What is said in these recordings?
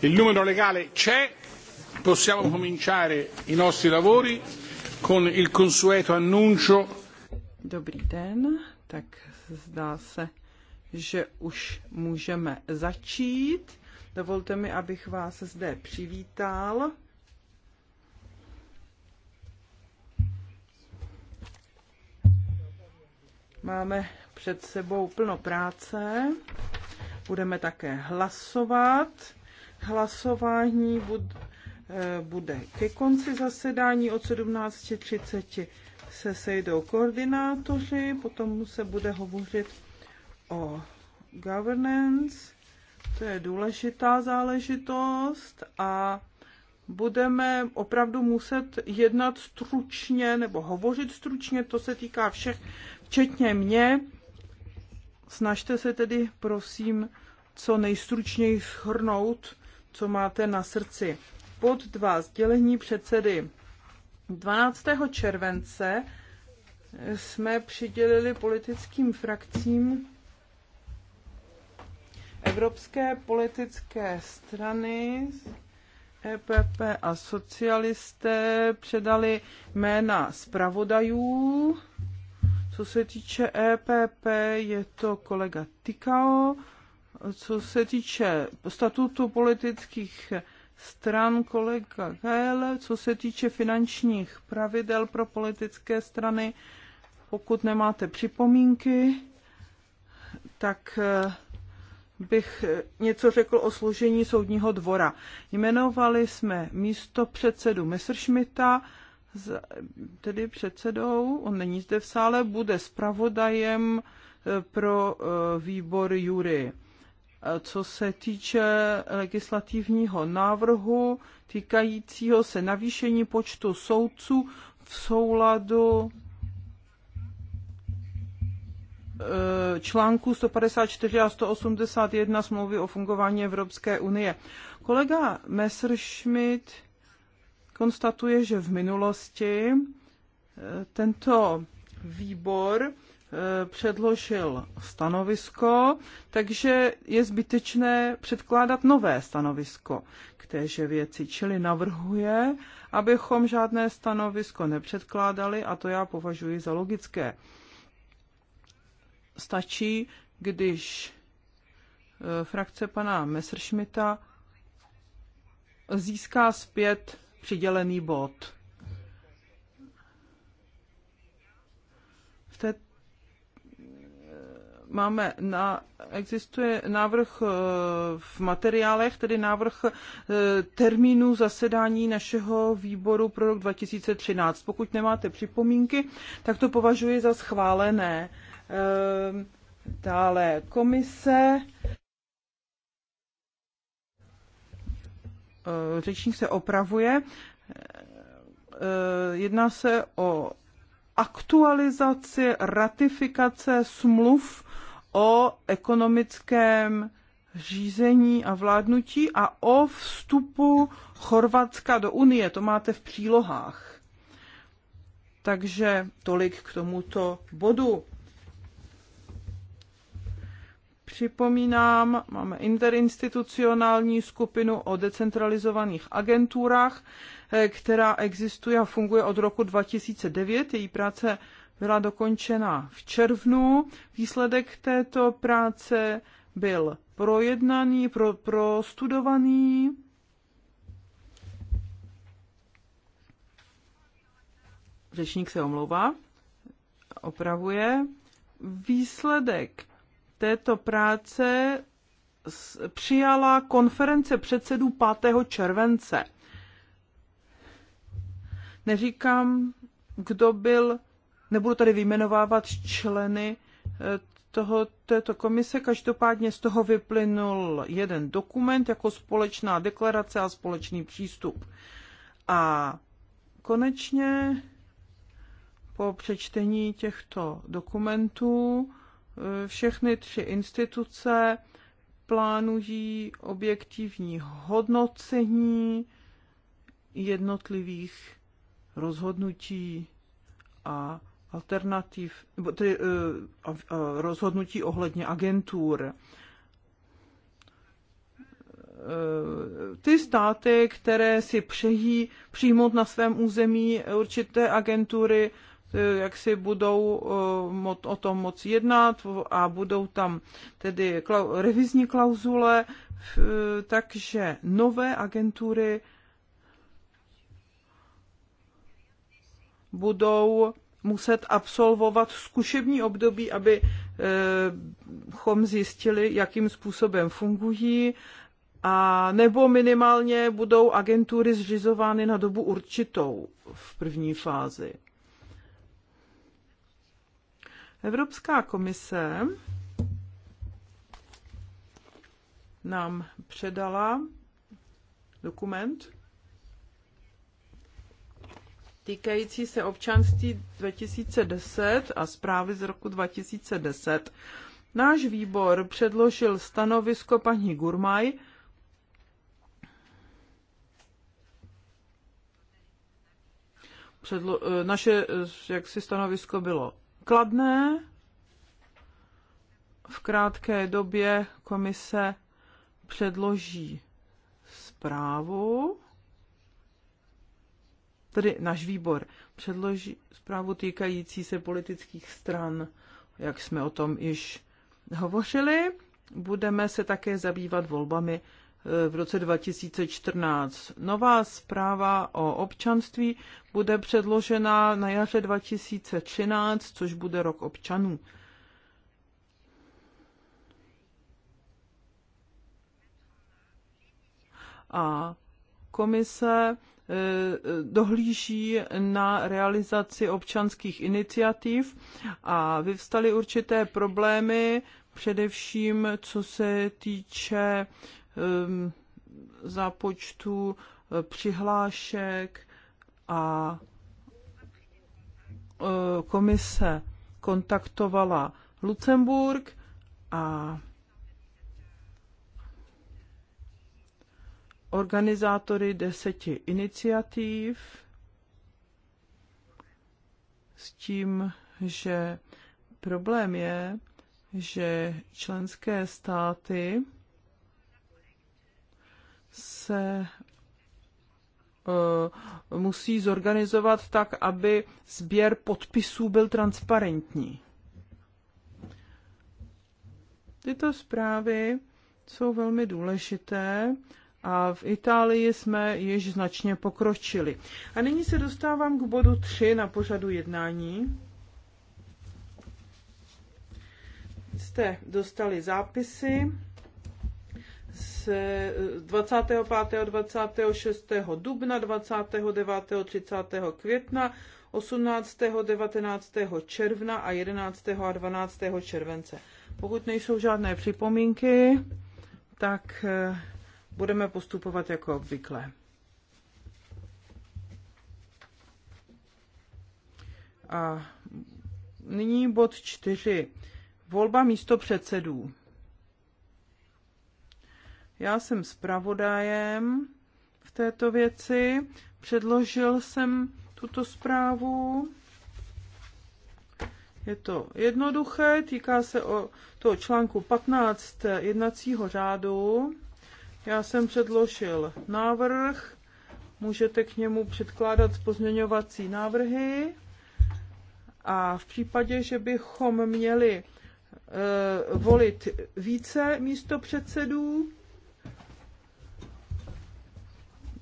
Il numero legale c'è, possiamo cominciare i nostri lavori con il consueto annuncio. Dobrý den, tak zdá se, že už můžeme začít. Dovolte mi, abych vás zde přivítal. Máme před sebou plno práce budeme také hlasovat. Hlasování eh, bude ke konci zasedání od 17.30 se sejdou koordinátoři, potom se bude hovořit o governance, to je důležitá záležitost a budeme opravdu muset jednat stručně nebo hovořit stručně, to se týká všech, včetně mě snažte se tedy, prosím, co nejstručněji shrnout, co máte na srdci. Pod dva sdělení předsedy. 12. července jsme přidělili politickým frakcím Evropské politické strany EPP a socialisté předali jména zpravodajů co se týče EPP, je to kolega Tikao. Co se týče statutu politických stran kolega Gael, co se týče finančních pravidel pro politické strany, pokud nemáte připomínky, tak eh, bych něco řekl o složení soudního dvora. Jmenovali jsme místo předsedu Messerschmitta, tedy předsedou, on není zde v sále, bude zpravodajem eh, pro eh, výbor jury. Eh, co se týče legislativního návrhu týkajícího se navýšení počtu soudců v souladu článku 154 a 181 smlouvy o fungování Evropské unie. Kolega Messerschmidt konstatuje, že v minulosti eh, tento výbor eh, předložil stanovisko, takže je zbytečné předkládat nové stanovisko k téže věci, čili navrhuje, abychom žádné stanovisko nepředkládali a to já považuji za logické. Stačí, když eh, frakce pana Messerschmitta získá zpět přidělený bod. V té máme na, existuje návrh eh, v materiálech, tedy návrh eh, termínu zasedání našeho výboru pro rok 2013. Pokud nemáte připomínky, tak to považuji za schválené. Ehm, dále komise. Eh, řečník se opravuje. Eh, jedná se o aktualizaci ratifikace smluv o ekonomickém řízení a vládnutí a o vstupu Chorvatska do Unie. To máte v přílohách. Takže tolik k tomuto bodu. Připomínám, máme interinstitucionální skupinu o decentralizovaných agenturách, eh, která existuje a funguje od roku 2009. Její práce byla dokončena v červnu. Výsledek této práce byl projednaný, pro, prostudovaný. Řečník se omlouvá, opravuje. Výsledek této práce přijala konference předsedů 5. července. Neříkám, kdo byl, nebudu tady vyjmenovávat členy eh, toho, této komise, každopádně z toho vyplynul jeden dokument jako společná deklarace a společný přístup. A konečně po přečtení těchto dokumentů všechny tři instituce plánují objektivní hodnocení jednotlivých rozhodnutí a alternativ, tedy eh, rozhodnutí ohledně agentur. Eh, ty státy, které si přejí přijmout na svém území určité agentury, jak si budou eh, o tom moc jednat a budou tam tedy revizní klauzule, eh, takže nové agentury budou muset absolvovat zkušební období, aby eh, chom zjistili, jakým způsobem fungují, a nebo minimálně budou agentury zřizovány na dobu určitou v první fázi. Evropská komise nám předala dokument týkající se občanství 2010 a zprávy z roku 2010. Náš výbor předložil stanovisko paní Gurmaj, Předlo- eh, naše eh, jaksi stanovisko bylo kladné. V krátké době komise předloží zprávu, tedy náš výbor předloží zprávu týkající se politických stran, jak jsme o tom již hovořili. Budeme se také zabývat volbami v roce 2014. Nová zpráva o občanství bude předložena na jaře 2013, což bude rok občanů. A komise e, dohlíží na realizaci občanských iniciativ a vyvstaly určité problémy, především co se týče Um, počtu eh, přihlášek a eh, komise kontaktovala Lucemburg a organizátory deseti iniciativ s tím, že problém je, že členské státy se eh, musí zorganizovat tak, aby sběr podpisů byl transparentní. Tyto zprávy jsou velmi důležité a v Itálii jsme již značně pokročili. A nyní se dostávám k bodu 3 na pořadu jednání. Jste dostali zápisy se 25. Eh, 26. dubna, 29. 30. května, 18., 19. června a 11. a 12. července. Pokud nejsou žádné připomínky, tak eh, budeme postupovat jako obvykle. A nyní bod čtyři. Volba místo předsedů. Já jsem zpravodajem v této věci. Předložil jsem tuto zprávu. Je to jednoduché, týká se o toho článku 15 jednacího řádu. Já jsem předložil návrh, můžete k němu předkládat pozměňovací návrhy a v případě, že bychom měli e, volit více místo předsedů,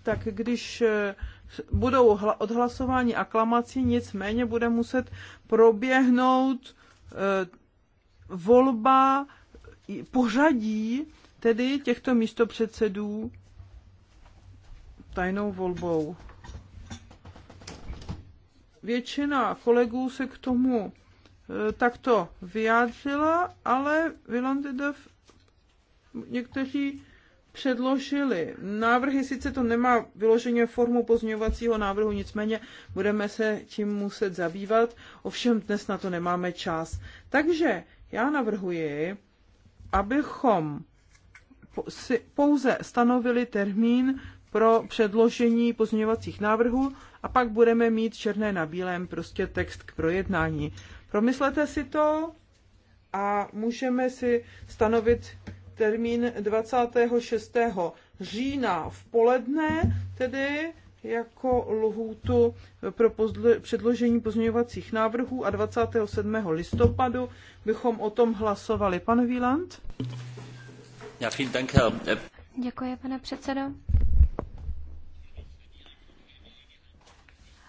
tak když eh, budou odhlasování aklamací, nicméně bude muset proběhnout eh, volba pořadí tedy těchto místopředsedů tajnou volbou. Většina kolegů se k tomu eh, takto vyjádřila, ale Vilandedev někteří předložili návrhy, sice to nemá vyloženě formu pozměňovacího návrhu, nicméně budeme se tím muset zabývat, ovšem dnes na to nemáme čas. Takže já navrhuji, abychom si pouze stanovili termín pro předložení pozměňovacích návrhů a pak budeme mít černé na bílém prostě text k projednání. Promyslete si to a můžeme si stanovit termín 26. října v poledne, tedy jako lhůtu pro předložení pozměňovacích návrhů a 27. listopadu bychom o tom hlasovali. Pan Wieland? Děkuji, pane předsedo.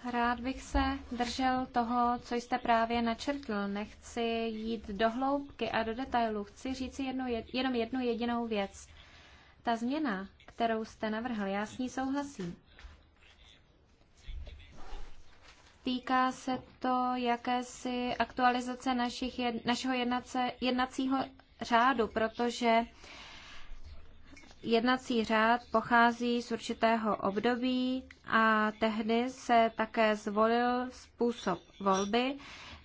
Rád bych se držel toho, co jste právě načrtl. Nechci jít do hloubky a do detailů. Chci říct jednu, jenom jednu jedinou věc. Ta změna, kterou jste navrhl, já s ní souhlasím. Týká se to jakési aktualizace našich, našeho jednace, jednacího řádu, protože uh, jednací řád pochází z určitého období a tehdy se také zvolil způsob volby.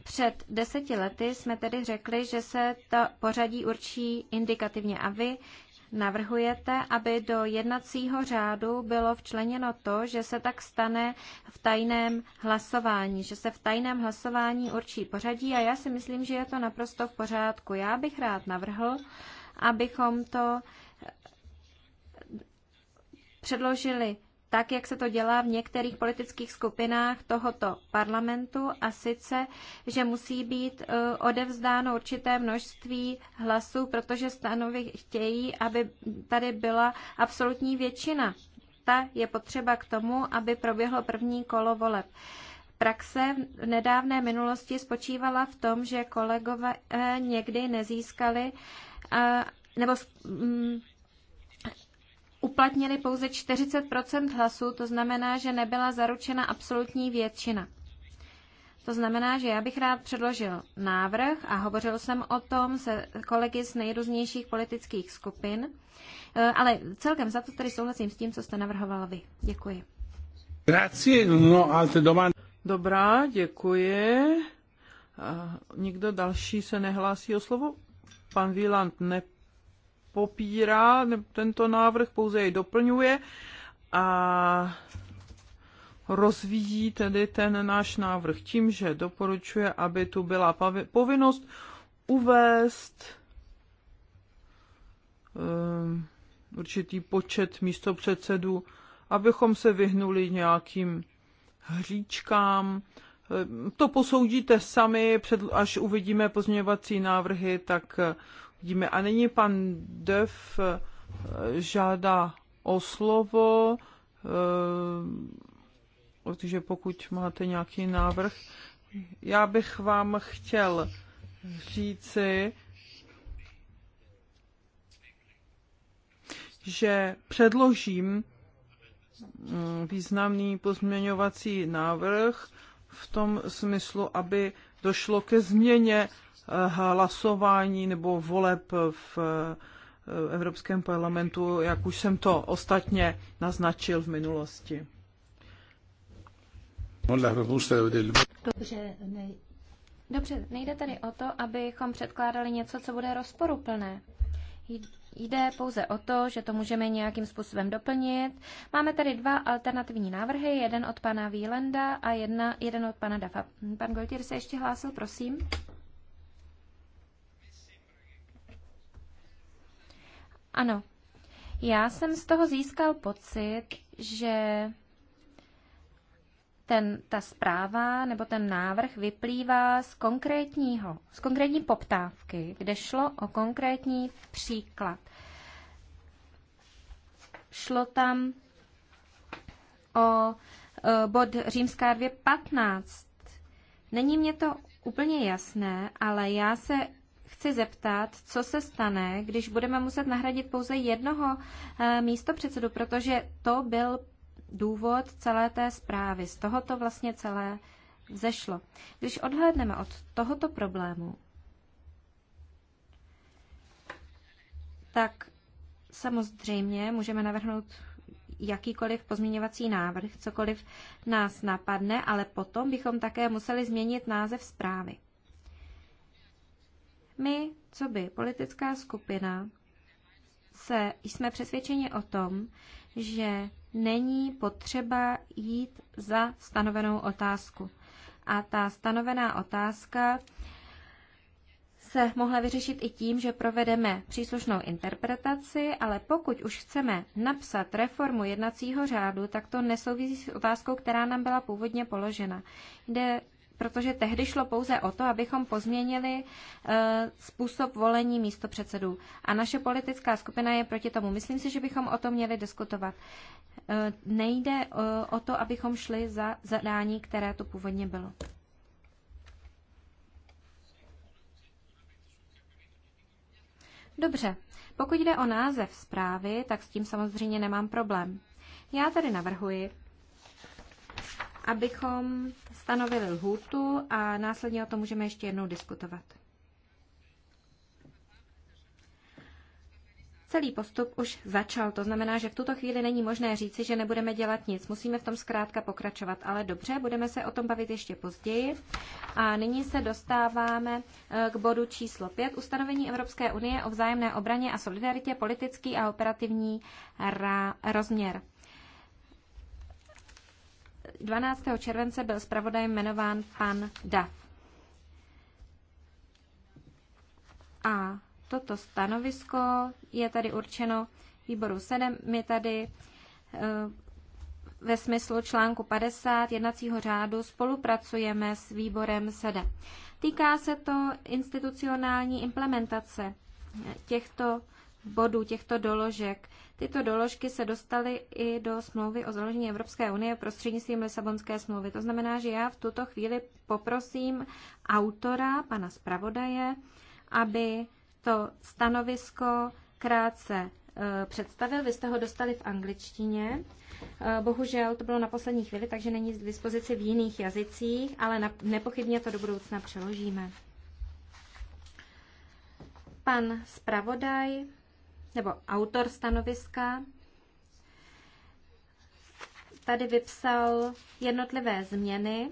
Před deseti lety jsme tedy řekli, že se to pořadí určí indikativně a vy navrhujete, aby do jednacího řádu bylo včleněno to, že se tak stane v tajném hlasování, že se v tajném hlasování určí pořadí a já si myslím, že je to naprosto v pořádku. Já bych rád navrhl, abychom to předložili tak, jak se to dělá v některých politických skupinách tohoto parlamentu, a sice, že musí být e, odevzdáno určité množství hlasů, protože stanovy chtějí, aby tady byla absolutní většina. Ta je potřeba k tomu, aby proběhlo první kolo voleb. Praxe v nedávné minulosti spočívala v tom, že kolegové někdy nezískali e, nebo mm, uplatnili pouze 40 hlasů, to znamená, že nebyla zaručena absolutní většina. To znamená, že já bych rád předložil návrh a hovořil jsem o tom se kolegy z nejrůznějších politických skupin, eh, ale celkem za to tedy souhlasím s tím, co jste navrhoval vy. Děkuji. no Dobrá, děkuji. Eh, nikdo další se nehlásí o slovo? Pan Wieland ne popírá tento návrh, pouze jej doplňuje a rozvíjí tedy ten náš návrh tím, že doporučuje, aby tu byla povinnost uvést ehm, určitý počet místopředsedů, abychom se vyhnuli nějakým hříčkám. Ehm, to posoudíte sami, až uvidíme pozměňovací návrhy, tak vidíme. A nyní pan Dev eh, žádá o slovo, protože eh, pokud máte nějaký návrh, já bych vám chtěl říci, že předložím mm, významný pozměňovací návrh v tom smyslu, aby došlo ke změně hlasování nebo voleb v eh, Evropském parlamentu, jak už jsem to ostatně naznačil v minulosti. Dobře, Dobře, nejde tedy o to, abychom předkládali něco, co bude rozporuplné. Jde pouze o to, že to můžeme nějakým způsobem doplnit. Máme tady dva alternativní návrhy, jeden od pana Výlenda a jedna, jeden od pana Dafa. Pan Goltier se ještě hlásil, prosím. Ano, já jsem z toho získal pocit, že ten, ta zpráva nebo ten návrh vyplývá z, konkrétního, z konkrétní poptávky, kde šlo o konkrétní příklad. Šlo tam o e, bod římská 2.15. Není mě to úplně jasné, ale já se chci zeptat, co se stane, když budeme muset nahradit pouze jednoho eh, místo předsedu, protože to byl důvod celé té zprávy. Z toho to vlastně celé vzešlo. Když odhlédneme od tohoto problému, tak samozřejmě můžeme navrhnout jakýkoliv pozměňovací návrh, cokoliv nás napadne, ale potom bychom také museli změnit název zprávy. My, co by politická skupina, se, jsme přesvědčeni o tom, že není potřeba jít za stanovenou otázku. A ta stanovená otázka se mohla vyřešit i tím, že provedeme příslušnou interpretaci, ale pokud už chceme napsat reformu jednacího řádu, tak to nesouvisí s otázkou, která nám byla původně položena. Jde protože tehdy šlo pouze o to, abychom pozměnili eh, způsob volení místo předsedů. A naše politická skupina je proti tomu. Myslím si, že bychom o tom měli diskutovat. Eh, nejde eh, o to, abychom šli za zadání, které tu původně bylo. Dobře, pokud jde o název zprávy, tak s tím samozřejmě nemám problém. Já tedy navrhuji, abychom stanovili lhůtu a následně o tom můžeme ještě jednou diskutovat. Celý postup už začal, to znamená, že v tuto chvíli není možné říci, že nebudeme dělat nic. Musíme v tom zkrátka pokračovat, ale dobře, budeme se o tom bavit ještě později. A nyní se dostáváme eh, k bodu číslo 5, ustanovení Evropské unie o vzájemné obraně a solidaritě, politický a operativní rozměr. 12. července byl zpravodajem jmenován pan Duff. A toto stanovisko je tady určeno výboru 7. My tady eh, ve smyslu článku 50 jednacího řádu spolupracujeme s výborem 7. Týká se to institucionální implementace těchto bodů těchto doložek. Tyto doložky se dostaly i do smlouvy o založení Evropské unie prostřednictvím Lisabonské smlouvy. To znamená, že já v tuto chvíli poprosím autora, pana zpravodaje, aby to stanovisko krátce e, představil. Vy jste ho dostali v angličtině. E, bohužel to bylo na poslední chvíli, takže není k dispozici v jiných jazycích, ale nepochybně to do budoucna přeložíme. Pan zpravodaj nebo autor stanoviska tady vypsal jednotlivé změny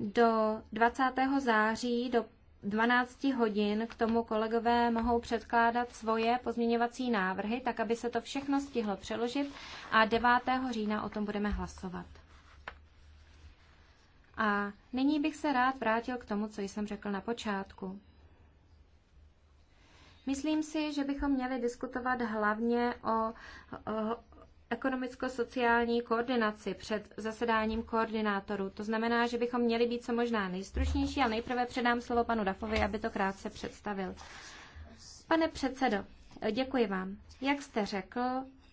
do 20. září do 12 hodin k tomu kolegové mohou předkládat svoje pozměňovací návrhy, tak aby se to všechno stihlo přeložit a 9. října o tom budeme hlasovat. A nyní bych se rád vrátil k tomu, co jsem řekl na počátku. Myslím si, že bychom měli diskutovat hlavně o, o ekonomicko-sociální koordinaci před zasedáním koordinátorů. To znamená, že bychom měli být co možná nejstručnější a nejprve předám slovo panu Dafovi, aby to krátce představil. Pane předsedo, děkuji vám. Jak jste řekl,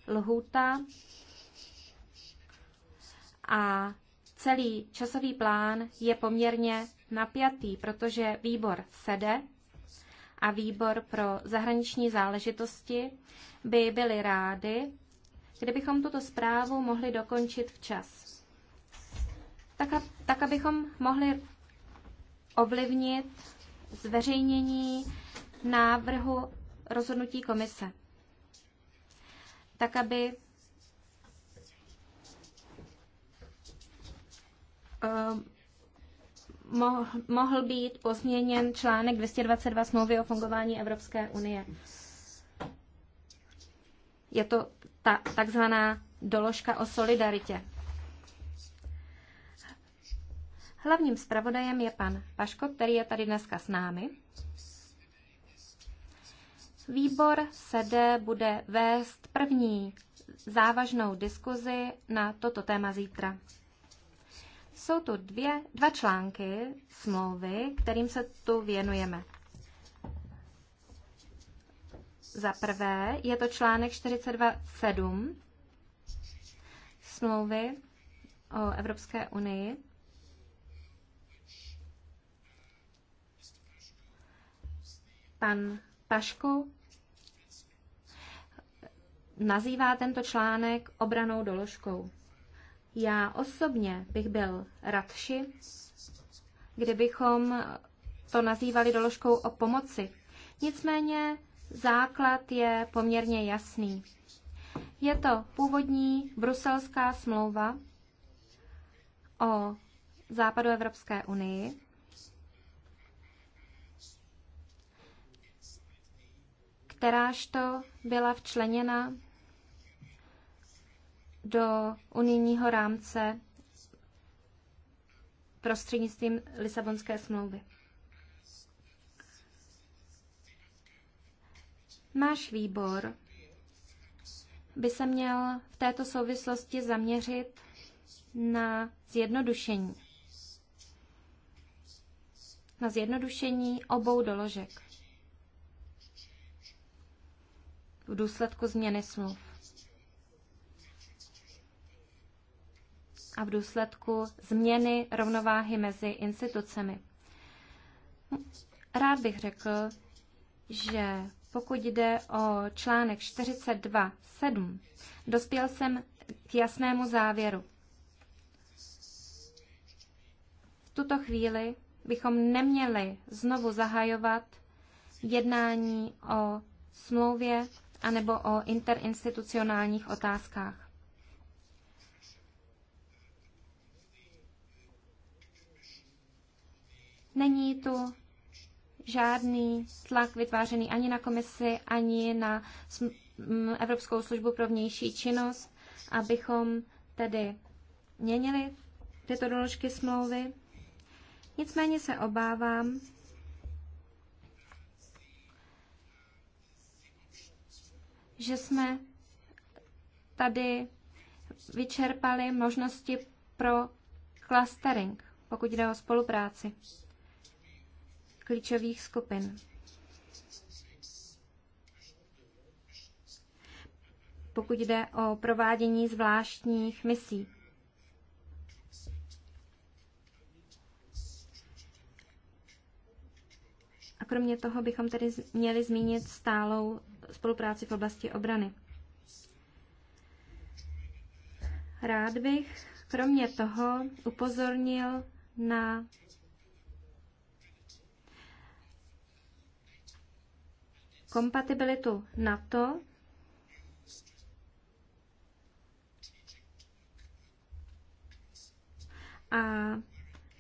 lhůta a celý časový plán je poměrně napjatý, protože výbor sede a výbor pro zahraniční záležitosti by byli rádi, kdybychom tuto zprávu mohli dokončit včas. Tak, a, tak abychom mohli ovlivnit zveřejnění návrhu rozhodnutí komise. Tak, aby uh, mohl být pozměněn článek 222 smlouvy o fungování Evropské unie. Je to ta takzvaná doložka o solidaritě. Hlavním zpravodajem je pan Paško, který je tady dneska s námi. Výbor sede bude vést první závažnou diskuzi na toto téma zítra. Jsou tu dvě, dva články smlouvy, kterým se tu věnujeme. Za prvé je to článek 42.7 smlouvy o Evropské unii, pan Pašku nazývá tento článek obranou doložkou. Já osobně bych byl radši, kdybychom to nazývali doložkou o pomoci. Nicméně základ je poměrně jasný. Je to původní bruselská smlouva o západu Evropské unii. kteráž to byla včleněna do unijního rámce prostřednictvím Lisabonské smlouvy. Náš výbor by se měl v této souvislosti zaměřit na zjednodušení. Na zjednodušení obou doložek v důsledku změny smluv. a v důsledku změny rovnováhy mezi institucemi. Rád bych řekl, že pokud jde o článek 42.7, dospěl jsem k jasnému závěru. V tuto chvíli bychom neměli znovu zahajovat jednání o smlouvě anebo o interinstitucionálních otázkách. Není tu žádný tlak vytvářený ani na komisi, ani na Evropskou službu pro vnější činnost, abychom tedy měnili tyto doložky smlouvy. Nicméně se obávám, že jsme tady vyčerpali možnosti pro clustering, pokud jde o spolupráci klíčových skupin. Pokud jde o provádění zvláštních misí. A kromě toho bychom tedy měli zmínit stálou spolupráci v oblasti obrany. Rád bych kromě toho upozornil na kompatibilitu NATO a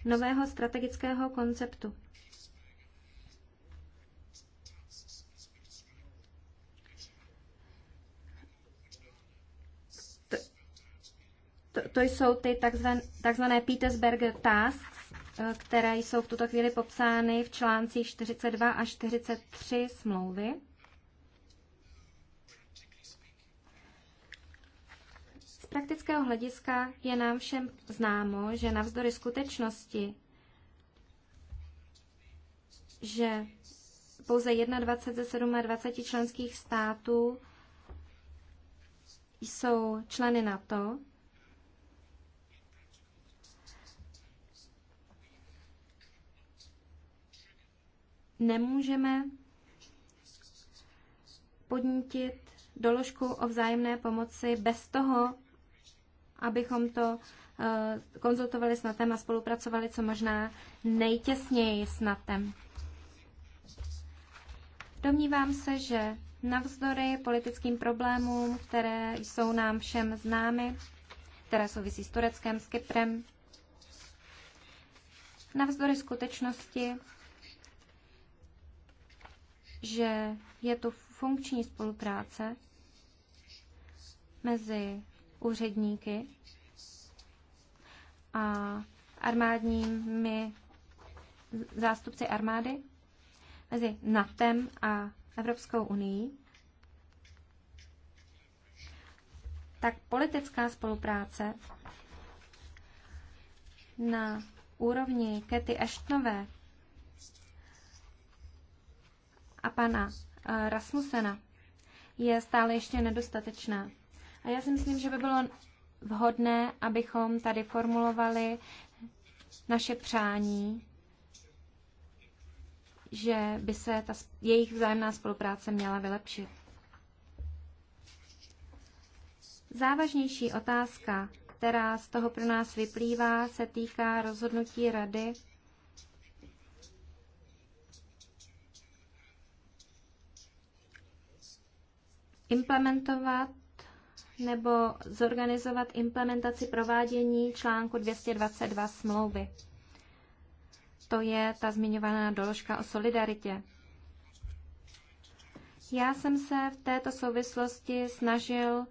nového strategického konceptu. To, to jsou ty takzvané Petersberger tasks, které jsou v tuto chvíli popsány v článcích 42 a 43 smlouvy. Z praktického hlediska je nám všem známo, že navzdory skutečnosti, že pouze 21 ze 27 členských států jsou členy NATO, nemůžeme podnítit doložku o vzájemné pomoci bez toho, abychom to eh, konzultovali s NATEM a spolupracovali co možná nejtěsněji s NATEM. Domnívám se, že navzdory politickým problémům, které jsou nám všem známy, které souvisí s Tureckem, s Kyprem, navzdory skutečnosti, že je to funkční spolupráce mezi úředníky a armádními zástupci armády, mezi NATEM a Evropskou unii, tak politická spolupráce na úrovni Kety Eštnové a pana eh, Rasmusena je stále ještě nedostatečná. A já si myslím, že by bylo vhodné, abychom tady formulovali naše přání, že by se ta jejich vzájemná spolupráce měla vylepšit. Závažnější otázka, která z toho pro nás vyplývá, se týká rozhodnutí Rady implementovat nebo zorganizovat implementaci provádění článku 222 smlouvy. To je ta zmiňovaná doložka o solidaritě. Já jsem se v této souvislosti snažil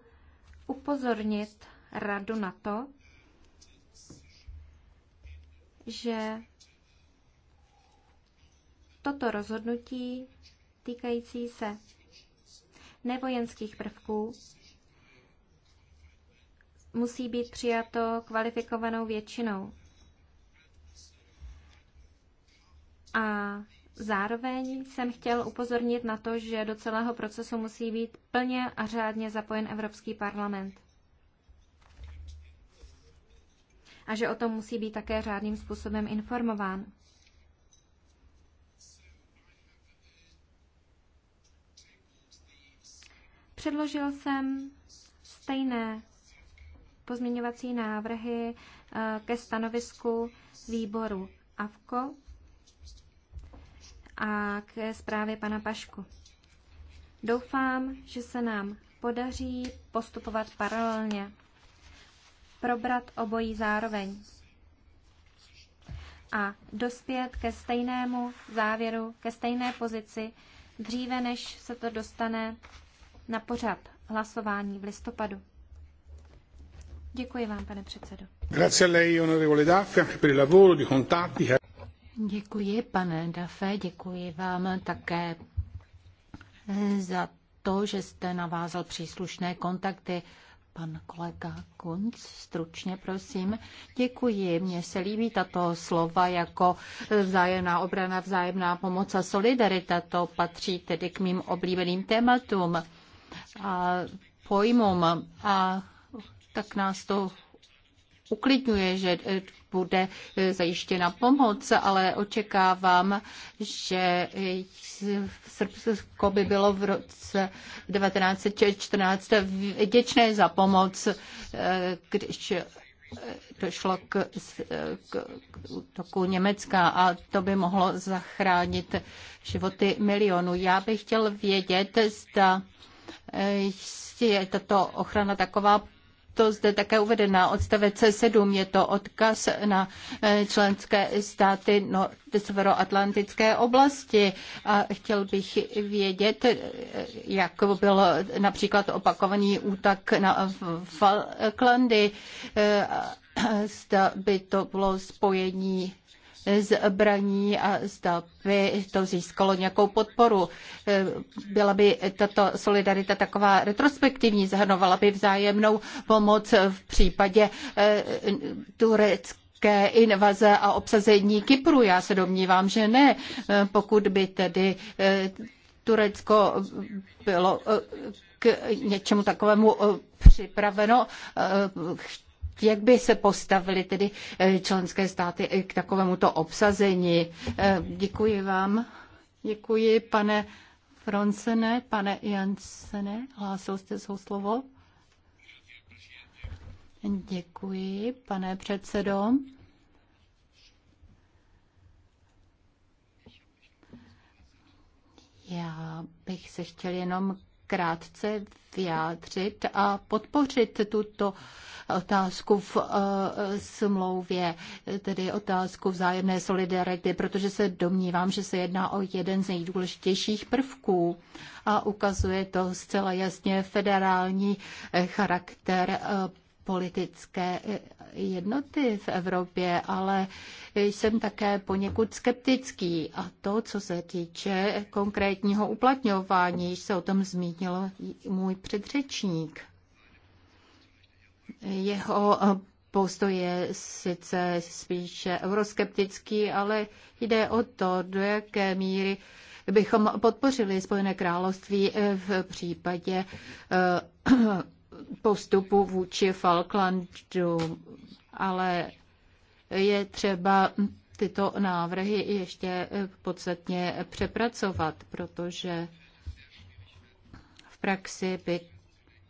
upozornit radu na to, že toto rozhodnutí týkající se nevojenských prvků musí být přijato kvalifikovanou většinou. A zároveň jsem chtěl upozornit na to, že do celého procesu musí být plně a řádně zapojen Evropský parlament. A že o tom musí být také řádným způsobem informován. Předložil jsem stejné pozměňovací návrhy eh, ke stanovisku výboru AVKO a k zprávě pana Pašku. Doufám, že se nám podaří postupovat paralelně, probrat obojí zároveň a dospět ke stejnému závěru, ke stejné pozici, dříve než se to dostane na pořad hlasování v listopadu. Děkuji vám, pane předsedo. Grazie a lei, onorevole lavoro di contatti. Děkuji, pane Dafe, děkuji vám také za to, že jste navázal příslušné kontakty. Pan kolega Kunc, stručně prosím. Děkuji, mně se líbí tato slova jako vzájemná obrana, vzájemná pomoc a solidarita. To patří tedy k mým oblíbeným tématům a pojmům a tak nás to uklidňuje, že bude zajištěna pomoc, ale očekávám, že Srbsko by bylo v roce 1914 vděčné za pomoc, když došlo k, k, k útoku Německa a to by mohlo zachránit životy milionů. Já bych chtěl vědět, zda je tato ochrana taková to zde také uvedená. Odstavec 7 je to odkaz na eh, členské státy no, severoatlantické oblasti. A chtěl bych vědět, eh, jak byl například opakovaný útak na Falklandy, eh, zda by to bylo spojení zbraní a zda by to získalo nějakou podporu. Byla by tato solidarita taková retrospektivní, zahrnovala by vzájemnou pomoc v případě eh, Turecka invaze a obsazení Kypru? Já se domnívám, že ne. Pokud by tedy eh, Turecko bylo eh, k něčemu takovému připraveno, jak by se postavili tedy eh, členské státy eh, k takovémuto obsazení? Eh, děkuji vám. Děkuji, pane Fronsene, pane Jansene. Hlásil jste svou slovo? Děkuji, pane předsedo. Já bych se chtěl jenom krátce vyjádřit a podpořit tuto otázku v eh, smlouvě, tedy otázku vzájemné solidarity, protože se domnívám, že se jedná o jeden z nejdůležitějších prvků a ukazuje to zcela jasně federální eh, charakter eh, politické jednoty v Evropě, ale jsem také poněkud skeptický. A to, co se týče konkrétního uplatňování, již se o tom zmínil můj předřečník. Jeho postoj je sice spíše euroskeptický, ale jde o to, do jaké míry bychom podpořili Spojené království v případě eh, postupu vůči Falklandu, ale je třeba tyto návrhy ještě podstatně přepracovat, protože v praxi by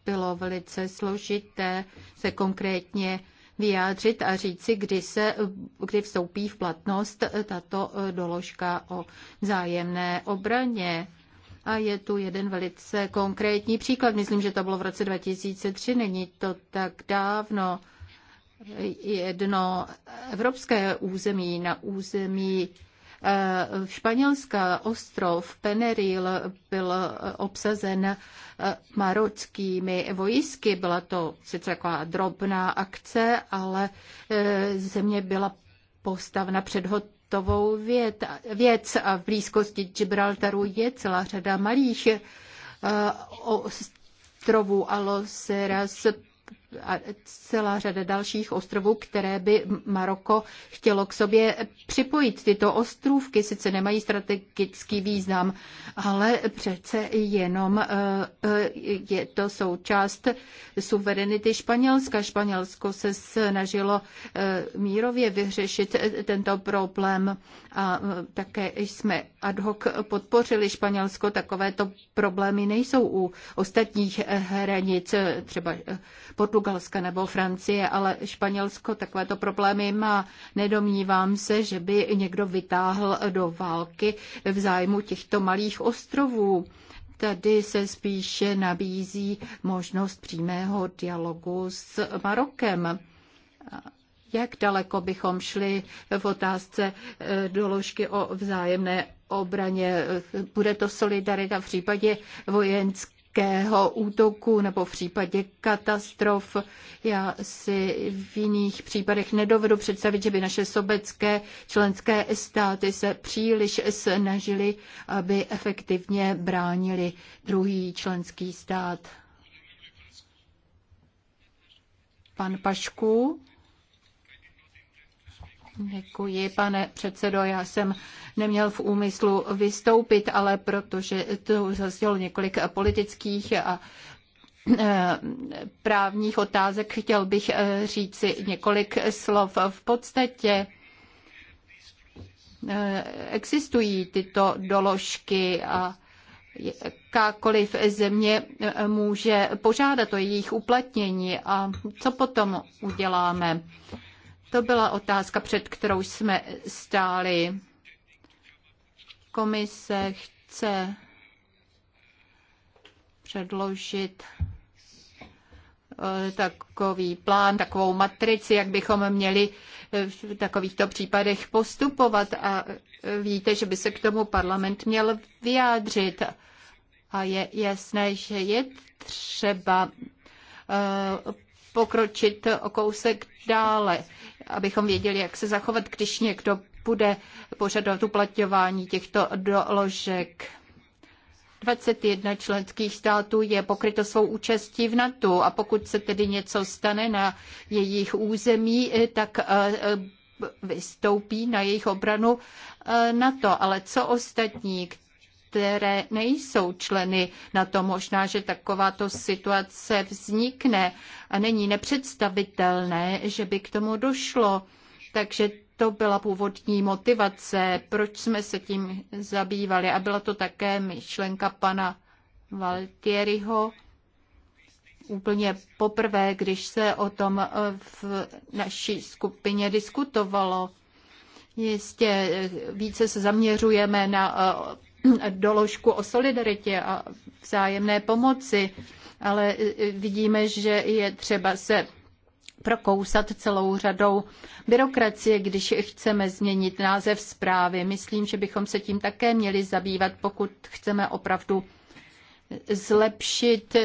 bylo velice složité se konkrétně vyjádřit a říci, kdy, se, kdy vstoupí v platnost tato doložka o vzájemné obraně. A je tu jeden velice konkrétní příklad. Myslím, že to bylo v roce 2003, není to tak dávno. Jedno evropské území na území eh, Španělská ostrov Peneril byl obsazen eh, marockými vojsky. Byla to sice taková drobná akce, ale eh, země byla postavna před hot hotovou věd, věc a v blízkosti Gibraltaru je celá řada malých eh, ostrovů Alosera, a celá řada dalších ostrovů, které by Maroko chtělo k sobě připojit. Tyto ostrůvky sice nemají strategický význam, ale přece jenom eh, eh, je to součást suverenity Španělska. Španělsko se snažilo eh, mírově vyřešit tento problém a také jsme ad hoc podpořili Španělsko. Takovéto problémy nejsou u ostatních hranic, třeba Portugalska nebo Francie, ale Španělsko takovéto problémy má. Nedomnívám se, že by někdo vytáhl do války v zájmu těchto malých ostrovů. Tady se spíše nabízí možnost přímého dialogu s Marokem jak daleko bychom šli v otázce eh, doložky o vzájemné obraně. Bude to solidarita v případě vojenské nějakého útoku nebo v případě katastrof. Já si v jiných případech nedovedu představit, že by naše sobecké členské státy se příliš snažili, aby efektivně bránili druhý členský stát. Pan Pašku. Děkuji, pane předsedo. Já jsem neměl v úmyslu vystoupit, ale protože to zaznělo několik politických a eh, právních otázek, chtěl bych eh, říci několik slov. V podstatě eh, existují tyto doložky a jakákoliv země může požádat o jejich uplatnění. A co potom uděláme? To byla otázka, před kterou jsme stáli. Komise chce předložit eh, takový plán, takovou matrici, jak bychom měli eh, v takovýchto případech postupovat a eh, víte, že by se k tomu parlament měl vyjádřit. A je jasné, že je třeba pokročit o kousek dále, abychom věděli, jak se zachovat, když někdo bude požadovat uplatňování těchto doložek. 21 členských států je pokryto svou účastí v NATO a pokud se tedy něco stane na jejich území, tak eh, eh, vystoupí na jejich obranu eh, NATO. Ale co ostatní, které nejsou členy na to. Možná, že takováto situace vznikne a není nepředstavitelné, že by k tomu došlo. Takže to byla původní motivace, proč jsme se tím zabývali. A byla to také myšlenka pana Valtieriho, úplně poprvé, když se o tom v naší skupině diskutovalo. Jistě více se zaměřujeme na doložku o solidaritě a vzájemné pomoci, ale e, e, vidíme, že je třeba se prokousat celou řadou byrokracie, když chceme změnit název zprávy. Myslím, že bychom se tím také měli zabývat, pokud chceme opravdu zlepšit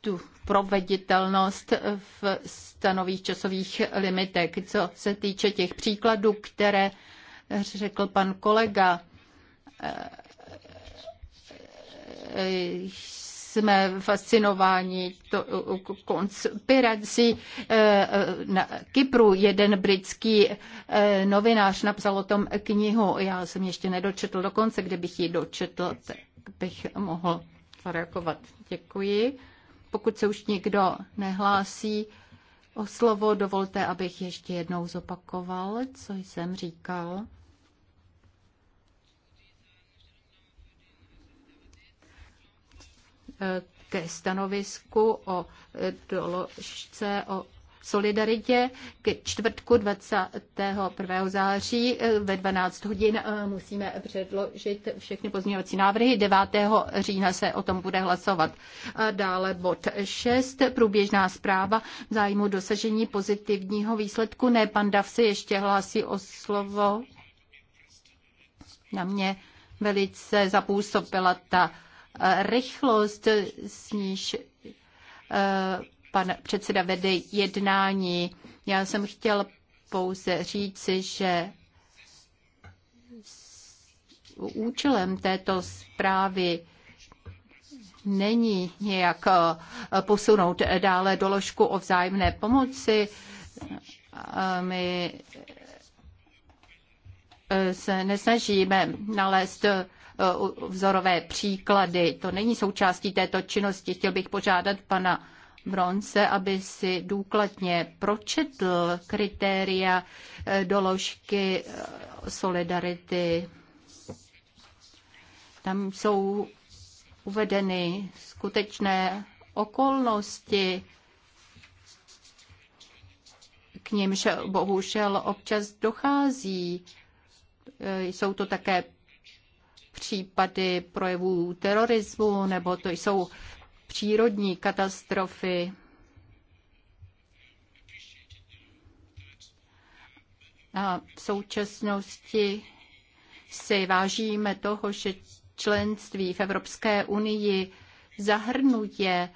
tu proveditelnost v stanových časových limitech. Co se týče těch příkladů, které řekl pan kolega, jsme fascinováni to, konspirací eh, na Kypru. Jeden britský eh, novinář napsal o tom knihu. Já jsem ještě nedočetl dokonce, kdybych ji dočetl, tak bych mohl zareagovat. Děkuji. Pokud se už někdo nehlásí o slovo, dovolte, abych ještě jednou zopakoval, co jsem říkal. Eh, ke stanovisku o eh, doložce o solidaritě Ke čtvrtku 21. září eh, ve 12 hodin musíme předložit všechny pozměňovací návrhy. 9. října se o tom bude hlasovat. A dále bod 6. Průběžná zpráva v zájmu dosažení pozitivního výsledku. Ne, pan Dav se ještě hlásí o slovo. Na mě velice zapůsobila ta Eh, rychlost, s níž eh, pan předseda vede jednání. Já jsem chtěl pouze říci, že účelem této zprávy není nějak eh, posunout dále doložku o vzájemné pomoci. My se nesnažíme nalézt Eh, vzorové příklady. To není součástí této činnosti. Chtěl bych požádat pana Bronce, aby si důkladně pročetl kritéria eh, doložky eh, solidarity. Tam jsou uvedeny skutečné okolnosti, k nimž bohužel občas dochází. Jsou to také případy projevů terorismu, nebo to jsou přírodní katastrofy. A v současnosti si vážíme toho, že členství v Evropské unii zahrnuje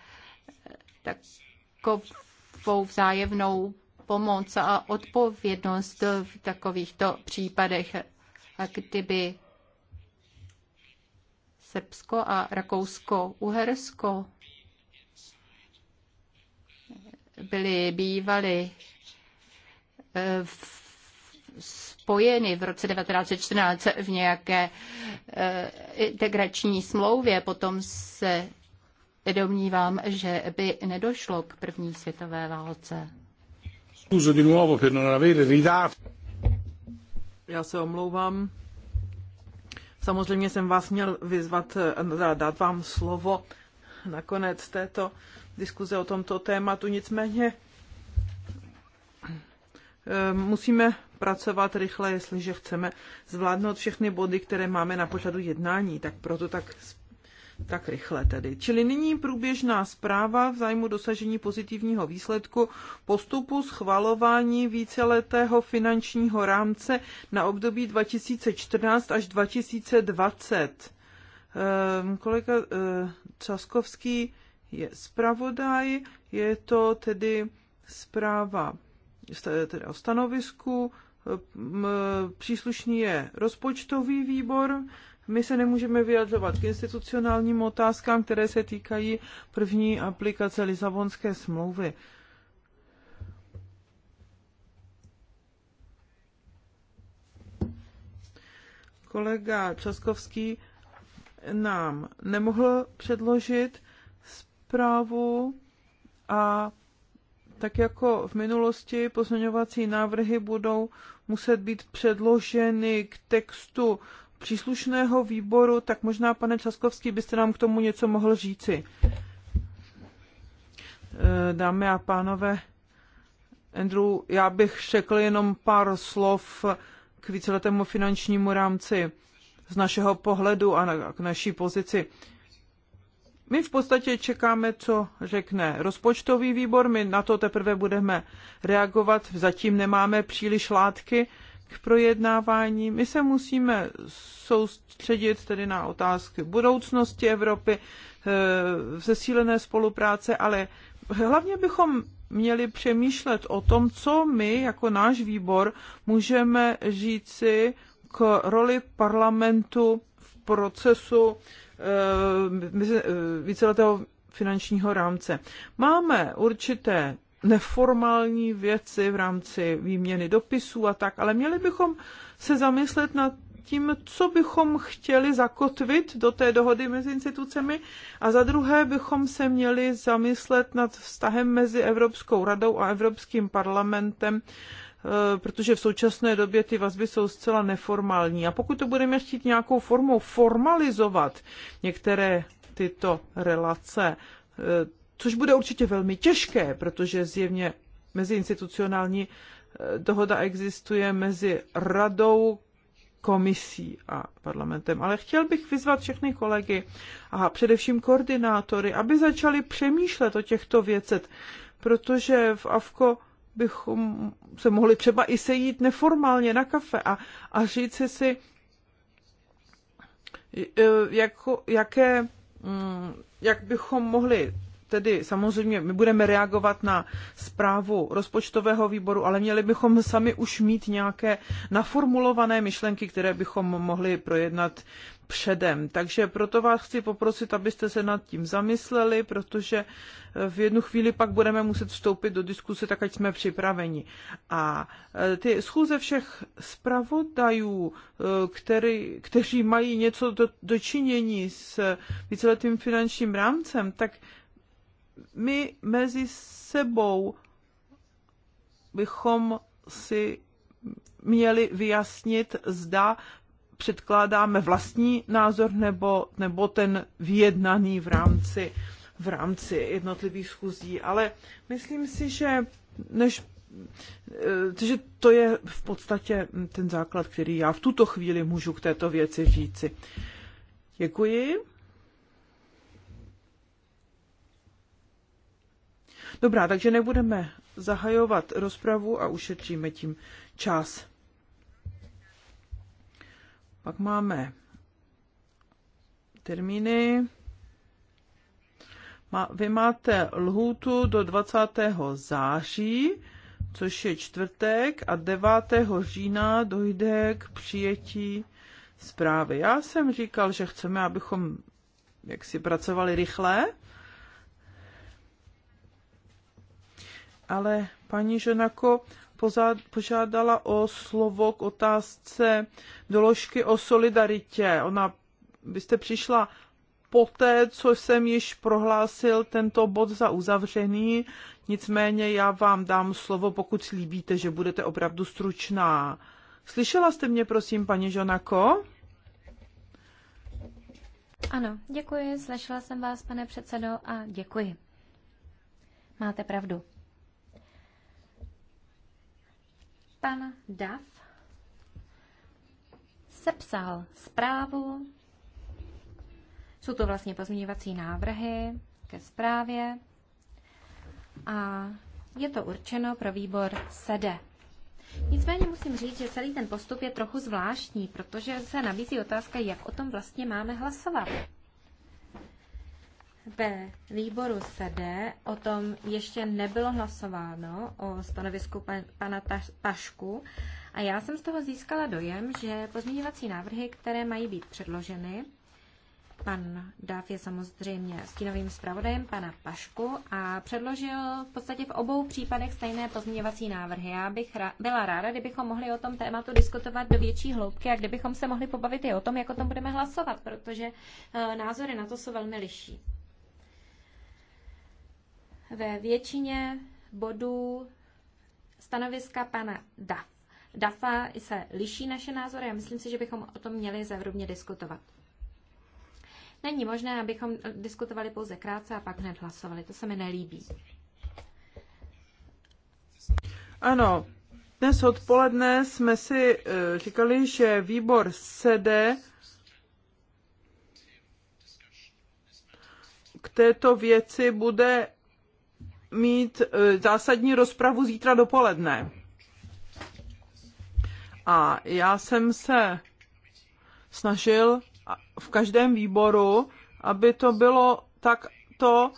takovou vzájemnou pomoc a odpovědnost v takovýchto případech. A kdyby Srbsko a Rakousko-Uhersko byly bývaly eh, spojeny v roce 1914 v nějaké eh, integrační smlouvě. Potom se domnívám, že by nedošlo k první světové válce. Já se omlouvám, Samozřejmě jsem vás měl vyzvat, eh, dát vám slovo na konec této diskuze o tomto tématu. Nicméně eh, musíme pracovat rychle, jestliže chceme zvládnout všechny body, které máme na pořadu jednání, tak proto tak tak rychle tedy. Čili nyní průběžná zpráva v zájmu dosažení pozitivního výsledku postupu schvalování víceletého finančního rámce na období 2014 až 2020. Ehm, kolega Časkovský eh, je zpravodaj, je to tedy zpráva tedy o stanovisku, ehm, příslušný je rozpočtový výbor, my se nemůžeme vyjadřovat k institucionálním otázkám, které se týkají první aplikace Lisabonské smlouvy. Kolega Časkovský nám nemohl předložit zprávu a tak jako v minulosti pozměňovací návrhy budou muset být předloženy k textu příslušného výboru, tak možná, pane Časkovský, byste nám k tomu něco mohl říci. Eh, dámy a pánové, Andrew, já bych řekl jenom pár slov k víceletému finančnímu rámci z našeho pohledu a na, k naší pozici. My v podstatě čekáme, co řekne rozpočtový výbor, my na to teprve budeme reagovat, zatím nemáme příliš látky k projednávání. My se musíme soustředit tedy na otázky budoucnosti Evropy, eh, zesílené spolupráce, ale hlavně bychom měli přemýšlet o tom, co my jako náš výbor můžeme říci k roli parlamentu v procesu eh, eh, víceletého finančního rámce. Máme určité neformální věci v rámci výměny dopisů a tak, ale měli bychom se zamyslet nad tím, co bychom chtěli zakotvit do té dohody mezi institucemi a za druhé bychom se měli zamyslet nad vztahem mezi Evropskou radou a Evropským parlamentem, eh, protože v současné době ty vazby jsou zcela neformální. A pokud to budeme chtít nějakou formou formalizovat některé tyto relace, eh, což bude určitě velmi těžké, protože zjevně meziinstitucionální eh, dohoda existuje mezi radou, komisí a parlamentem. Ale chtěl bych vyzvat všechny kolegy a především koordinátory, aby začali přemýšlet o těchto věcech, protože v AFKO bychom se mohli třeba i sejít neformálně na kafe a, a říci si, eh, jako, jaké, mm, jak bychom mohli tedy samozřejmě my budeme reagovat na zprávu rozpočtového výboru, ale měli bychom sami už mít nějaké naformulované myšlenky, které bychom mohli projednat předem. Takže proto vás chci poprosit, abyste se nad tím zamysleli, protože v jednu chvíli pak budeme muset vstoupit do diskuse, tak ať jsme připraveni. A e, ty schůze všech zpravodajů, e, který, kteří mají něco do, dočinění s víceletým finančním rámcem, tak my mezi sebou bychom si měli vyjasnit, zda předkládáme vlastní názor nebo, nebo ten vyjednaný v rámci, v rámci jednotlivých schůzí. Ale myslím si, že než eh, že to je v podstatě ten základ, který já v tuto chvíli můžu k této věci říci. Děkuji. Dobrá, takže nebudeme zahajovat rozpravu a ušetříme tím čas. Pak máme termíny. Vy máte lhůtu do 20. září, což je čtvrtek, a 9. října dojde k přijetí zprávy. Já jsem říkal, že chceme, abychom jak si pracovali rychle, ale paní Ženako požádala o slovo k otázce doložky o solidaritě. Ona, vy jste přišla poté, co jsem již prohlásil tento bod za uzavřený, nicméně já vám dám slovo, pokud slíbíte, že budete opravdu stručná. Slyšela jste mě, prosím, paní Žonako? Ano, děkuji, slyšela jsem vás, pane předsedo, a děkuji. Máte pravdu. Pan Dav sepsal zprávu. Jsou to vlastně pozměňovací návrhy ke zprávě a je to určeno pro výbor SEDE. Nicméně musím říct, že celý ten postup je trochu zvláštní, protože se nabízí otázka, jak o tom vlastně máme hlasovat. Ve výboru SEDE o tom ještě nebylo hlasováno, o stanovisku pana Pašku, a já jsem z toho získala dojem, že pozměňovací návrhy, které mají být předloženy, pan Dáv je samozřejmě stínovým zpravodajem pana Pašku a předložil v podstatě v obou případech stejné pozměňovací návrhy. Já bych byla ráda, kdybychom mohli o tom tématu diskutovat do větší hloubky a kdybychom se mohli pobavit i o tom, jak o tom budeme hlasovat, protože e, názory na to jsou velmi liší ve většině bodů stanoviska pana Daf. Dafa se liší naše názory a myslím si, že bychom o tom měli zevrubně diskutovat. Není možné, abychom diskutovali pouze krátce a pak hned hlasovali. To se mi nelíbí. Ano, dnes odpoledne jsme si eh, říkali, že výbor sede k této věci bude mít e, zásadní rozpravu zítra dopoledne. A já jsem se snažil v každém výboru, aby to bylo tak to,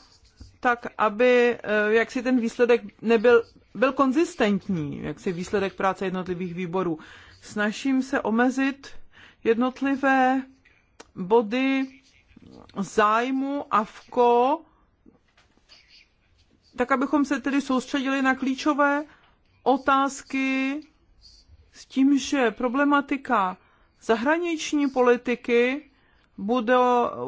tak aby e, jak si ten výsledek nebyl byl konzistentní, jak si výsledek práce jednotlivých výborů. Snažím se omezit jednotlivé body zájmu a ko tak abychom se tedy soustředili na klíčové otázky s tím, že problematika zahraniční politiky bude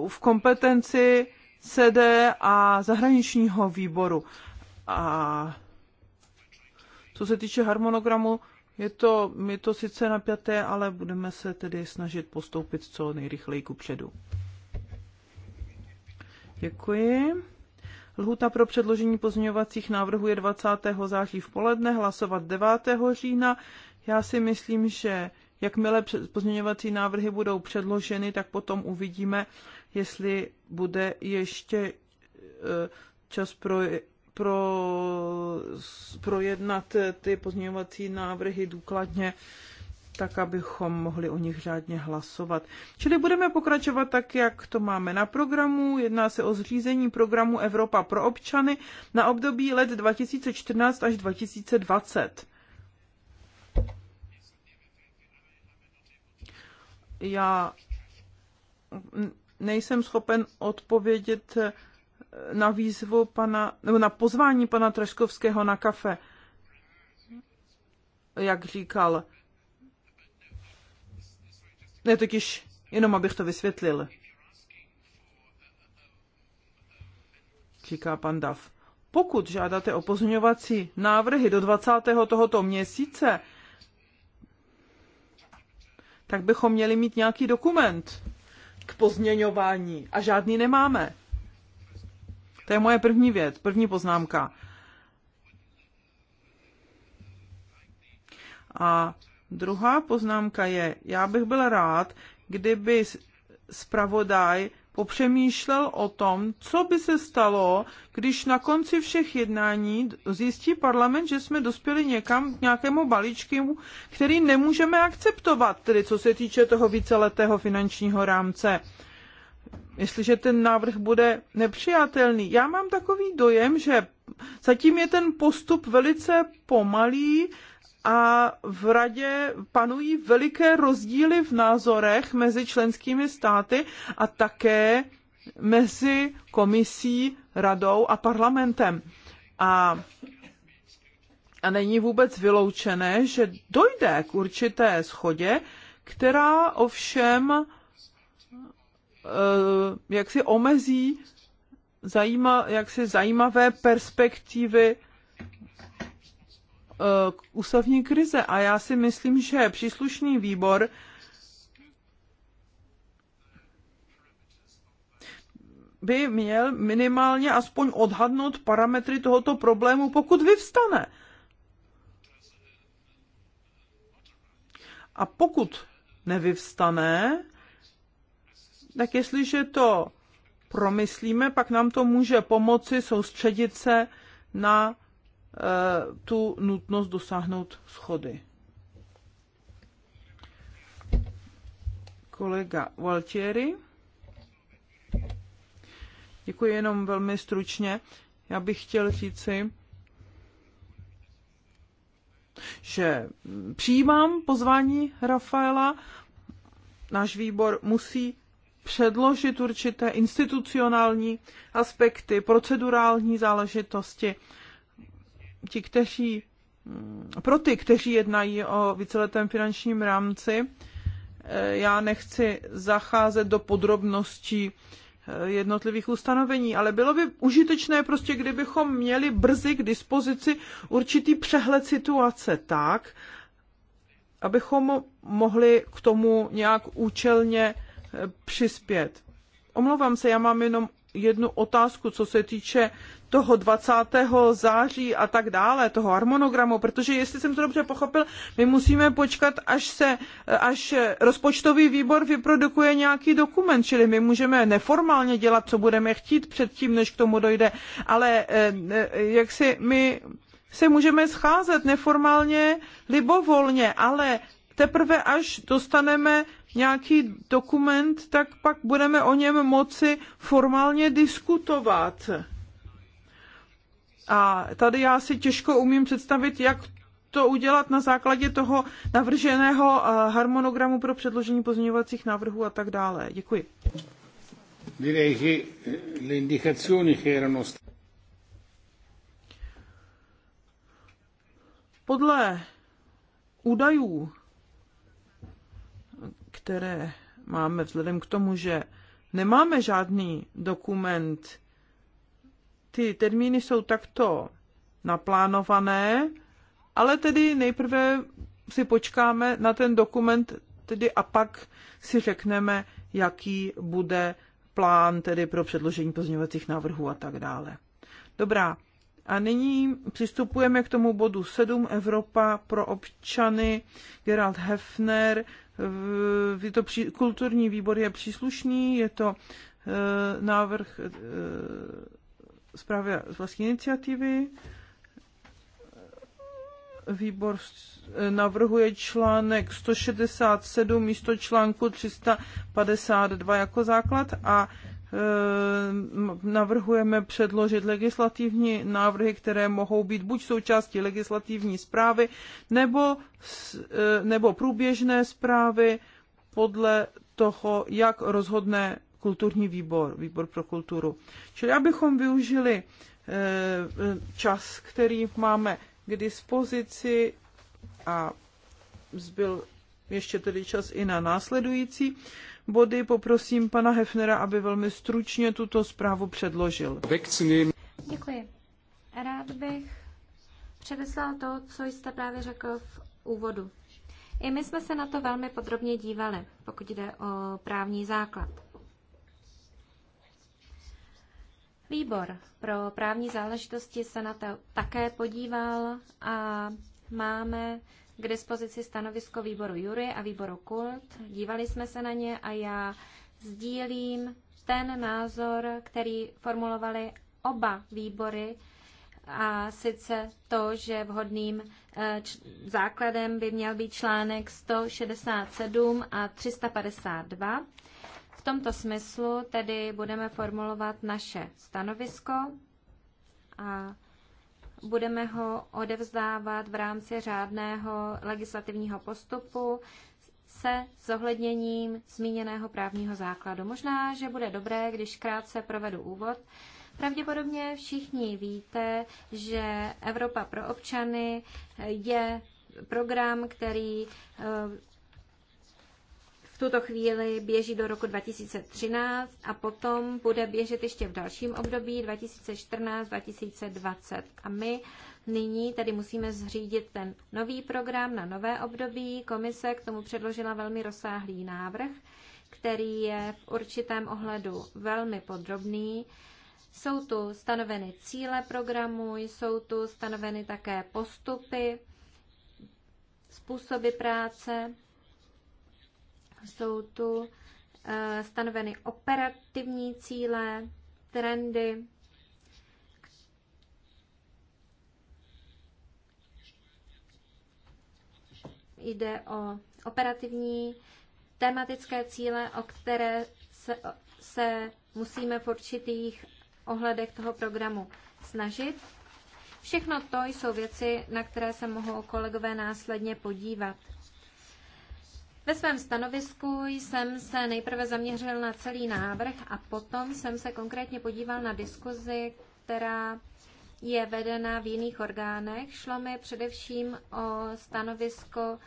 v kompetenci CD a zahraničního výboru. A co se týče harmonogramu, je to, je to sice napjaté, ale budeme se tedy snažit postoupit co nejrychleji ku předu. Děkuji. Lhuta pro předložení pozměňovacích návrhů je 20. září v poledne, hlasovat 9. října. Já si myslím, že jakmile pozměňovací návrhy budou předloženy, tak potom uvidíme, jestli bude ještě eh, čas pro, pro projednat eh, ty pozměňovací návrhy důkladně tak abychom mohli o nich řádně hlasovat. Čili budeme pokračovat tak, jak to máme na programu. Jedná se o zřízení programu Evropa pro občany na období let 2014 až 2020. Já nejsem schopen odpovědět na výzvu pana, nebo na pozvání pana Traškovského na kafe. Jak říkal, ne, totiž jenom abych to vysvětlil. Říká pan Dav. Pokud žádáte o pozměňovací návrhy do 20. tohoto měsíce, tak bychom měli mít nějaký dokument k pozměňování a žádný nemáme. To je moje první věc, první poznámka. A Druhá poznámka je, já bych byl rád, kdyby zpravodaj popřemýšlel o tom, co by se stalo, když na konci všech jednání zjistí parlament, že jsme dospěli někam k nějakému balíčku, který nemůžeme akceptovat, tedy co se týče toho víceletého finančního rámce. Jestliže ten návrh bude nepřijatelný. Já mám takový dojem, že zatím je ten postup velice pomalý a v radě panují veliké rozdíly v názorech mezi členskými státy a také mezi komisí, radou a parlamentem. A, a není vůbec vyloučené, že dojde k určité schodě, která ovšem eh, jak si omezí zajíma, jak si zajímavé perspektivy ústavní krize. A já si myslím, že příslušný výbor by měl minimálně aspoň odhadnout parametry tohoto problému, pokud vyvstane. A pokud nevyvstane, tak jestliže to promyslíme, pak nám to může pomoci soustředit se na Eh, tu nutnost dosáhnout schody. Kolega Valtieri. Děkuji jenom velmi stručně. Já bych chtěl říci, že přijímám pozvání Rafaela. Náš výbor musí předložit určité institucionální aspekty, procedurální záležitosti ti, kteří, pro ty, kteří jednají o víceletém finančním rámci, eh, já nechci zacházet do podrobností eh, jednotlivých ustanovení, ale bylo by užitečné prostě, kdybychom měli brzy k dispozici určitý přehled situace tak, abychom mohli k tomu nějak účelně eh, přispět. Omlouvám se, já mám jenom jednu otázku, co se týče toho 20. září a tak dále, toho harmonogramu, protože jestli jsem to dobře pochopil, my musíme počkat, až se, až rozpočtový výbor vyprodukuje nějaký dokument, čili my můžeme neformálně dělat, co budeme chtít předtím, než k tomu dojde, ale eh, eh, jak si my se můžeme scházet neformálně, libovolně, ale teprve až dostaneme nějaký dokument, tak pak budeme o něm moci formálně diskutovat. A tady já si těžko umím představit, jak to udělat na základě toho navrženého eh, harmonogramu pro předložení pozměňovacích návrhů a tak dále. Děkuji. Eh, Podle údajů, které máme vzhledem k tomu, že nemáme žádný dokument, ty termíny jsou takto naplánované, ale tedy nejprve si počkáme na ten dokument tedy a pak si řekneme, jaký bude plán tedy pro předložení pozměňovacích návrhů a tak dále. Dobrá, a nyní přistupujeme k tomu bodu 7 Evropa pro občany. Gerald Hefner, je to při, kulturní výbor je příslušný, je to e, návrh e, zprávy z vlastní iniciativy. Výbor navrhuje článek 167 místo článku 352 jako základ a Eh, navrhujeme předložit legislativní návrhy, které mohou být buď součástí legislativní zprávy nebo, eh, nebo průběžné zprávy podle toho, jak rozhodne kulturní výbor, výbor pro kulturu. Čili abychom využili eh, čas, který máme k dispozici a zbyl ještě tedy čas i na následující body poprosím pana Hefnera, aby velmi stručně tuto zprávu předložil. Děkuji. Rád bych předeslal to, co jste právě řekl v úvodu. I my jsme se na to velmi podrobně dívali, pokud jde o právní základ. Výbor pro právní záležitosti se na to také podíval a máme k dispozici stanovisko výboru Jury a výboru Kult. Dívali jsme se na ně a já sdílím ten názor, který formulovali oba výbory, a sice to, že vhodným eh, základem by měl být článek 167 a 352. V tomto smyslu tedy budeme formulovat naše stanovisko a budeme ho odevzdávat v rámci řádného legislativního postupu se zohledněním zmíněného právního základu. Možná, že bude dobré, když krátce provedu úvod. Pravděpodobně všichni víte, že Evropa pro občany je program, který eh, tuto chvíli běží do roku 2013 a potom bude běžet ještě v dalším období 2014-2020. A my nyní tedy musíme zřídit ten nový program na nové období. Komise k tomu předložila velmi rozsáhlý návrh, který je v určitém ohledu velmi podrobný. Jsou tu stanoveny cíle programu, jsou tu stanoveny také postupy, způsoby práce jsou tu eh, stanoveny operativní cíle, trendy, jde o operativní tematické cíle, o které se, se musíme v určitých ohledech toho programu snažit. Všechno to jsou věci, na které se mohou kolegové následně podívat. Ve svém stanovisku jsem se nejprve zaměřil na celý návrh a potom jsem se konkrétně podíval na diskuzi, která je vedena v jiných orgánech. Šlo mi především o stanovisko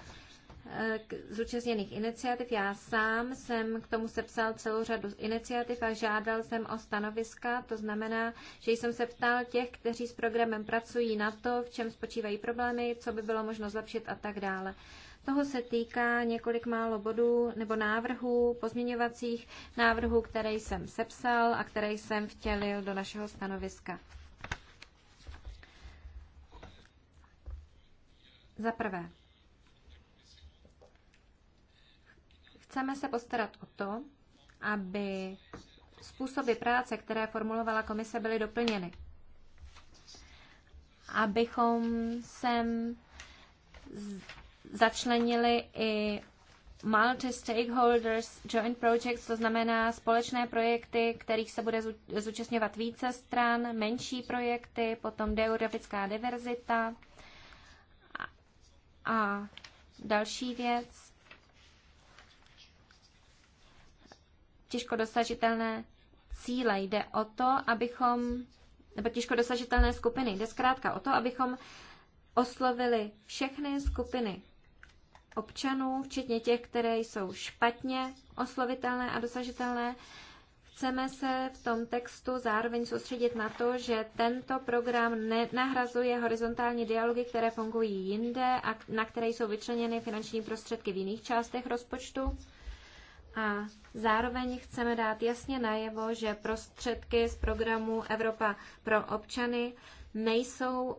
eh, zúčastněných iniciativ. Já sám jsem k tomu sepsal celou řadu iniciativ a žádal jsem o stanoviska. To znamená, že jsem se ptal těch, kteří s programem pracují na to, v čem spočívají problémy, co by bylo možno zlepšit a tak dále. Toho se týká několik málo bodů nebo návrhů, pozměňovacích návrhů, které jsem sepsal a které jsem vtělil do našeho stanoviska. Za prvé, chceme se postarat o to, aby způsoby práce, které formulovala komise, byly doplněny. Abychom sem začlenili i multi-stakeholders joint projects, to znamená společné projekty, kterých se bude zúčastňovat více stran, menší projekty, potom geografická diverzita a další věc. Těžko dosažitelné cíle jde o to, abychom, nebo těžko dosažitelné skupiny, jde zkrátka o to, abychom oslovili všechny skupiny občanů, včetně těch, které jsou špatně oslovitelné a dosažitelné. Chceme se v tom textu zároveň soustředit na to, že tento program nenahrazuje horizontální dialogy, které fungují jinde a na které jsou vyčleněny finanční prostředky v jiných částech rozpočtu. A zároveň chceme dát jasně najevo, že prostředky z programu Evropa pro občany nejsou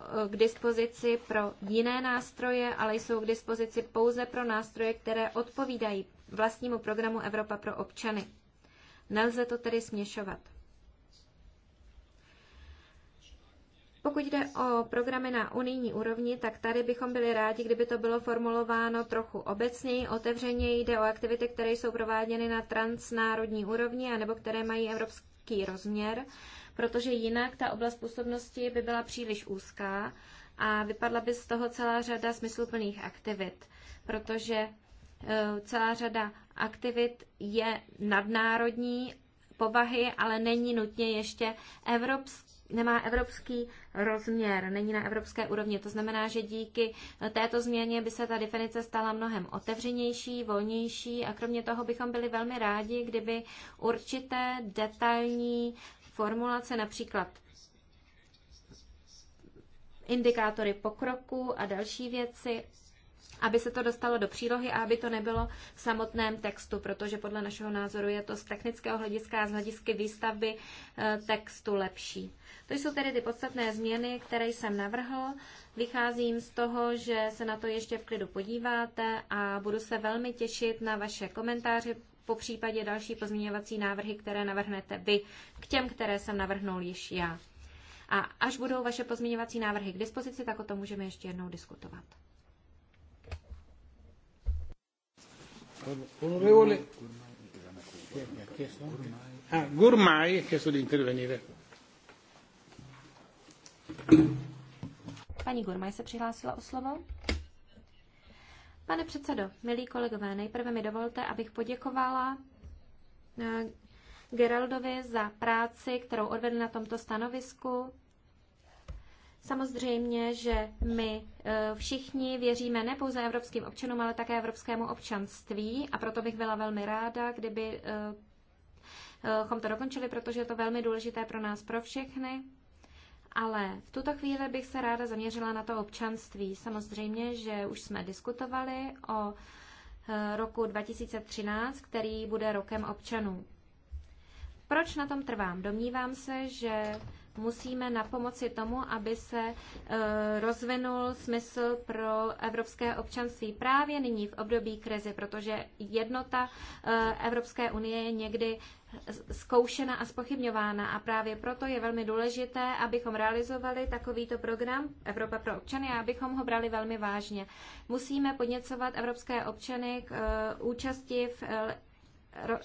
Eh, k dispozici pro jiné nástroje, ale jsou k dispozici pouze pro nástroje, které odpovídají vlastnímu programu Evropa pro občany. Nelze to tedy směšovat. Pokud jde o programy na unijní úrovni, tak tady bychom byli rádi, kdyby to bylo formulováno trochu obecněji, otevřeněji. jde o aktivity, které jsou prováděny na transnárodní úrovni anebo které mají evropský rozměr protože jinak ta oblast působnosti by byla příliš úzká a vypadla by z toho celá řada smysluplných aktivit, protože eh, celá řada aktivit je nadnárodní povahy, ale není nutně ještě evropský nemá evropský rozměr, není na evropské úrovni. To znamená, že díky eh, této změně by se ta definice stala mnohem otevřenější, volnější a kromě toho bychom byli velmi rádi, kdyby určité detailní formulace, například indikátory pokroku a další věci, aby se to dostalo do přílohy a aby to nebylo v samotném textu, protože podle našeho názoru je to z technického hlediska a z hledisky výstavby eh, textu lepší. To jsou tedy ty podstatné změny, které jsem navrhl. Vycházím z toho, že se na to ještě v klidu podíváte a budu se velmi těšit na vaše komentáře, po případě další pozměňovací návrhy, které navrhnete vy, k těm, které jsem navrhnul již já. A až budou vaše pozměňovací návrhy k dispozici, tak o tom můžeme ještě jednou diskutovat. Onorevole ah, Gurmai ha chiesto di intervenire. Paní Gurmaj se přihlásila o slovo. Pane předsedo, milí kolegové, nejprve mi dovolte, abych poděkovala eh, Geraldovi za práci, kterou odvedl na tomto stanovisku. Samozřejmě, že my eh, všichni věříme ne pouze evropským občanům, ale také evropskému občanství a proto bych byla velmi ráda, kdyby eh, chom to dokončili, protože je to velmi důležité pro nás, pro všechny. Ale v tuto chvíli bych se ráda zaměřila na to občanství. Samozřejmě, že už jsme diskutovali o e, roku 2013, který bude rokem občanů. Proč na tom trvám? Domnívám se, že musíme napomoci tomu, aby se eh, rozvinul smysl pro evropské občanství právě nyní v období krize, protože jednota eh, Evropské unie je někdy zkoušena a spochybňována a právě proto je velmi důležité, abychom realizovali takovýto program Evropa pro občany a abychom ho brali velmi vážně. Musíme podněcovat evropské občany k eh, účasti v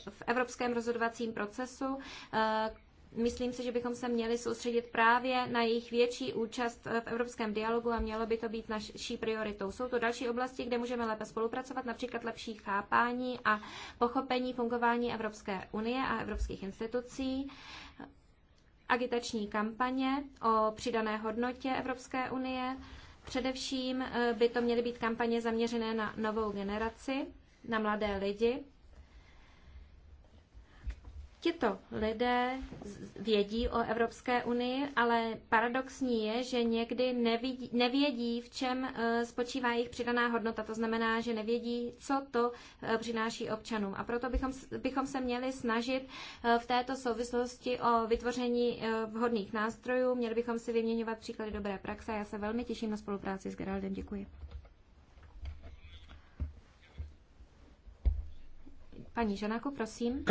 v evropském rozhodovacím procesu, myslím si, že bychom se měli soustředit právě na jejich větší účast v evropském dialogu a mělo by to být naší prioritou. Jsou to další oblasti, kde můžeme lépe spolupracovat, například lepší chápání a pochopení fungování Evropské unie a evropských institucí agitační kampaně o přidané hodnotě Evropské unie. Především eh, by to měly být kampaně zaměřené na novou generaci, na mladé lidi, Tito lidé vědí o Evropské unii, ale paradoxní je, že někdy nevidí, nevědí, v čem eh, spočívá jejich přidaná hodnota. To znamená, že nevědí, co to eh, přináší občanům. A proto bychom, bychom se měli snažit eh, v této souvislosti o vytvoření vhodných nástrojů. Měli bychom si vyměňovat příklady dobré praxe. Já se velmi těším na spolupráci s Geraldem. Děkuji. Paní Žanáko, prosím.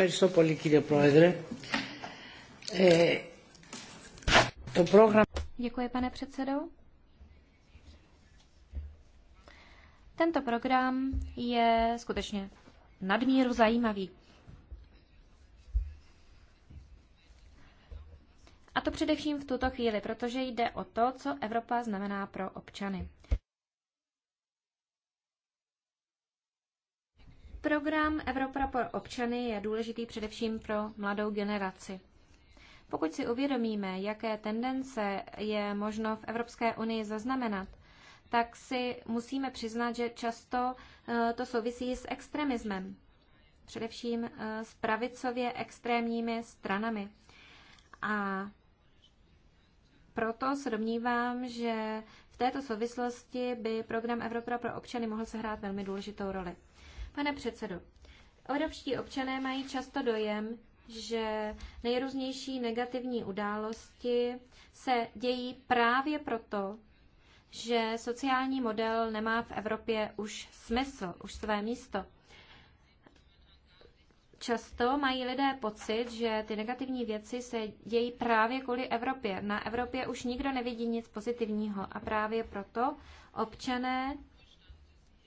Děkuji, pane předsedo. Tento program je skutečně nadmíru zajímavý. A to především v tuto chvíli, protože jde o to, co Evropa znamená pro občany. Program Evropa pro občany je důležitý především pro mladou generaci. Pokud si uvědomíme, jaké tendence je možno v Evropské unii zaznamenat, tak si musíme přiznat, že často eh, to souvisí s extremismem, především eh, s pravicově extrémními stranami. A proto se domnívám, že v této souvislosti by program Evropa pro občany mohl sehrát velmi důležitou roli. Pane předsedo, evropští občané mají často dojem, že nejrůznější negativní události se dějí právě proto, že sociální model nemá v Evropě už smysl, už své místo. Často mají lidé pocit, že ty negativní věci se dějí právě kvůli Evropě. Na Evropě už nikdo nevidí nic pozitivního a právě proto občané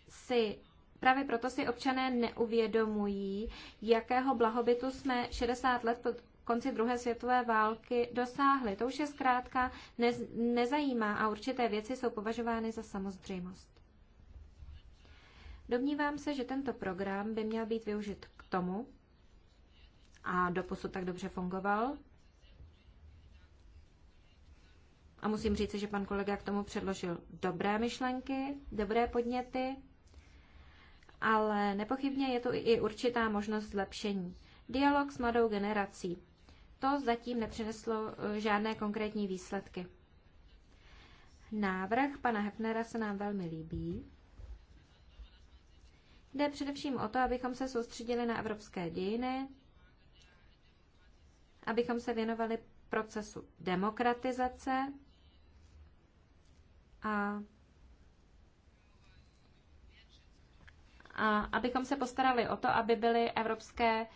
si Právě proto si občané neuvědomují, jakého blahobytu jsme 60 let po konci druhé světové války dosáhli. To už je zkrátka nez, nezajímá a určité věci jsou považovány za samozřejmost. Domnívám se, že tento program by měl být využit k tomu, a doposud tak dobře fungoval, a musím říct, že pan kolega k tomu předložil dobré myšlenky, dobré podněty, ale nepochybně je tu i určitá možnost zlepšení. Dialog s mladou generací. To zatím nepřineslo eh, žádné konkrétní výsledky. Návrh pana Hefnera se nám velmi líbí. Jde především o to, abychom se soustředili na evropské dějiny, abychom se věnovali procesu demokratizace a a abychom se postarali o to, aby byly evropské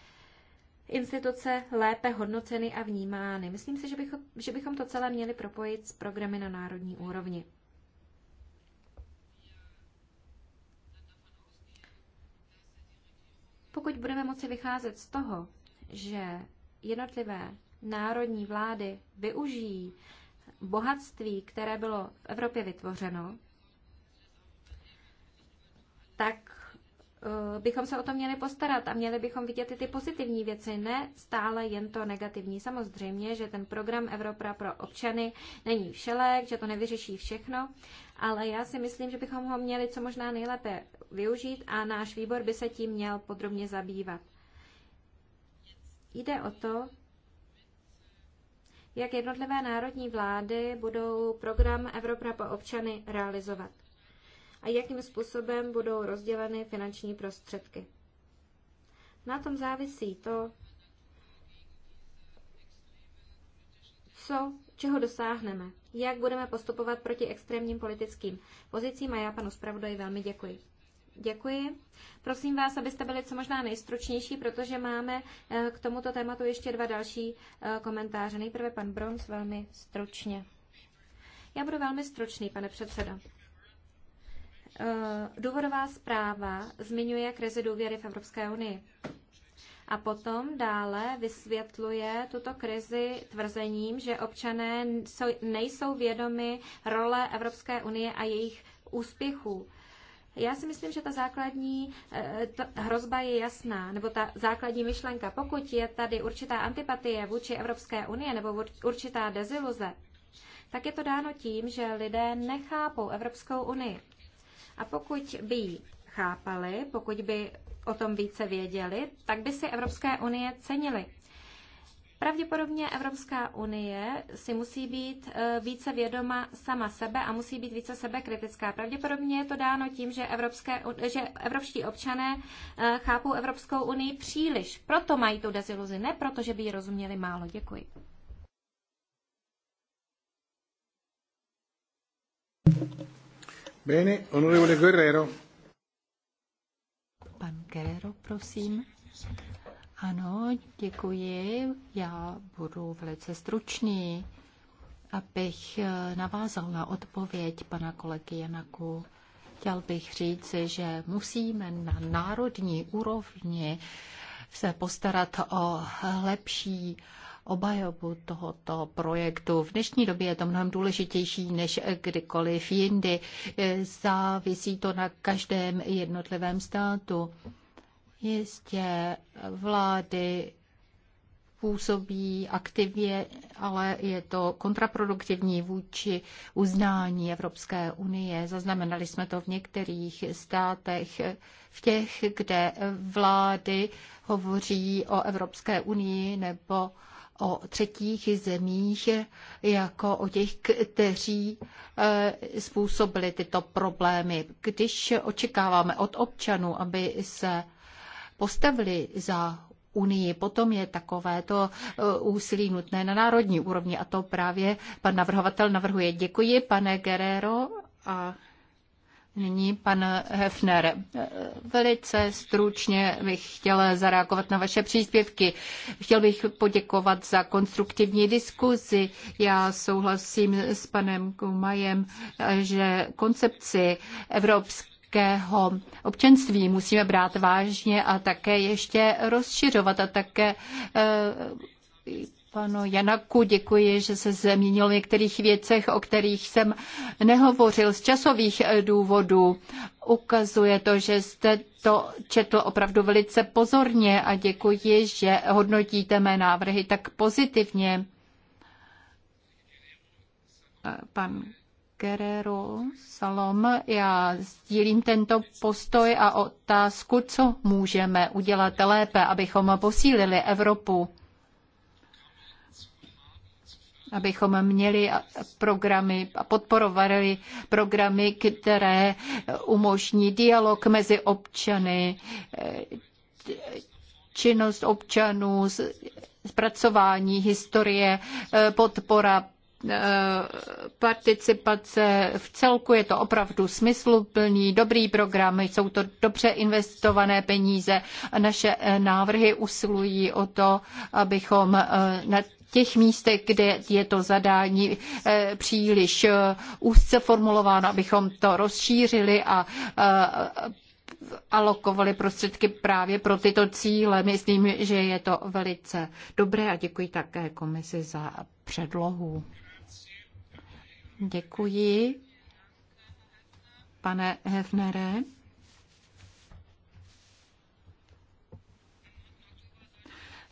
instituce lépe hodnoceny a vnímány. Myslím si, že bychom, že bychom to celé měli propojit s programy na národní úrovni. Pokud budeme moci vycházet z toho, že jednotlivé národní vlády využijí bohatství, které bylo v Evropě vytvořeno, tak Eh, bychom se o to měli postarat a měli bychom vidět i ty pozitivní věci, ne stále jen to negativní. Samozřejmě, že ten program Evropa pro občany není všelek, že to nevyřeší všechno, ale já si myslím, že bychom ho měli co možná nejlépe využít a náš výbor by se tím měl podrobně zabývat. Jde o to, jak jednotlivé národní vlády budou program Evropa pro občany realizovat a jakým způsobem budou rozděleny finanční prostředky. Na tom závisí to, co, čeho dosáhneme, jak budeme postupovat proti extrémním politickým pozicím a já panu zpravodaji velmi děkuji. Děkuji. Prosím vás, abyste byli co možná nejstručnější, protože máme eh, k tomuto tématu ještě dva další eh, komentáře. Nejprve pan Brons velmi stručně. Já budu velmi stručný, pane předsedo. Eh, důvodová zpráva zmiňuje krizi důvěry v Evropské unii. A potom dále vysvětluje tuto krizi tvrzením, že občané nejsou vědomi role Evropské unie a jejich úspěchů. Já si myslím, že ta základní eh, ta hrozba je jasná, nebo ta základní myšlenka. Pokud je tady určitá antipatie vůči Evropské unie nebo určitá deziluze, tak je to dáno tím, že lidé nechápou Evropskou unii. A pokud by ji chápali, pokud by o tom více věděli, tak by si Evropské unie cenili. Pravděpodobně Evropská unie si musí být eh, více vědoma sama sebe a musí být více sebe kritická. Pravděpodobně je to dáno tím, že, evropské, že evropští občané eh, chápou Evropskou unii příliš. Proto mají tu deziluzi, ne proto, že by ji rozuměli málo. Děkuji. Pan Guerrero, prosím. Ano, děkuji. Já budu velice stručný, abych eh, navázal na odpověď pana kolegy Janaku. Chtěl bych říci, že musíme na národní úrovni se postarat o lepší obhajobu tohoto projektu. V dnešní době je to mnohem důležitější než kdykoliv jindy. Závisí to na každém jednotlivém státu. Jistě vlády působí aktivně, ale je to kontraproduktivní vůči uznání Evropské unie. Zaznamenali jsme to v některých státech, v těch, kde vlády hovoří o Evropské unii nebo o třetích zemích jako o těch, kteří e, způsobili tyto problémy. Když očekáváme od občanů, aby se postavili za Unii. Potom je takové to e, úsilí nutné na národní úrovni a to právě pan navrhovatel navrhuje. Děkuji, pane Guerrero. A Nyní pan Hefner. Velice stručně bych chtěla zareagovat na vaše příspěvky. Chtěl bych poděkovat za konstruktivní diskuzi. Já souhlasím s panem Kumajem, že koncepci evropské evropského občanství musíme brát vážně a také ještě rozšiřovat a také eh, panu Janaku. Děkuji, že se zmínil v některých věcech, o kterých jsem nehovořil z časových eh, důvodů. Ukazuje to, že jste to četl opravdu velice pozorně a děkuji, že hodnotíte mé návrhy tak pozitivně. Eh, pan Guerrero Salom, já sdílím tento postoj a otázku, co můžeme udělat lépe, abychom posílili Evropu abychom měli programy a podporovali programy, které umožní dialog mezi občany, činnost občanů, zpracování historie, podpora eh, participace. V celku je to opravdu smysluplný, dobrý program, jsou to dobře investované peníze. Naše eh, návrhy usilují o to, abychom eh, na těch místech, kde je to zadání eh, příliš eh, úzce formulováno, abychom to rozšířili a eh, alokovali prostředky právě pro tyto cíle. Myslím, že je to velice dobré a děkuji také komisi za předlohu. Děkuji, pane Hefnere.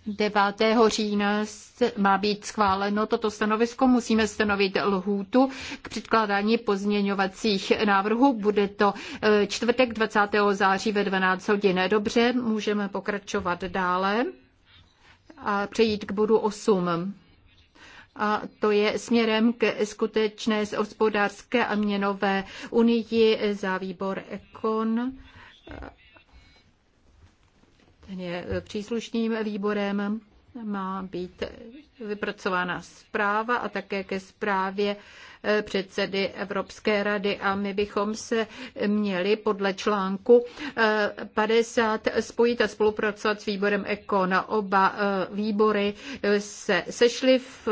9. října má být schváleno toto stanovisko. Musíme stanovit lhůtu k předkládání pozměňovacích návrhů. Bude to eh, čtvrtek 20. září ve 12 hodin. Dobře, můžeme pokračovat dále a přejít k bodu 8 a to je směrem k skutečné z hospodářské a měnové unii za výbor Ekon. Je příslušným výborem má být vypracována zpráva a také ke zprávě e, předsedy Evropské rady a my bychom se měli podle článku 50 e, spojit a spolupracovat s výborem ECO. Na oba e, výbory se sešli, v,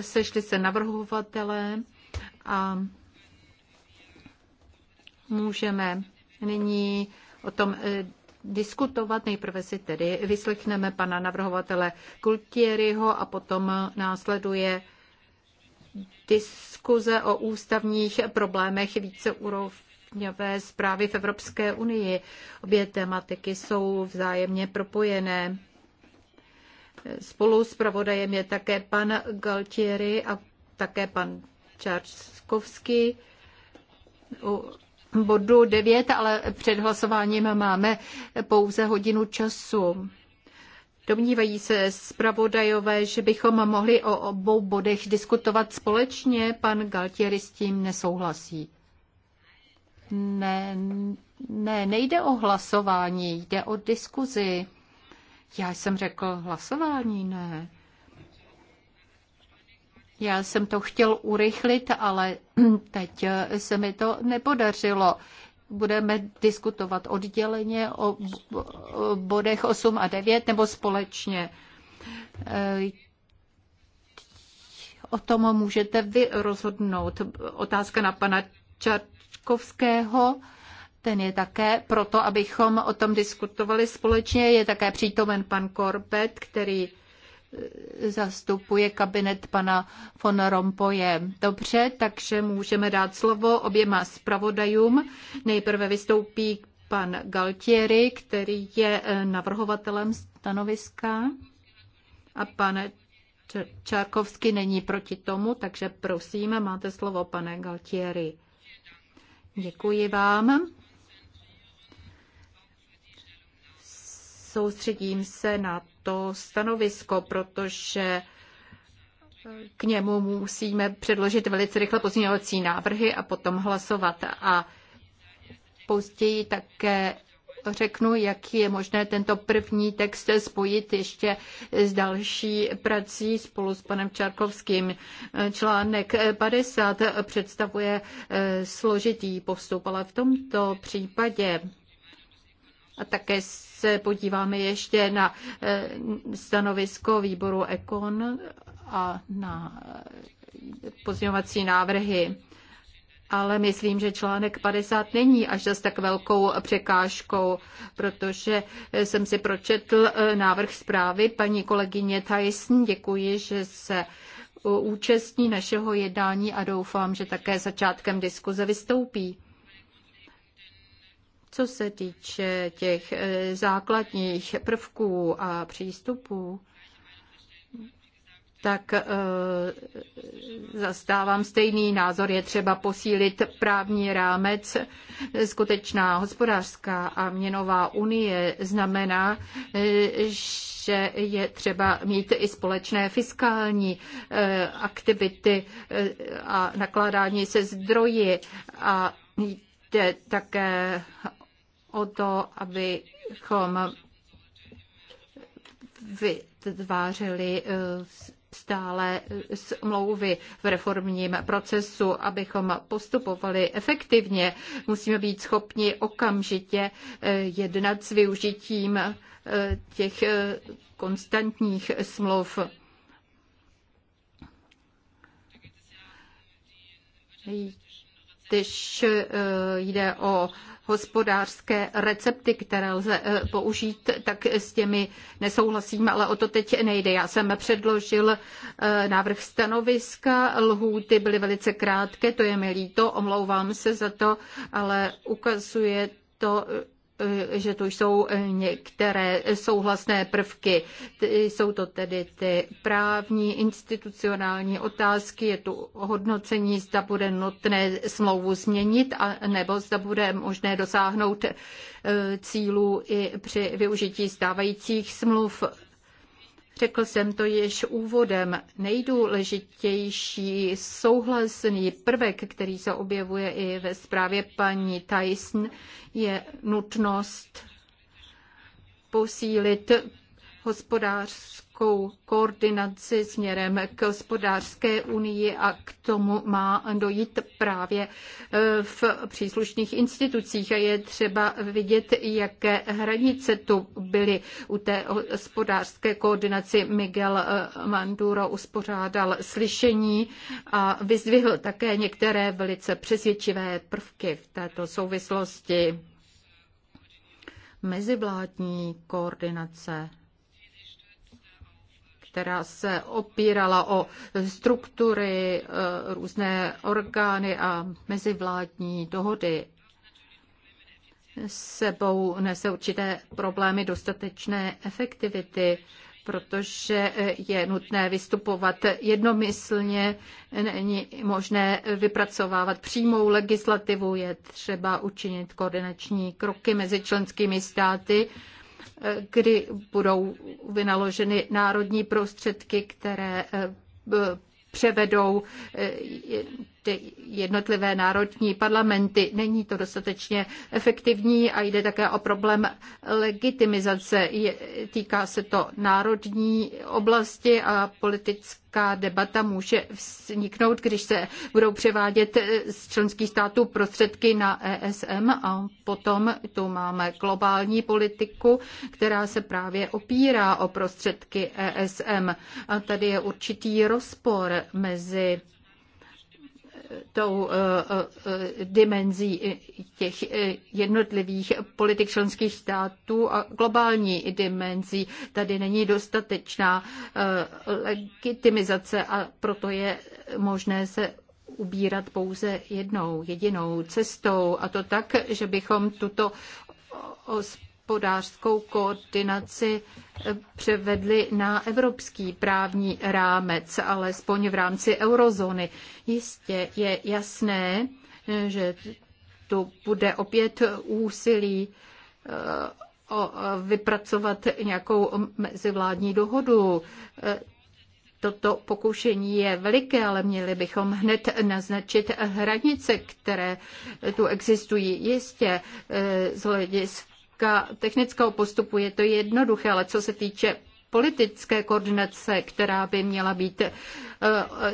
sešli se navrhovatelé a můžeme nyní o tom diskutovat. Nejprve si tedy vyslechneme pana navrhovatele Kultieriho a potom následuje diskuze o ústavních problémech víceúrovňové zprávy v Evropské unii. Obě tematiky jsou vzájemně propojené. Spolu s pravodajem je také pan Galtieri a také pan Čarskovský bodu 9, ale před hlasováním máme pouze hodinu času. Domnívají se zpravodajové, že bychom mohli o obou bodech diskutovat společně. Pan Galtieri s tím nesouhlasí. Ne, ne, nejde o hlasování, jde o diskuzi. Já jsem řekl hlasování, ne. Já jsem to chtěl urychlit, ale teď eh, se mi to nepodařilo. Budeme diskutovat odděleně o eh, bodech 8 a 9 nebo společně. Eh, o tom můžete vy rozhodnout. Otázka na pana Čarčkovského. Ten je také proto, abychom o tom diskutovali společně. Je také přítomen pan Korbet, který zastupuje kabinet pana von Rompoje. Dobře, takže můžeme dát slovo oběma zpravodajům. Nejprve vystoupí pan Galtieri, který je eh, navrhovatelem stanoviska a pan Čárkovský není proti tomu, takže prosím, máte slovo, pane Galtieri. Děkuji vám. soustředím se na to stanovisko, protože k němu musíme předložit velice rychle pozměňovací návrhy a potom hlasovat. A později také řeknu, jak je možné tento první text spojit ještě s další prací spolu s panem Čarkovským. Článek 50 představuje složitý postup, ale v tomto případě a také se podíváme ještě na eh, stanovisko výboru Ekon a na eh, pozměňovací návrhy. Ale myslím, že článek 50 není až zas tak velkou překážkou, protože jsem si pročetl eh, návrh zprávy paní kolegyně Tyson. Děkuji, že se účastní našeho jednání a doufám, že také začátkem diskuze vystoupí. Co se týče těch eh, základních prvků a přístupů, tak eh, zastávám stejný názor. Je třeba posílit právní rámec. Skutečná hospodářská a měnová unie znamená, eh, že je třeba mít i společné fiskální aktivity a nakládání se zdroji a jde také o to, abychom vytvářeli eh, stále smlouvy v reformním procesu, abychom postupovali efektivně. Musíme být schopni okamžitě eh, jednat s využitím eh, těch konstantních smluv když eh, jde o hospodářské recepty, které lze eh, použít, tak s těmi nesouhlasím, ale o to teď nejde. Já jsem předložil eh, návrh stanoviska, lhůty byly velice krátké, to je mi líto, omlouvám se za to, ale ukazuje to, Eh, že tu jsou eh, některé souhlasné prvky. Jsou to tedy ty právní, institucionální otázky, je tu hodnocení, zda bude nutné smlouvu změnit, a nebo zda bude možné dosáhnout eh, cílů i při využití stávajících smluv. Řekl jsem to již úvodem. Nejdůležitější souhlasný prvek, který se objevuje i ve zprávě paní Tyson, je nutnost posílit hospodářskou koordinaci směrem k hospodářské unii a k tomu má dojít právě e, v příslušných institucích. A je třeba vidět, jaké hranice tu byly u té hospodářské koordinaci. Miguel e, Manduro uspořádal slyšení a vyzdvihl také některé velice přesvědčivé prvky v této souvislosti mezivládní koordinace která se opírala o struktury, eh, různé orgány a mezivládní dohody. Sebou nese určité problémy dostatečné efektivity, protože eh, je nutné vystupovat jednomyslně, není možné vypracovávat přímou legislativu, je třeba učinit koordinační kroky mezi členskými státy kdy budou vynaloženy národní prostředky, které eh, převedou eh, jednotlivé národní parlamenty. Není to dostatečně efektivní a jde také o problém legitimizace. Je, týká se to národní oblasti a politická debata může vzniknout, když se budou převádět eh, z členských států prostředky na ESM a potom tu máme globální politiku, která se právě opírá o prostředky ESM. A tady je určitý rozpor mezi tou eh, eh, dimenzí těch eh, jednotlivých politik členských států a globální dimenzí. Tady není dostatečná legitimizace a proto je možné se ubírat pouze jednou, jedinou cestou a to tak, že bychom tuto hospodářskou koordinaci eh, převedli na evropský právní rámec, alespoň v rámci eurozóny. Jistě je jasné, eh, že tu bude opět úsilí eh, o vypracovat nějakou mezivládní dohodu. Toto pokoušení je veliké, ale měli bychom hned naznačit hranice, které tu existují. Jistě z hlediska hlediska technického postupu je to jednoduché, ale co se týče politické koordinace, která by měla být eh,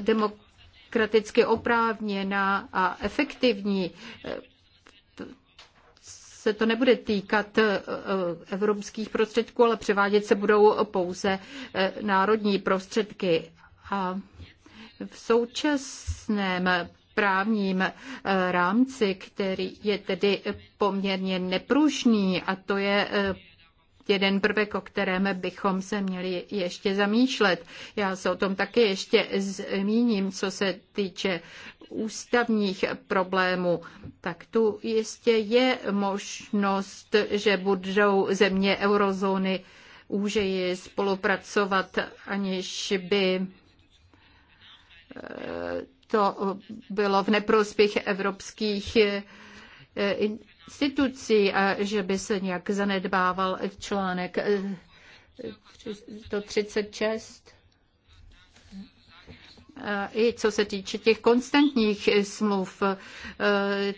demokraticky oprávněná a efektivní, eh, se to nebude týkat eh, evropských prostředků, ale převádět se budou pouze národní prostředky. A v současném právním eh, rámci, který je tedy poměrně nepružný a to je eh, jeden prvek, o kterém bychom se měli ještě zamýšlet. Já se o tom také ještě zmíním, co se týče ústavních problémů, tak tu jistě je možnost, že budou země eurozóny úžeji spolupracovat, aniž by eh, to bylo v neprospěch evropských eh, institucí a že by se nějak zanedbával článek 136. Eh, I co se týče těch konstantních smluv, eh,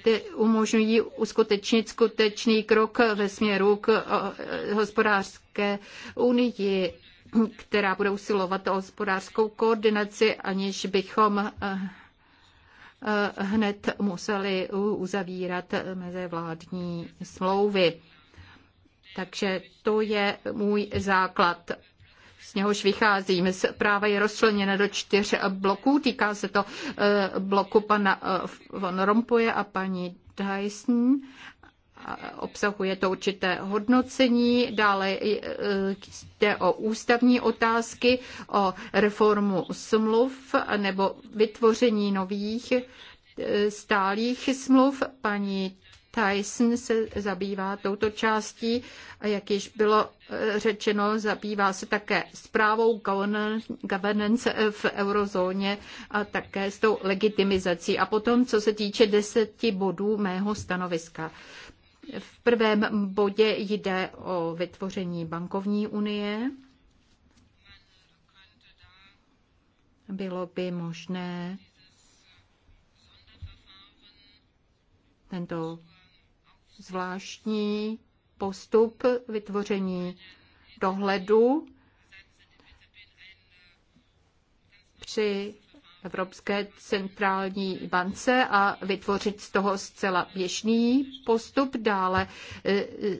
ty umožňují uskutečnit skutečný krok ve směru k hospodářské unii, která bude usilovat o hospodářskou koordinaci, aniž bychom Eh, hned museli uzavírat mezevládní smlouvy. Takže to je můj základ z něhož vycházím. Zpráva je rozčleněna do čtyř bloků. Týká se to eh, bloku pana eh, von Rompuje a paní Dyson obsahuje to určité hodnocení, dále e, jde o ústavní otázky, o reformu smluv nebo vytvoření nových e, stálých smluv. Paní Tyson se zabývá touto částí a jak již bylo e, řečeno, zabývá se také zprávou governance v eurozóně a také s tou legitimizací. A potom, co se týče deseti bodů mého stanoviska. V prvém bodě jde o vytvoření bankovní unie. Bylo by možné tento zvláštní postup vytvoření dohledu při Evropské centrální bance a vytvořit z toho zcela běžný postup, dále e,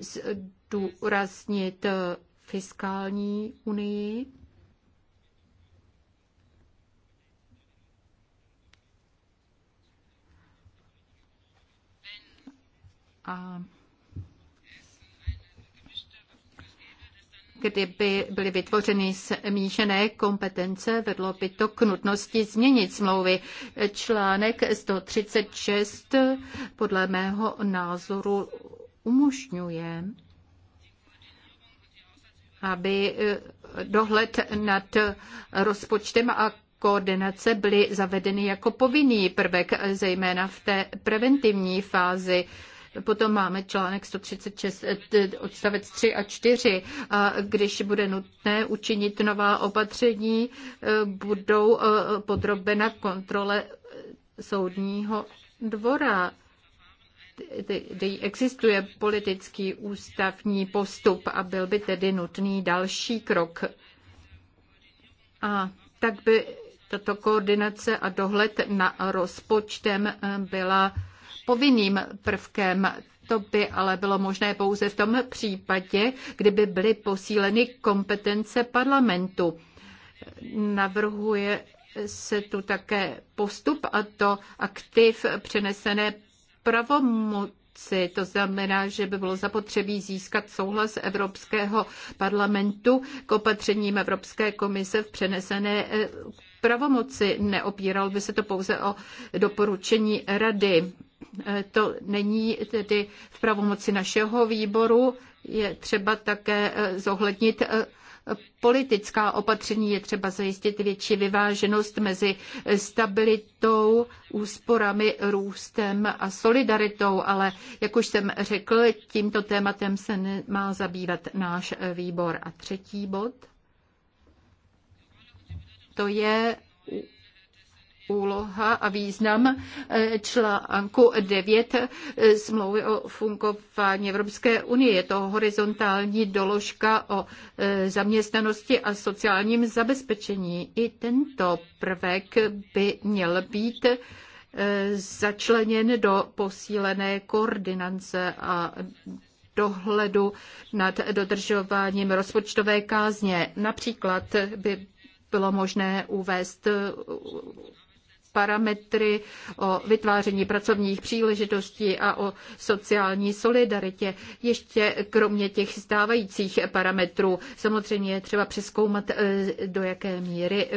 důraznit e, fiskální unii. A Kdyby byly vytvořeny smíšené kompetence, vedlo by to k nutnosti změnit smlouvy. Článek 136 podle mého názoru umožňuje, aby eh, dohled nad rozpočtem a koordinace byly zavedeny jako povinný prvek, zejména v té preventivní fázi Potom máme článek 136 eh, odstavec 3 a 4 a když bude nutné učinit nová opatření, eh, budou eh, podrobena kontrole soudního dvora existuje politický ústavní postup a byl by tedy nutný další krok. A tak by tato koordinace a dohled na rozpočtem byla povinným prvkem. To by ale bylo možné pouze v tom případě, kdyby byly posíleny kompetence parlamentu. Navrhuje se tu také postup a to aktiv přenesené pravomoci To znamená, že by bylo zapotřebí získat souhlas Evropského parlamentu k opatřením Evropské komise v přenesené eh, pravomoci. Neopíral by se to pouze o doporučení rady. Eh, to není tedy v pravomoci našeho výboru, je třeba také eh, zohlednit eh, politická opatření je třeba zajistit větší vyváženost mezi stabilitou, úsporami, růstem a solidaritou, ale jak už jsem řekl, tímto tématem se má zabývat náš výbor. A třetí bod, to je úloha a význam eh, článku 9 eh, smlouvy o fungování Evropské unie. Je to horizontální doložka o eh, zaměstnanosti a sociálním zabezpečení. I tento prvek by měl být začleněn do posílené koordinace a dohledu nad dodržováním rozpočtové kázně. Například by bylo možné uvést parametry o vytváření pracovních příležitostí a o sociální solidaritě. Ještě kromě těch stávajících parametrů samozřejmě je třeba přeskoumat, e, do jaké míry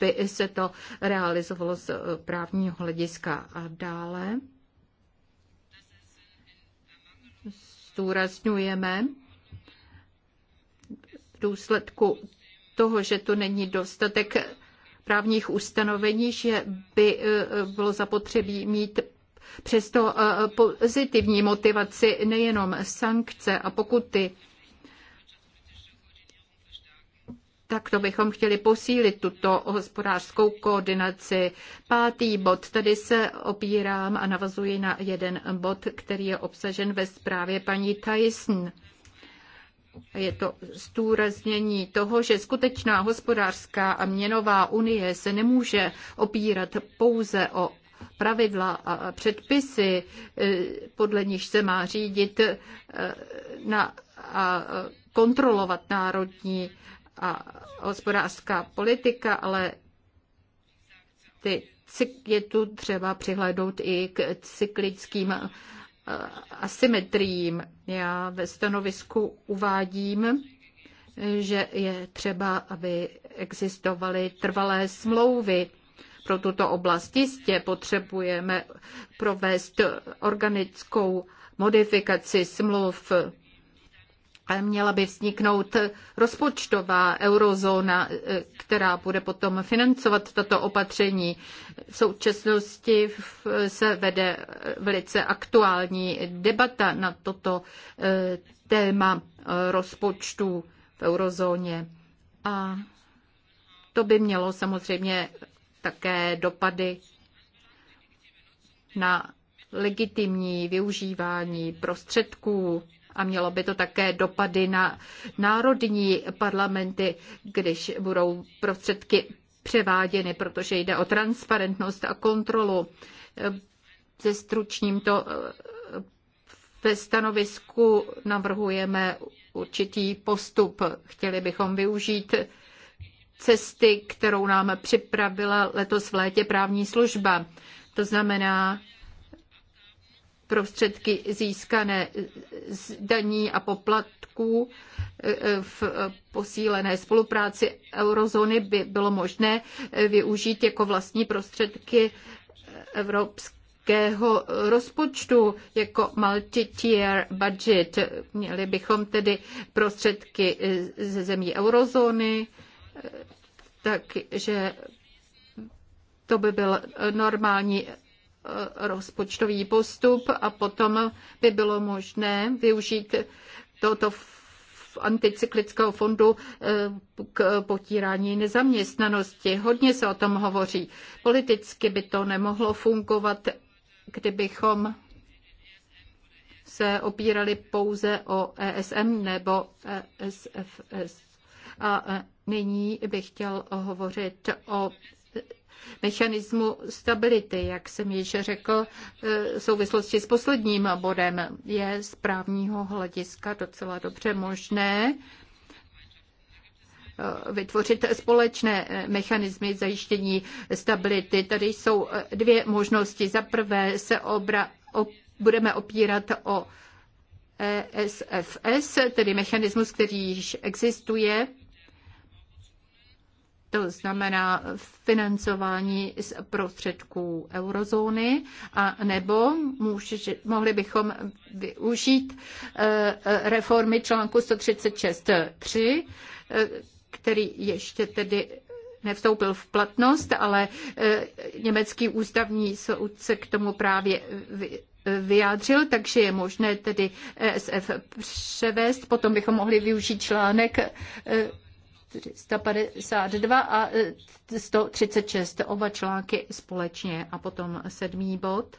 by se to realizovalo z právního hlediska. A dále zdůrazňujeme v důsledku toho, že tu není dostatek právních ustanovení, že by e, bylo zapotřebí mít přesto e, pozitivní motivaci, nejenom sankce a pokuty. Tak to bychom chtěli posílit tuto hospodářskou koordinaci. Pátý bod, tady se opírám a navazuji na jeden bod, který je obsažen ve zprávě paní Tyson. Je to zdůraznění toho, že skutečná hospodářská a měnová unie se nemůže opírat pouze o pravidla a předpisy, e, podle nich se má řídit e, na, a kontrolovat národní a hospodářská politika, ale ty, je tu třeba přihlédnout i k cyklickým Eh, asymetriím. Já ve stanovisku uvádím, že je třeba, aby existovaly trvalé smlouvy pro tuto oblast. Jistě potřebujeme provést organickou modifikaci smluv ale měla by vzniknout rozpočtová eurozóna, eh, která bude potom financovat tato opatření. V současnosti se vede velice aktuální debata na toto eh, téma eh, rozpočtu v eurozóně. A to by mělo samozřejmě také dopady na legitimní využívání prostředků a mělo by to také dopady na národní parlamenty, když budou prostředky převáděny, protože jde o transparentnost a kontrolu. Se stručním to ve stanovisku navrhujeme určitý postup. Chtěli bychom využít cesty, kterou nám připravila letos v létě právní služba. To znamená prostředky získané z daní a poplatků e, e, v posílené spolupráci eurozóny by bylo možné využít jako vlastní prostředky evropského rozpočtu jako multi-tier budget. Měli bychom tedy prostředky ze zemí eurozóny, e, takže to by byl normální Eh, rozpočtový postup a potom by bylo možné využít tohoto anticyklického fondu eh, k potírání nezaměstnanosti. Hodně se o tom hovoří. Politicky by to nemohlo fungovat, kdybychom se opírali pouze o ESM nebo ESFS. A eh, nyní bych chtěl hovořit o mechanismu stability, jak jsem již řekl, e, v souvislosti s posledním bodem, je z právního hlediska docela dobře možné e, vytvořit společné e, mechanismy zajištění stability. Tady jsou dvě možnosti. Za prvé se obra, op, budeme opírat o ESFS, tedy mechanismus, který již existuje to znamená financování z prostředků eurozóny, a nebo může, mohli bychom využít eh, eh, reformy článku 136.3, eh, který ještě tedy nevstoupil v platnost, ale německý ústavní soud se k tomu právě vyjádřil, takže je možné tedy ESF převést. Potom bychom mohli využít článek 452 a 136, e, oba články společně. A potom sedmý bod.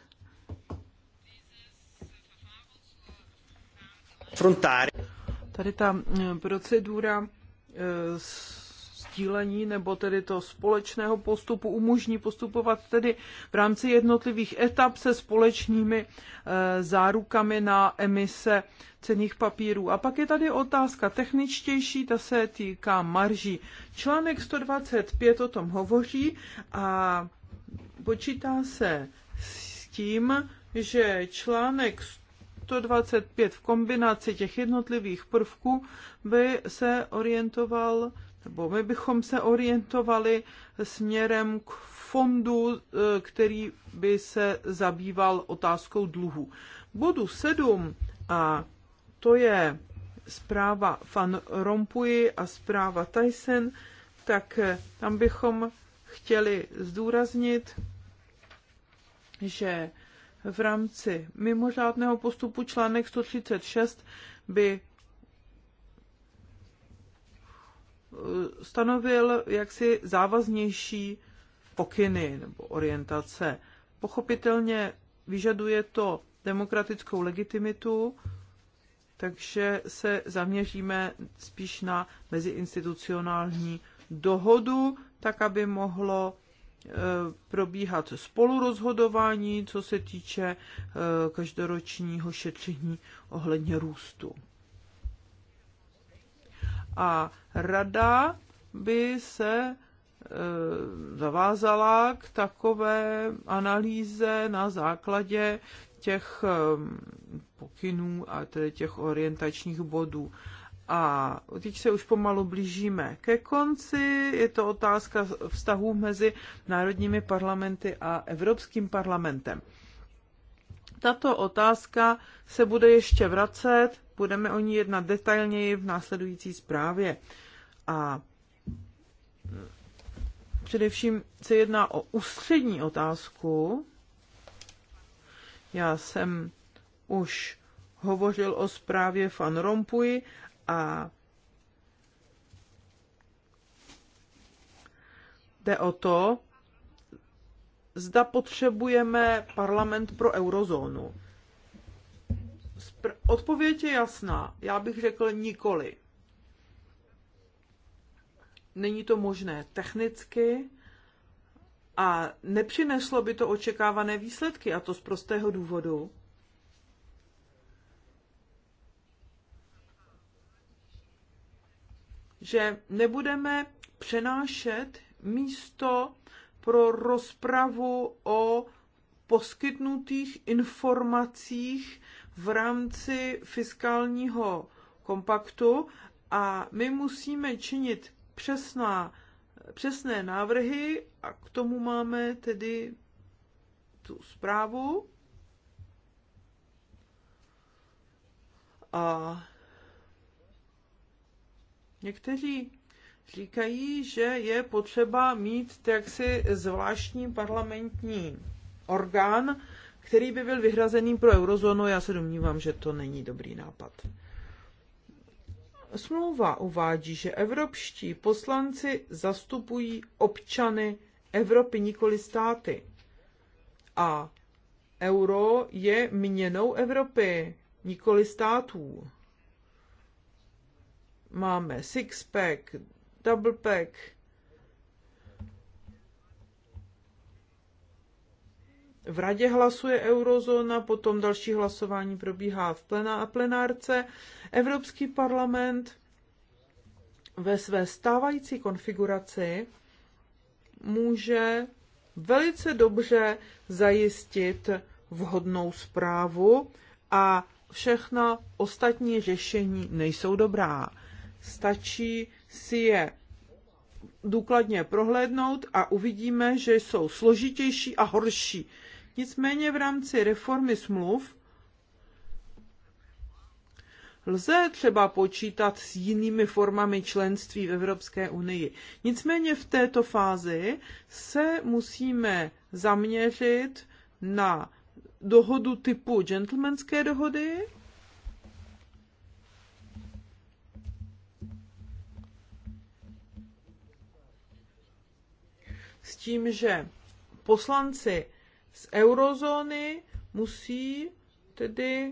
Tady ta e, procedura e, s sdílení nebo tedy to společného postupu umožní postupovat tedy v rámci jednotlivých etap se společnými eh, zárukami na emise cených papírů. A pak je tady otázka techničtější, ta se týká marží. Článek 125 o tom hovoří a počítá se s tím, že článek 125 v kombinaci těch jednotlivých prvků by se orientoval nebo my bychom se orientovali směrem k fondu, e, který by se zabýval otázkou dluhu. Bodu 7, a to je zpráva Van Rompuy a zpráva Tyson, tak e, tam bychom chtěli zdůraznit, že v rámci mimořádného postupu článek 136 by stanovil jaksi závaznější pokyny nebo orientace. Pochopitelně vyžaduje to demokratickou legitimitu, takže se zaměříme spíš na meziinstitucionální dohodu, tak aby mohlo e, probíhat spolurozhodování, co se týče e, každoročního šetření ohledně růstu a rada by se e, zavázala k takové analýze na základě těch e, pokynů a tedy těch orientačních bodů. A teď se už pomalu blížíme ke konci. Je to otázka vztahů mezi národními parlamenty a Evropským parlamentem. Tato otázka se bude ještě vracet, budeme o ní jednat detailněji v následující zprávě. A mm, především se jedná o ústřední otázku. Já jsem už hovořil o zprávě Fan Rompuy a jde o to, zda potřebujeme parlament pro eurozónu. Odpověď je jasná. Já bych řekl nikoli. Není to možné technicky a nepřineslo by to očekávané výsledky, a to z prostého důvodu, že nebudeme přenášet místo pro rozpravu o poskytnutých informacích v rámci fiskálního kompaktu a my musíme činit přesná, přesné návrhy a k tomu máme tedy tu zprávu. A někteří říkají, že je potřeba mít jaksi zvláštní parlamentní orgán, který by byl vyhrazený pro eurozónu. Já se domnívám, že to není dobrý nápad. Smlouva uvádí, že evropští poslanci zastupují občany Evropy, nikoli státy. A euro je měnou Evropy, nikoli států. Máme six-pack, double pack. V radě hlasuje eurozóna, potom další hlasování probíhá v plená plenárce. Evropský parlament ve své stávající konfiguraci může velice dobře zajistit vhodnou zprávu a všechna ostatní řešení nejsou dobrá stačí si je důkladně prohlédnout a uvidíme, že jsou složitější a horší. Nicméně v rámci reformy smluv lze třeba počítat s jinými formami členství v Evropské unii. Nicméně v této fázi se musíme zaměřit na dohodu typu gentlemanské dohody s tím, že poslanci z eurozóny musí tedy eh,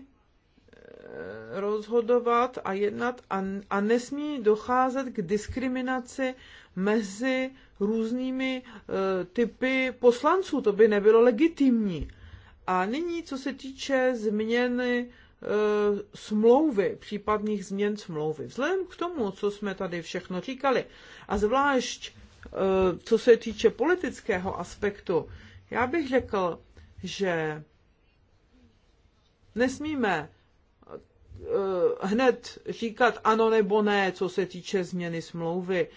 rozhodovat a jednat a, a nesmí docházet k diskriminaci mezi různými e, typy poslanců. To by nebylo legitimní. A nyní, co se týče změny e, smlouvy, případných změn smlouvy. Vzhledem k tomu, co jsme tady všechno říkali, a zvlášť Eh, co se týče politického aspektu, já bych řekl, že nesmíme eh, hned říkat ano nebo ne, co se týče změny smlouvy.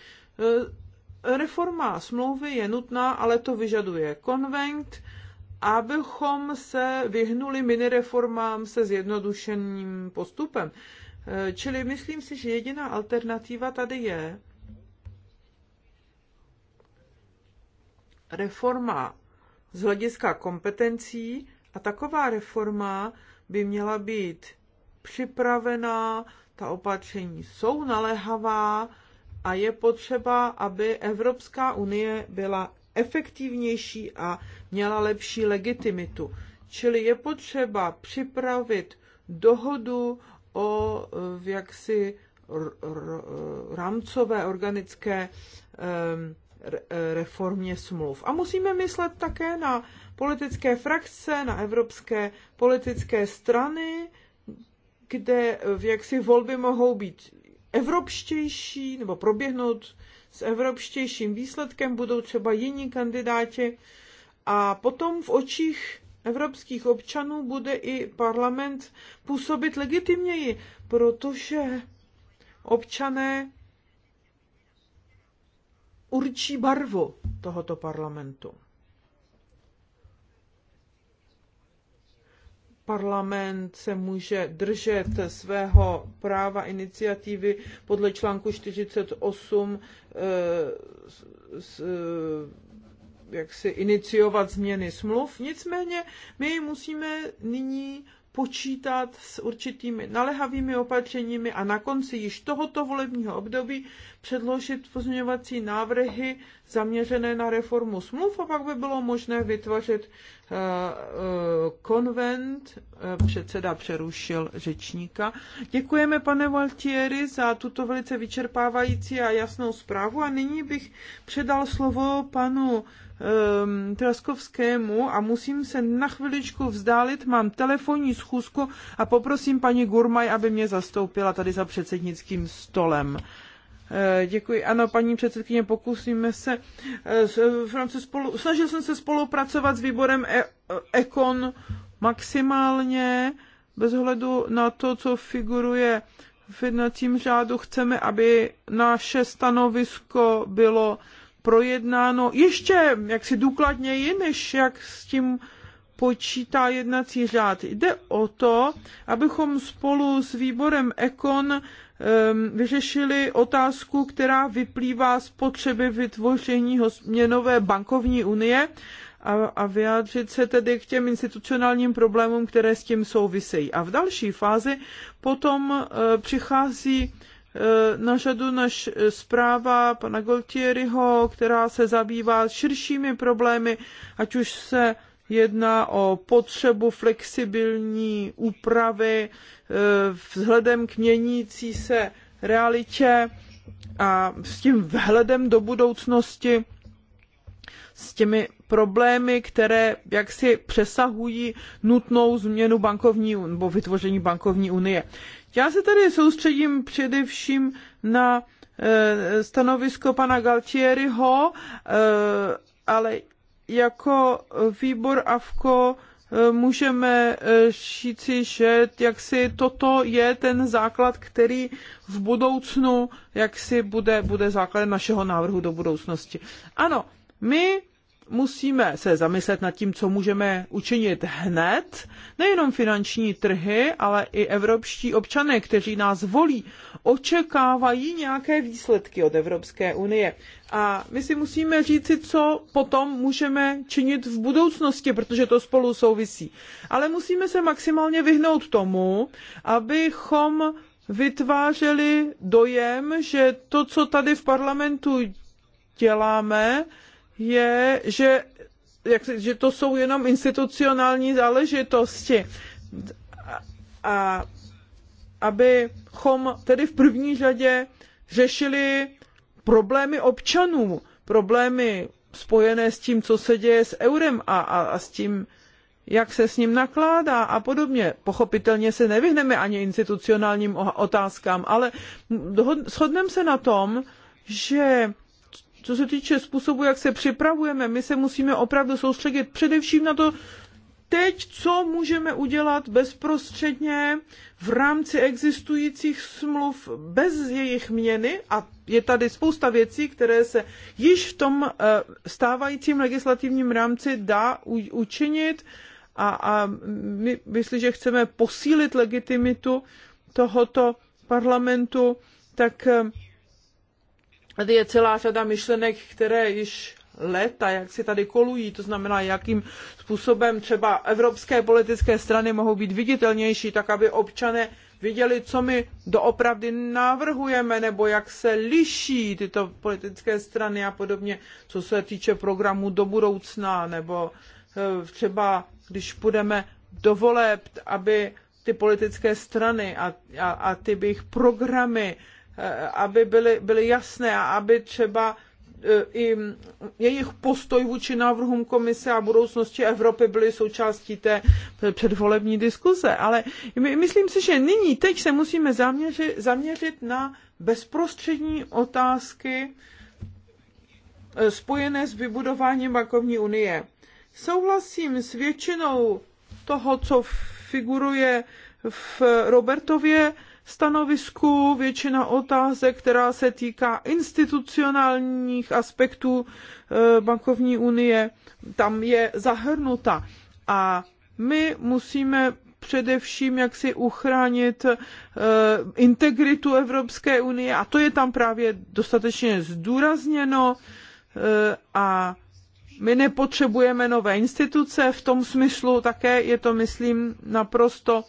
Eh, reforma smlouvy je nutná, ale to vyžaduje konvent, abychom se vyhnuli minireformám se zjednodušeným postupem. Čili myslím si, že jediná alternativa tady je, reforma z hlediska kompetencí a taková reforma by měla být připravená, ta opatření jsou naléhavá a je potřeba, aby Evropská unie byla efektivnější a měla lepší legitimitu. Čili je potřeba připravit dohodu o jaksi rámcové organické Eh, reformě smluv. A musíme myslet také na politické frakce, na evropské politické strany, kde v eh, jaksi volby mohou být evropštější nebo proběhnout s evropštějším výsledkem, budou třeba jiní kandidáti a potom v očích evropských občanů bude i parlament působit legitimněji, protože občané určí barvu tohoto parlamentu. Parlament se může držet svého práva iniciativy podle článku 48 eh, s, eh, jak si iniciovat změny smluv. Nicméně my musíme nyní počítat s určitými nalehavými opatřeními a na konci již tohoto volebního období předložit pozměňovací návrhy zaměřené na reformu smluv a pak by bylo možné vytvořit konvent, eh, předseda přerušil řečníka. Děkujeme, pane Valtieri, za tuto velice vyčerpávající a jasnou zprávu a nyní bych předal slovo panu ehm, Traskovskému a musím se na chviličku vzdálit, mám telefonní schůzku a poprosím paní Gurmaj, aby mě zastoupila tady za předsednickým stolem. Eh, děkuji. Ano, paní předsedkyně, pokusíme se. Eh, eh, spolu, snažil jsem se spolupracovat s výborem e, Econ Ekon maximálně, bez ohledu na to, co figuruje v jednacím řádu. Chceme, aby naše stanovisko bylo projednáno ještě jaksi důkladněji, než jak s tím počítá jednací řád. Jde o to, abychom spolu s výborem Ekon Ehm, vyřešili otázku, která vyplývá z potřeby vytvoření měnové bankovní unie a, a vyjádřit se tedy k těm institucionálním problémům, které s tím souvisejí. A v další fázi potom eh, přichází eh, na řadu naš eh, zpráva pana Goltieriho, která se zabývá širšími problémy, ať už se jedná o potřebu flexibilní úpravy e, vzhledem k měnící se realitě a s tím vhledem do budoucnosti, s těmi problémy, které jaksi přesahují nutnou změnu bankovní nebo vytvoření bankovní unie. Já se tady soustředím především na e, stanovisko pana Galtieriho, e, ale jako výbor AFKO eh, můžeme eh, říci, že jaksi toto je ten základ, který v budoucnu jaksi bude, bude základem našeho návrhu do budoucnosti. Ano, my musíme se zamyslet nad tím, co můžeme učinit hned, nejenom finanční trhy, ale i evropští občané, kteří nás volí, očekávají nějaké výsledky od Evropské unie. A my si musíme říci, co potom můžeme činit v budoucnosti, protože to spolu souvisí. Ale musíme se maximálně vyhnout tomu, abychom vytvářeli dojem, že to, co tady v parlamentu děláme, je, že, jak, že to jsou jenom institucionální záležitosti. A, abychom tedy v první řadě řešili problémy občanů, problémy spojené s tím, co se děje s eurem a, a, a s tím, jak se s ním nakládá a podobně. Pochopitelně se nevyhneme ani institucionálním otázkám, ale shodneme se na tom, že co se týče způsobu, jak se připravujeme, my se musíme opravdu soustředit především na to, teď, co můžeme udělat bezprostředně v rámci existujících smluv bez jejich měny a je tady spousta věcí, které se již v tom eh, stávajícím legislativním rámci dá učinit a, a my, myslím, že chceme posílit legitimitu tohoto parlamentu, tak eh, Tady je celá řada myšlenek, které již leta, jak si tady kolují, to znamená, jakým způsobem třeba evropské politické strany mohou být viditelnější, tak aby občané viděli, co my doopravdy navrhujeme, nebo jak se liší tyto politické strany a podobně, co se týče programu do budoucna, nebo eh, třeba, když půjdeme do voleb, aby ty politické strany a, a, a ty jejich programy Eh, aby byly, byly jasné a aby třeba eh, i jejich postoj vůči návrhům komise a budoucnosti Evropy byly součástí té předvolební diskuze. Ale my, myslím si, že nyní, teď se musíme zaměřit, zaměřit na bezprostřední otázky eh, spojené s vybudováním bankovní unie. Souhlasím s většinou toho, co figuruje v Robertově stanovisku většina otázek, která se týká institucionálních aspektů eh, bankovní unie, tam je zahrnuta. A my musíme především jak si uchránit eh, integritu Evropské unie a to je tam právě dostatečně zdůrazněno eh, a my nepotřebujeme nové instituce, v tom smyslu také je to, myslím, naprosto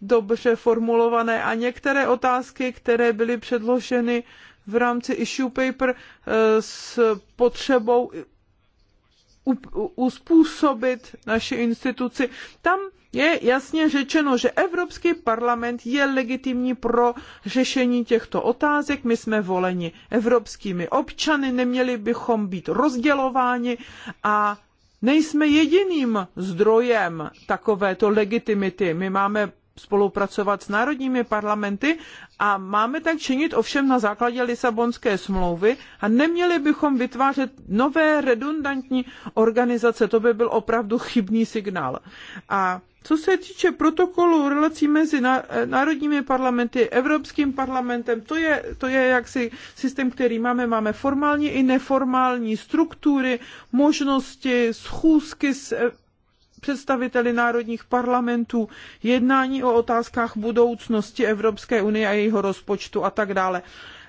dobře formulované a některé otázky, které byly předloženy v rámci issue paper eh, s potřebou uspůsobit naši instituci. Tam je jasně řečeno, že Evropský parlament je legitimní pro řešení těchto otázek. My jsme voleni evropskými občany, neměli bychom být rozdělováni a nejsme jediným zdrojem takovéto legitimity. My máme spolupracovat s národními parlamenty a máme tak činit ovšem na základě Lisabonské smlouvy a neměli bychom vytvářet nové redundantní organizace. To by byl opravdu chybný signál. A co se týče protokolu relací mezi eh, národními parlamenty, Evropským parlamentem, to je, to je jaksi systém, který máme. Máme formální i neformální struktury, možnosti, schůzky s eh, představiteli národních parlamentů, jednání o otázkách budoucnosti Evropské unie a jejího rozpočtu a tak dále.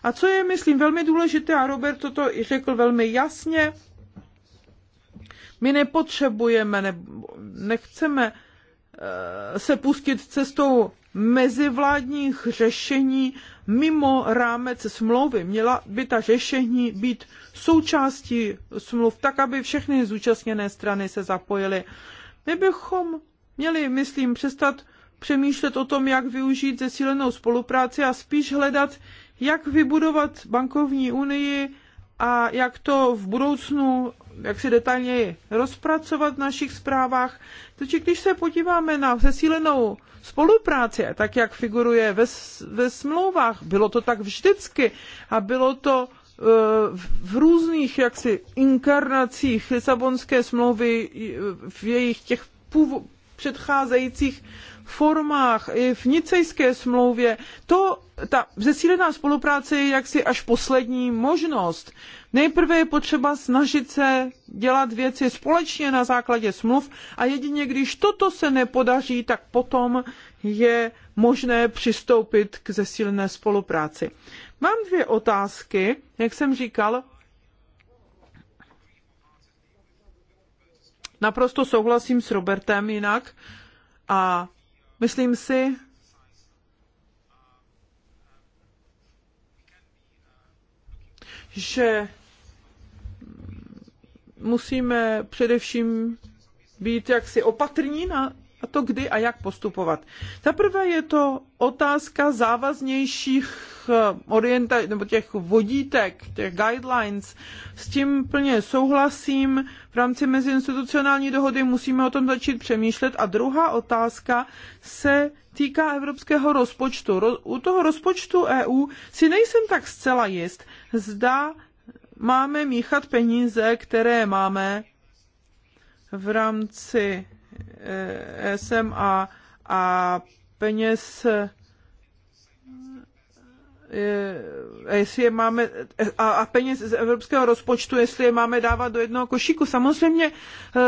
A co je, myslím, velmi důležité, a Robert toto řekl velmi jasně, my nepotřebujeme, ne, nechceme eh, se pustit cestou mezivládních řešení mimo rámec smlouvy. Měla by ta řešení být součástí smluv, tak aby všechny zúčastněné strany se zapojily. My bychom měli, myslím, přestat přemýšlet o tom, jak využít zesílenou spolupráci a spíš hledat, jak vybudovat bankovní unii a jak to v budoucnu, jak si detailněji rozpracovat v našich zprávách. Takže když se podíváme na zesílenou spolupráci, tak jak figuruje ve, ve smlouvách, bylo to tak vždycky a bylo to v různých jaksi inkarnacích Lisabonské smlouvy, v jejich těch předcházejících formách, i v nicejské smlouvě, to, ta zesílená spolupráce je jaksi až poslední možnost. Nejprve je potřeba snažit se dělat věci společně na základě smluv a jedině když toto se nepodaří, tak potom je možné přistoupit k zesílené spolupráci. Mám dvě otázky, jak jsem říkal. Naprosto souhlasím s Robertem jinak a myslím si, že musíme především být jaksi opatrní na to kdy a jak postupovat. Za prvé je to otázka závaznějších eh, orienta- nebo těch vodítek, těch guidelines. S tím plně souhlasím. V rámci meziinstitucionální dohody musíme o tom začít přemýšlet. A druhá otázka se týká evropského rozpočtu. u toho rozpočtu EU si nejsem tak zcela jist, zda máme míchat peníze, které máme v rámci ESM a, a peněz jestli je máme, a, a peněz z evropského rozpočtu, jestli je máme dávat do jednoho košíku. Samozřejmě eh,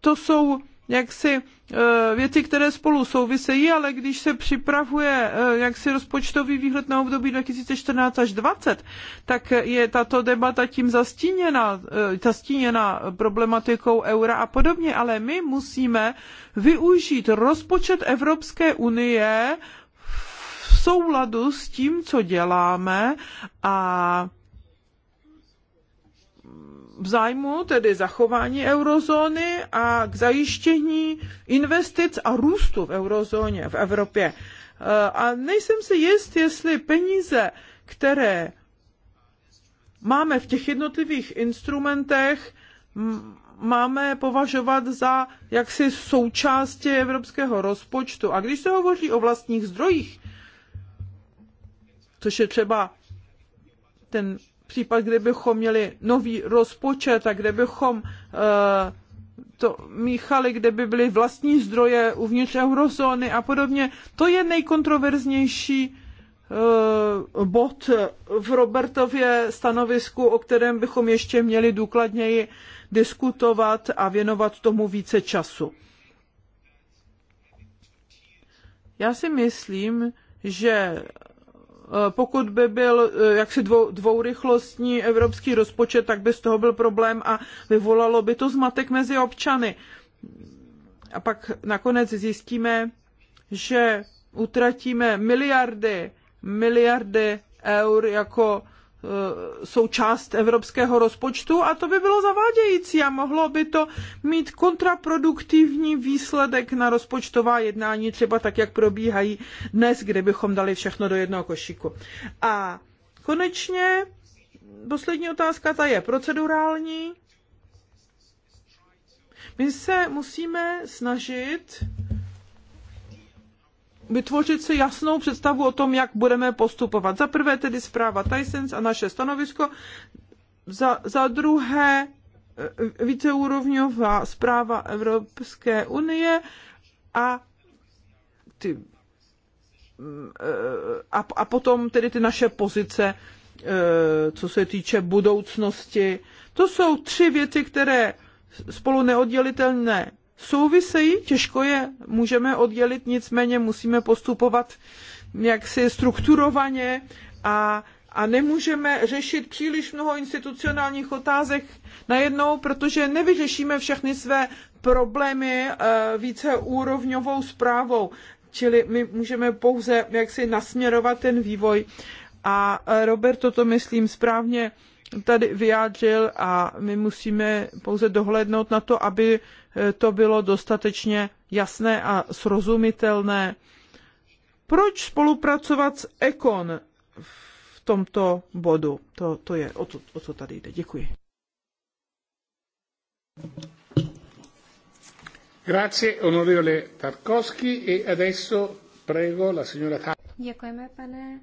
to jsou jaksi eh, věci, které spolu souvisejí, ale když se připravuje eh, jaksi rozpočtový výhled na období 2014 až 2020, tak je tato debata tím zastíněna, eh, zastíněna problematikou eura a podobně, ale my musíme využít rozpočet Evropské unie v souladu s tím, co děláme a v zájmu tedy zachování eurozóny a k zajištění investic a růstu v eurozóně v Evropě. E, a nejsem si jist, jestli peníze, které máme v těch jednotlivých instrumentech, máme považovat za jaksi součástí evropského rozpočtu. A když se hovoří o vlastních zdrojích, což je třeba ten případ, kdybychom měli nový rozpočet a kdybychom eh, to míchali, kde by byly vlastní zdroje uvnitř eurozóny a podobně. To je nejkontroverznější eh, bod v Robertově stanovisku, o kterém bychom ještě měli důkladněji diskutovat a věnovat tomu více času. Já si myslím, že Eh, pokud by byl eh, jaksi dvou, dvourychlostní evropský rozpočet, tak by z toho byl problém a vyvolalo by to zmatek mezi občany. A pak nakonec zjistíme, že utratíme miliardy, miliardy eur jako Eh, součást evropského rozpočtu a to by bylo zavádějící a mohlo by to mít kontraproduktivní výsledek na rozpočtová jednání, třeba tak, jak probíhají dnes, kdybychom dali všechno do jednoho košíku. A konečně poslední otázka, ta je procedurální. My se musíme snažit vytvořit si jasnou představu o tom, jak budeme postupovat. Za prvé tedy zpráva Tysons a naše stanovisko, za, za druhé e, víceúrovňová zpráva Evropské unie a ty e, a, a potom tedy ty naše pozice, e, co se týče budoucnosti. To jsou tři věci, které spolu neoddělitelné souvisejí, těžko je můžeme oddělit, nicméně musíme postupovat jaksi strukturovaně a, a nemůžeme řešit příliš mnoho institucionálních otázek najednou, protože nevyřešíme všechny své problémy eh, víceúrovňovou zprávou. Čili my můžeme pouze jaksi nasměrovat ten vývoj. A eh, Robert toto, myslím, správně tady vyjádřil a my musíme pouze dohlednout na to, aby Eh, to bylo dostatečně jasné a srozumitelné. Proč spolupracovat s Econ v tomto bodu? To, to je, o co, o co tady jde. Děkuji. Grazie, onorevole Tarkovsky. E adesso prego la signora Děkujeme, pane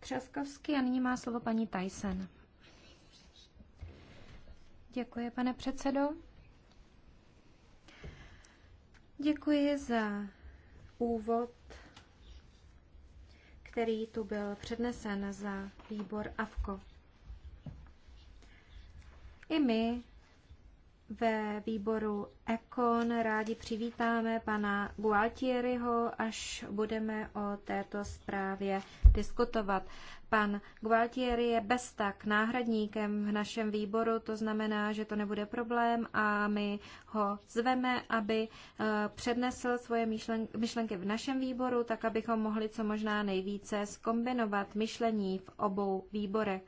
Třaskovský. A nyní má slovo paní Tyson. Děkuji, pane předsedo. Děkuji za úvod, který tu byl přednesen za výbor AVKO. I my ve výboru Econ rádi přivítáme pana Gualtieriho, až budeme o této zprávě diskutovat. Pan Gualtieri je bez tak náhradníkem v našem výboru, to znamená, že to nebude problém a my ho zveme, aby eh, přednesl svoje myšlenky v našem výboru, tak abychom mohli co možná nejvíce skombinovat myšlení v obou výborech.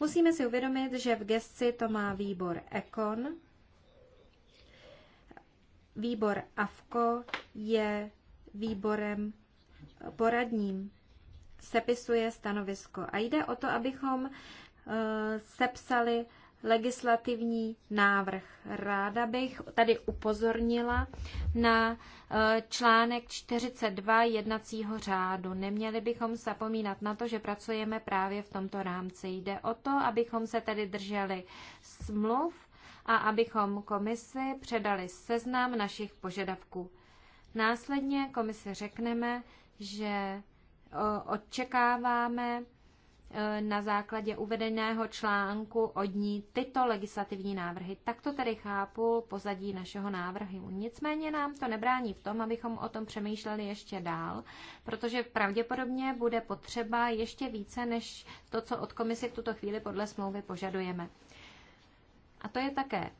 Musíme si uvědomit, že v gesci to má výbor Ekon. Výbor AFKO je výborem poradním. Sepisuje stanovisko. A jde o to, abychom eh, sepsali legislativní návrh. Ráda bych tady upozornila na e, článek 42 jednacího řádu. Neměli bychom zapomínat na to, že pracujeme právě v tomto rámci. Jde o to, abychom se tedy drželi smluv a abychom komisi předali seznam našich požadavků. Následně komisi řekneme, že očekáváme Eh, na základě uvedeného článku od ní tyto legislativní návrhy. Tak to tedy chápu pozadí našeho návrhu. Nicméně nám to nebrání v tom, abychom o tom přemýšleli ještě dál, protože pravděpodobně bude potřeba ještě více než to, co od komisy v tuto chvíli podle smlouvy požadujeme. A to je také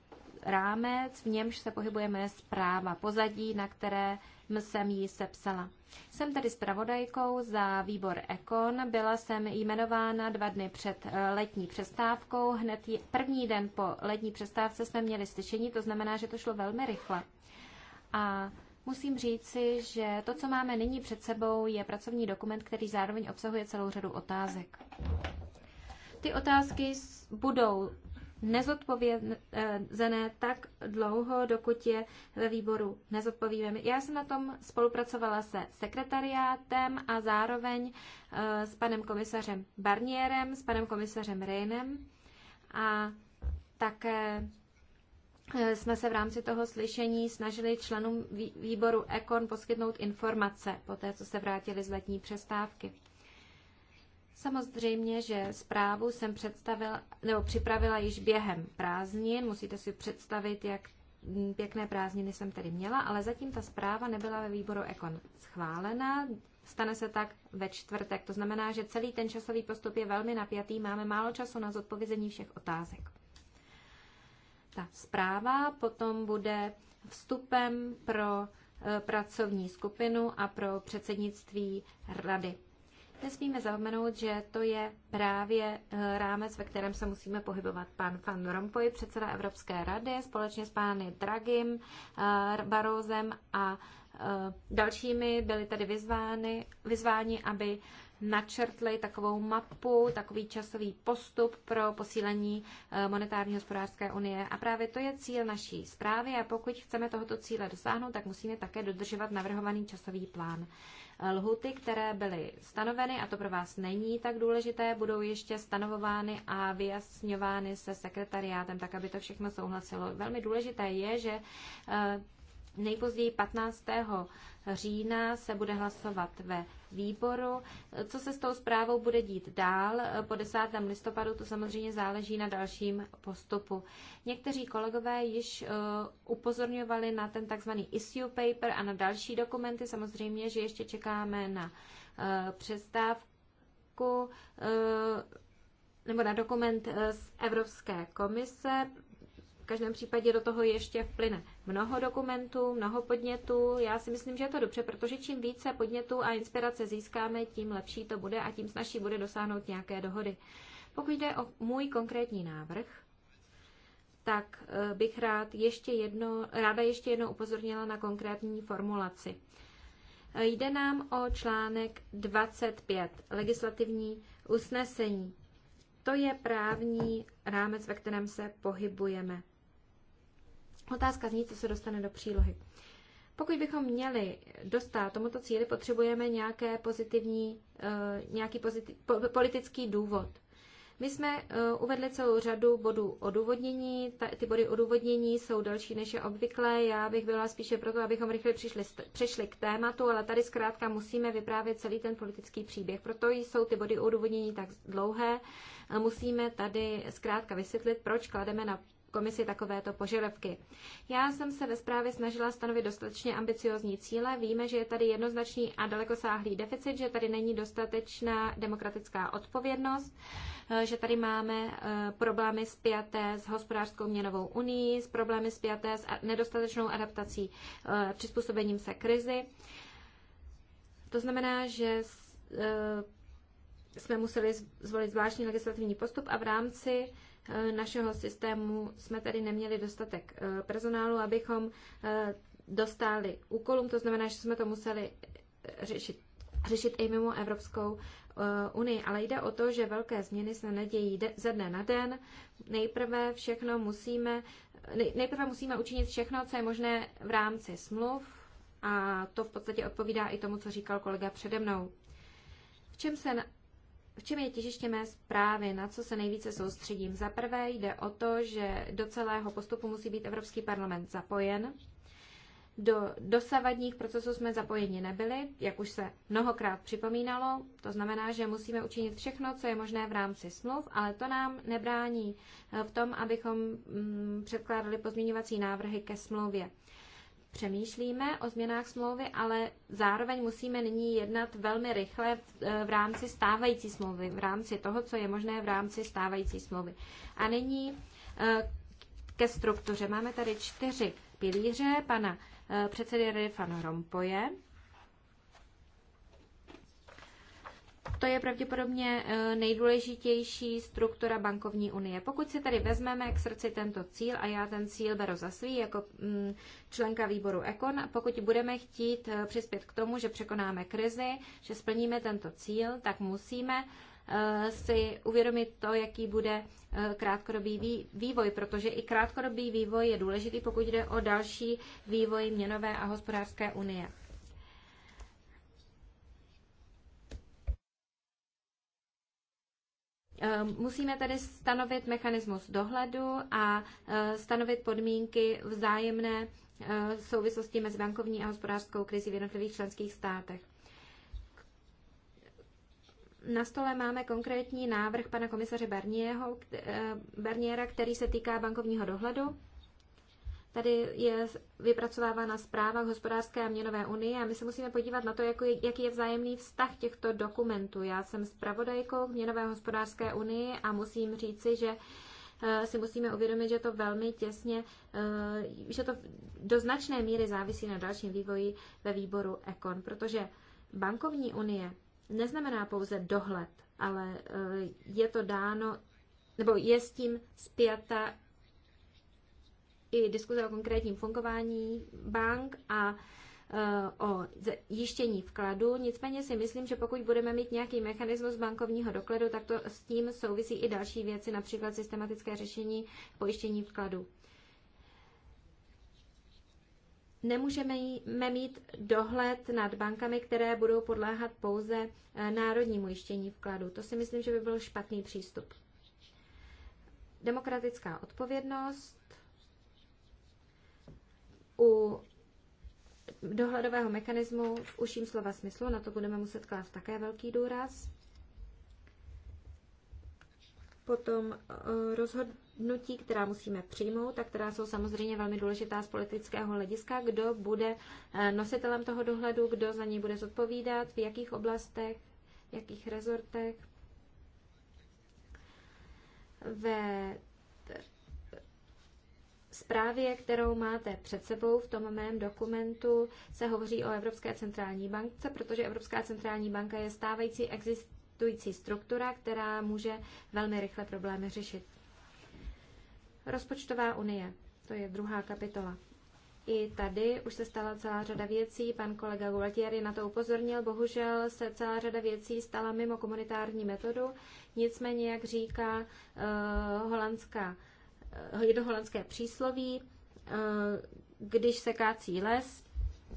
rámec, v němž se pohybujeme zpráva pozadí, na které jsem ji sepsala. Jsem tady zpravodajkou za výbor Ekon. Byla jsem jmenována dva dny před eh, letní přestávkou. Hned první den po letní přestávce jsme měli slyšení, to znamená, že to šlo velmi rychle. A musím říci, že to, co máme nyní před sebou, je pracovní dokument, který zároveň obsahuje celou řadu otázek. Ty otázky budou nezodpovězené tak dlouho, dokud je ve výboru nezodpovíme. Já jsem na tom spolupracovala se sekretariátem a zároveň eh, s panem komisařem Barnierem, s panem komisařem Reinem a také eh, jsme se v rámci toho slyšení snažili členům výboru EKON poskytnout informace po té, co se vrátili z letní přestávky. Samozřejmě, že zprávu jsem představila, nebo připravila již během prázdnin. Musíte si představit, jak pěkné prázdniny jsem tedy měla, ale zatím ta zpráva nebyla ve výboru Ekon schválena. Stane se tak ve čtvrtek. To znamená, že celý ten časový postup je velmi napjatý. Máme málo času na zodpovězení všech otázek. Ta zpráva potom bude vstupem pro eh, pracovní skupinu a pro předsednictví rady. Nesmíme zapomenout, že to je právě eh, rámec, ve kterém se musíme pohybovat. Pan Van Rompuy, předseda Evropské rady, společně s pány Dragim, eh, Barózem a eh, dalšími byli tedy vyzvány, vyzváni, aby načrtli takovou mapu, takový časový postup pro posílení monetární hospodářské unie. A právě to je cíl naší zprávy a pokud chceme tohoto cíle dosáhnout, tak musíme také dodržovat navrhovaný časový plán. Lhuty, které byly stanoveny, a to pro vás není tak důležité, budou ještě stanovovány a vyjasňovány se sekretariátem, tak aby to všechno souhlasilo. Velmi důležité je, že eh, nejpozději 15. října se bude hlasovat ve výboru. Co se s tou zprávou bude dít dál? Po 10. listopadu to samozřejmě záleží na dalším postupu. Někteří kolegové již eh, upozorňovali na ten tzv. issue paper a na další dokumenty. Samozřejmě, že ještě čekáme na eh, přestávku eh, nebo na dokument z Evropské komise každém případě do toho ještě vplyne mnoho dokumentů, mnoho podnětů. Já si myslím, že je to dobře, protože čím více podnětů a inspirace získáme, tím lepší to bude a tím snažší bude dosáhnout nějaké dohody. Pokud jde o můj konkrétní návrh, tak eh, bych rád ještě jedno, ráda ještě jednou upozornila na konkrétní formulaci. Eh, jde nám o článek 25, legislativní usnesení. To je právní rámec, ve kterém se pohybujeme. Otázka zní, co se dostane do přílohy. Pokud bychom měli dostat tomuto cíli, potřebujeme nějaké pozitivní, eh, nějaký pozitiv, politický důvod. My jsme eh, uvedli celou řadu bodů odůvodnění. Ty body odůvodnění jsou delší než je obvyklé. Já bych byla spíše proto, abychom rychle přišli, přišli k tématu, ale tady zkrátka musíme vyprávět celý ten politický příběh. Proto jsou ty body odůvodnění tak dlouhé. Musíme tady zkrátka vysvětlit, proč klademe na komisi takovéto požadavky. Já jsem se ve zprávě snažila stanovit dostatečně ambiciozní cíle. Víme, že je tady jednoznačný a dalekosáhlý deficit, že tady není dostatečná demokratická odpovědnost, eh, že tady máme eh, problémy spjaté s hospodářskou měnovou unii, s problémy spjaté s nedostatečnou adaptací eh, přizpůsobením se krizi. To znamená, že jsme museli zvolit zvláštní legislativní postup a v rámci Eh, našeho systému jsme tady neměli dostatek eh, personálu, abychom eh, dostali úkolům, to znamená, že jsme to museli řešit, řešit i mimo Evropskou unii, ale jde o to, že velké změny se nedějí ze dne na den. Nejprve všechno musíme, nejprve musíme učinit všechno, co je možné v rámci smluv a to v podstatě odpovídá i tomu, co říkal kolega přede mnou. V čem se v čem je těžiště mé zprávy, na co se nejvíce soustředím? Za prvé jde o to, že do celého postupu musí být Evropský parlament zapojen. Do dosavadních procesů jsme zapojeni nebyli, jak už se mnohokrát připomínalo. To znamená, že musíme učinit všechno, co je možné v rámci smluv, ale to nám nebrání v tom, abychom mm, předkládali pozměňovací návrhy ke smlouvě přemýšlíme o změnách smlouvy, ale zároveň musíme nyní jednat velmi rychle e, v, rámci stávající smlouvy, v rámci toho, co je možné v rámci stávající smlouvy. A nyní e, ke struktuře. Máme tady čtyři pilíře pana e, předsedy Rady van Rompoje. To je pravděpodobně eh, nejdůležitější struktura bankovní unie. Pokud si tady vezmeme k srdci tento cíl, a já ten cíl beru za svý jako mm, členka výboru Ekon, pokud budeme chtít eh, přispět k tomu, že překonáme krizi, že splníme tento cíl, tak musíme eh, si uvědomit to, jaký bude krátkodobý vývoj, protože i krátkodobý vývoj je důležitý, pokud jde o další vývoj měnové a hospodářské unie. Ehm, musíme tedy stanovit mechanismus dohledu a eh, stanovit podmínky vzájemné eh, souvislosti mezi bankovní a hospodářskou krizi v jednotlivých členských státech. Na stole máme konkrétní návrh pana komisaře eh, Berniera, který se týká bankovního dohledu. Tady je vypracovávána zpráva hospodářské a měnové unie a my se musíme podívat na to, jako jaký je vzájemný vztah těchto dokumentů. Já jsem zpravodajkou k měnové hospodářské unii a musím říci, že eh, si musíme uvědomit, že to velmi těsně, eh, že to do značné míry závisí na dalším vývoji ve výboru Ekon, protože bankovní unie neznamená pouze dohled, ale eh, je to dáno, nebo je s tím zpěta i diskuze o konkrétním fungování bank a eh, o zjištění vkladu. Nicméně si myslím, že pokud budeme mít nějaký mechanismus bankovního dokladu, tak to s tím souvisí i další věci, například systematické řešení pojištění vkladu. Nemůžeme mít dohled nad bankami, které budou podléhat pouze eh, národnímu jištění vkladu. To si myslím, že by byl špatný přístup. Demokratická odpovědnost, u dohledového mechanismu v uším slova smyslu, na to budeme muset klást také velký důraz. Potom e, rozhodnutí, která musíme přijmout a která jsou samozřejmě velmi důležitá z politického hlediska, kdo bude e, nositelem toho dohledu, kdo za něj bude zodpovídat, v jakých oblastech, v jakých rezortech. Ve zprávě, kterou máte před sebou v tom mém dokumentu, se hovoří o Evropské centrální bankce, protože Evropská centrální banka je stávající existující struktura, která může velmi rychle problémy řešit. Rozpočtová unie, to je druhá kapitola. I tady už se stala celá řada věcí, pan kolega Gualtieri na to upozornil, bohužel se celá řada věcí stala mimo komunitární metodu, nicméně, jak říká uh, holandská Eh, to holandské přísloví, eh, když se kácí les,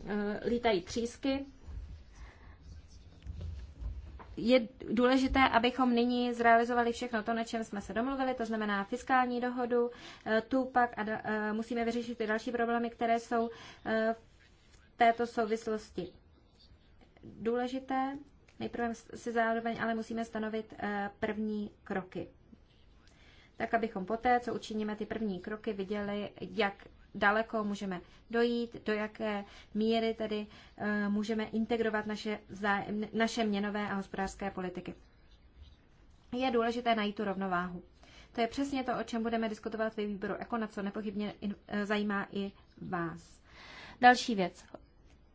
eh, lítají třísky. Je důležité, abychom nyní zrealizovali všechno to, na čem jsme se domluvili, to znamená fiskální dohodu, tu pak a musíme vyřešit ty další problémy, které jsou v této souvislosti důležité. Nejprve si zároveň ale musíme stanovit první kroky tak abychom poté, co učiníme ty první kroky, viděli, jak daleko můžeme dojít, do jaké míry tedy eh, můžeme integrovat naše, vzájem, naše měnové a hospodářské politiky. Je důležité najít tu rovnováhu. To je přesně to, o čem budeme diskutovat ve výboru na co nepochybně zajímá i vás. Další věc.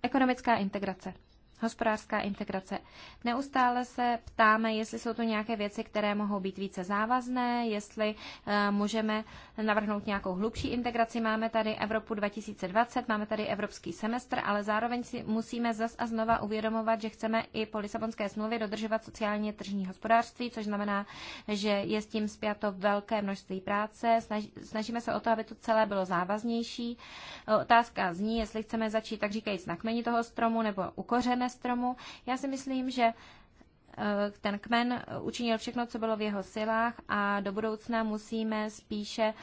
Ekonomická integrace hospodářská integrace. Neustále se ptáme, jestli jsou to nějaké věci, které mohou být více závazné, jestli eh, můžeme navrhnout nějakou hlubší integraci. Máme tady Evropu 2020, máme tady Evropský semestr, ale zároveň si musíme zas a znova uvědomovat, že chceme i po Lisabonské smlouvě dodržovat sociálně tržní hospodářství, což znamená, že je s tím zpěto velké množství práce. Snažíme se o to, aby to celé bylo závaznější. Otázka zní, jestli chceme začít, tak říkajíc, na kmeni toho stromu nebo ukořené na stromu. Já si myslím, že eh, ten kmen učinil všechno, co bylo v jeho silách a do budoucna musíme spíše eh,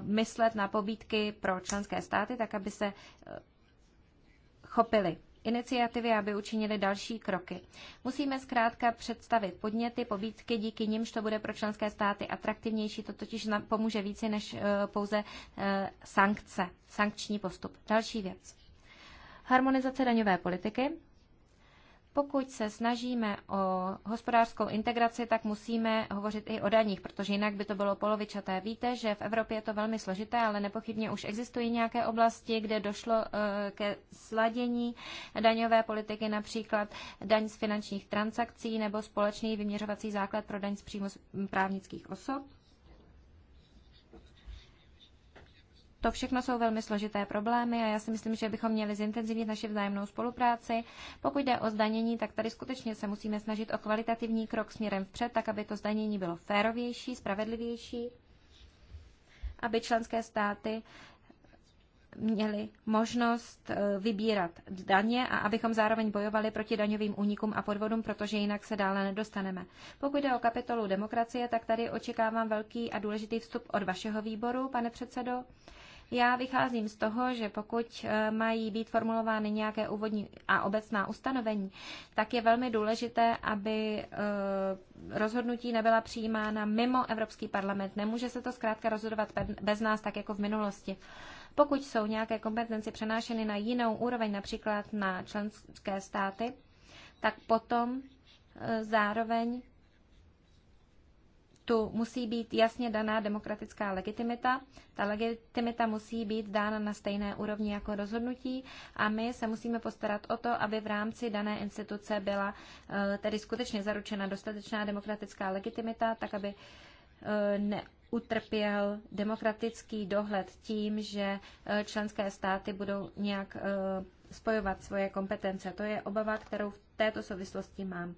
myslet na pobídky pro členské státy, tak aby se eh, chopili iniciativy, aby učinili další kroky. Musíme zkrátka představit podněty, pobídky, díky nimž to bude pro členské státy atraktivnější. To totiž pomůže více než pouze sankce, sankční postup. Další věc. Harmonizace daňové politiky. Pokud se snažíme o hospodářskou integraci, tak musíme hovořit i o daních, protože jinak by to bylo polovičaté. Víte, že v Evropě je to velmi složité, ale nepochybně už existují nějaké oblasti, kde došlo eh, ke sladění daňové politiky, například daň z finančních transakcí nebo společný vyměřovací základ pro daň z příjmu právnických osob. To všechno jsou velmi složité problémy a já si myslím, že bychom měli zintenzivnit naši vzájemnou spolupráci. Pokud jde o zdanění, tak tady skutečně se musíme snažit o kvalitativní krok směrem vpřed, tak aby to zdanění bylo férovější, spravedlivější, aby členské státy měli možnost eh, vybírat daně a abychom zároveň bojovali proti daňovým únikům a podvodům, protože jinak se dále nedostaneme. Pokud jde o kapitolu demokracie, tak tady očekávám velký a důležitý vstup od vašeho výboru, pane předsedo. Já vycházím z toho, že pokud eh, mají být formulovány nějaké úvodní a obecná ustanovení, tak je velmi důležité, aby eh, rozhodnutí nebyla přijímána mimo Evropský parlament. Nemůže se to zkrátka rozhodovat bez nás, tak jako v minulosti. Pokud jsou nějaké kompetence přenášeny na jinou úroveň, například na členské státy, tak potom eh, zároveň tu musí být jasně daná demokratická legitimita. Ta legitimita musí být dána na stejné úrovni jako rozhodnutí a my se musíme postarat o to, aby v rámci dané instituce byla eh, tedy skutečně zaručena dostatečná demokratická legitimita, tak aby eh, ne, utrpěl demokratický dohled tím, že eh, členské státy budou nějak spojovat svoje kompetence. To je obava, kterou v této souvislosti mám.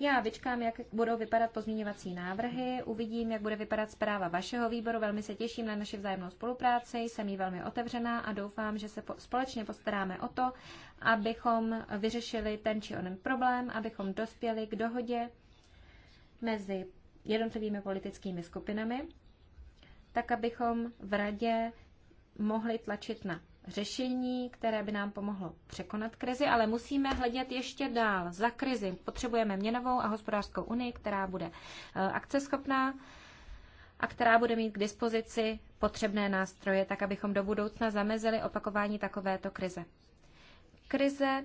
Já vyčkám, jak budou vypadat pozměňovací návrhy, uvidím, jak bude vypadat zpráva vašeho výboru. Velmi se těším na naši vzájemnou spolupráci, jsem jí velmi otevřená a doufám, že se po, společně postaráme o to, abychom vyřešili ten či onen problém, abychom dospěli k dohodě mezi jednotlivými politickými skupinami, tak abychom v radě mohli tlačit na řešení, které by nám pomohlo překonat krizi, ale musíme hledět ještě dál za krizi. Potřebujeme měnovou a hospodářskou unii, která bude eh, akceschopná a která bude mít k dispozici potřebné nástroje, tak abychom do budoucna zamezili opakování takovéto krize. Krize,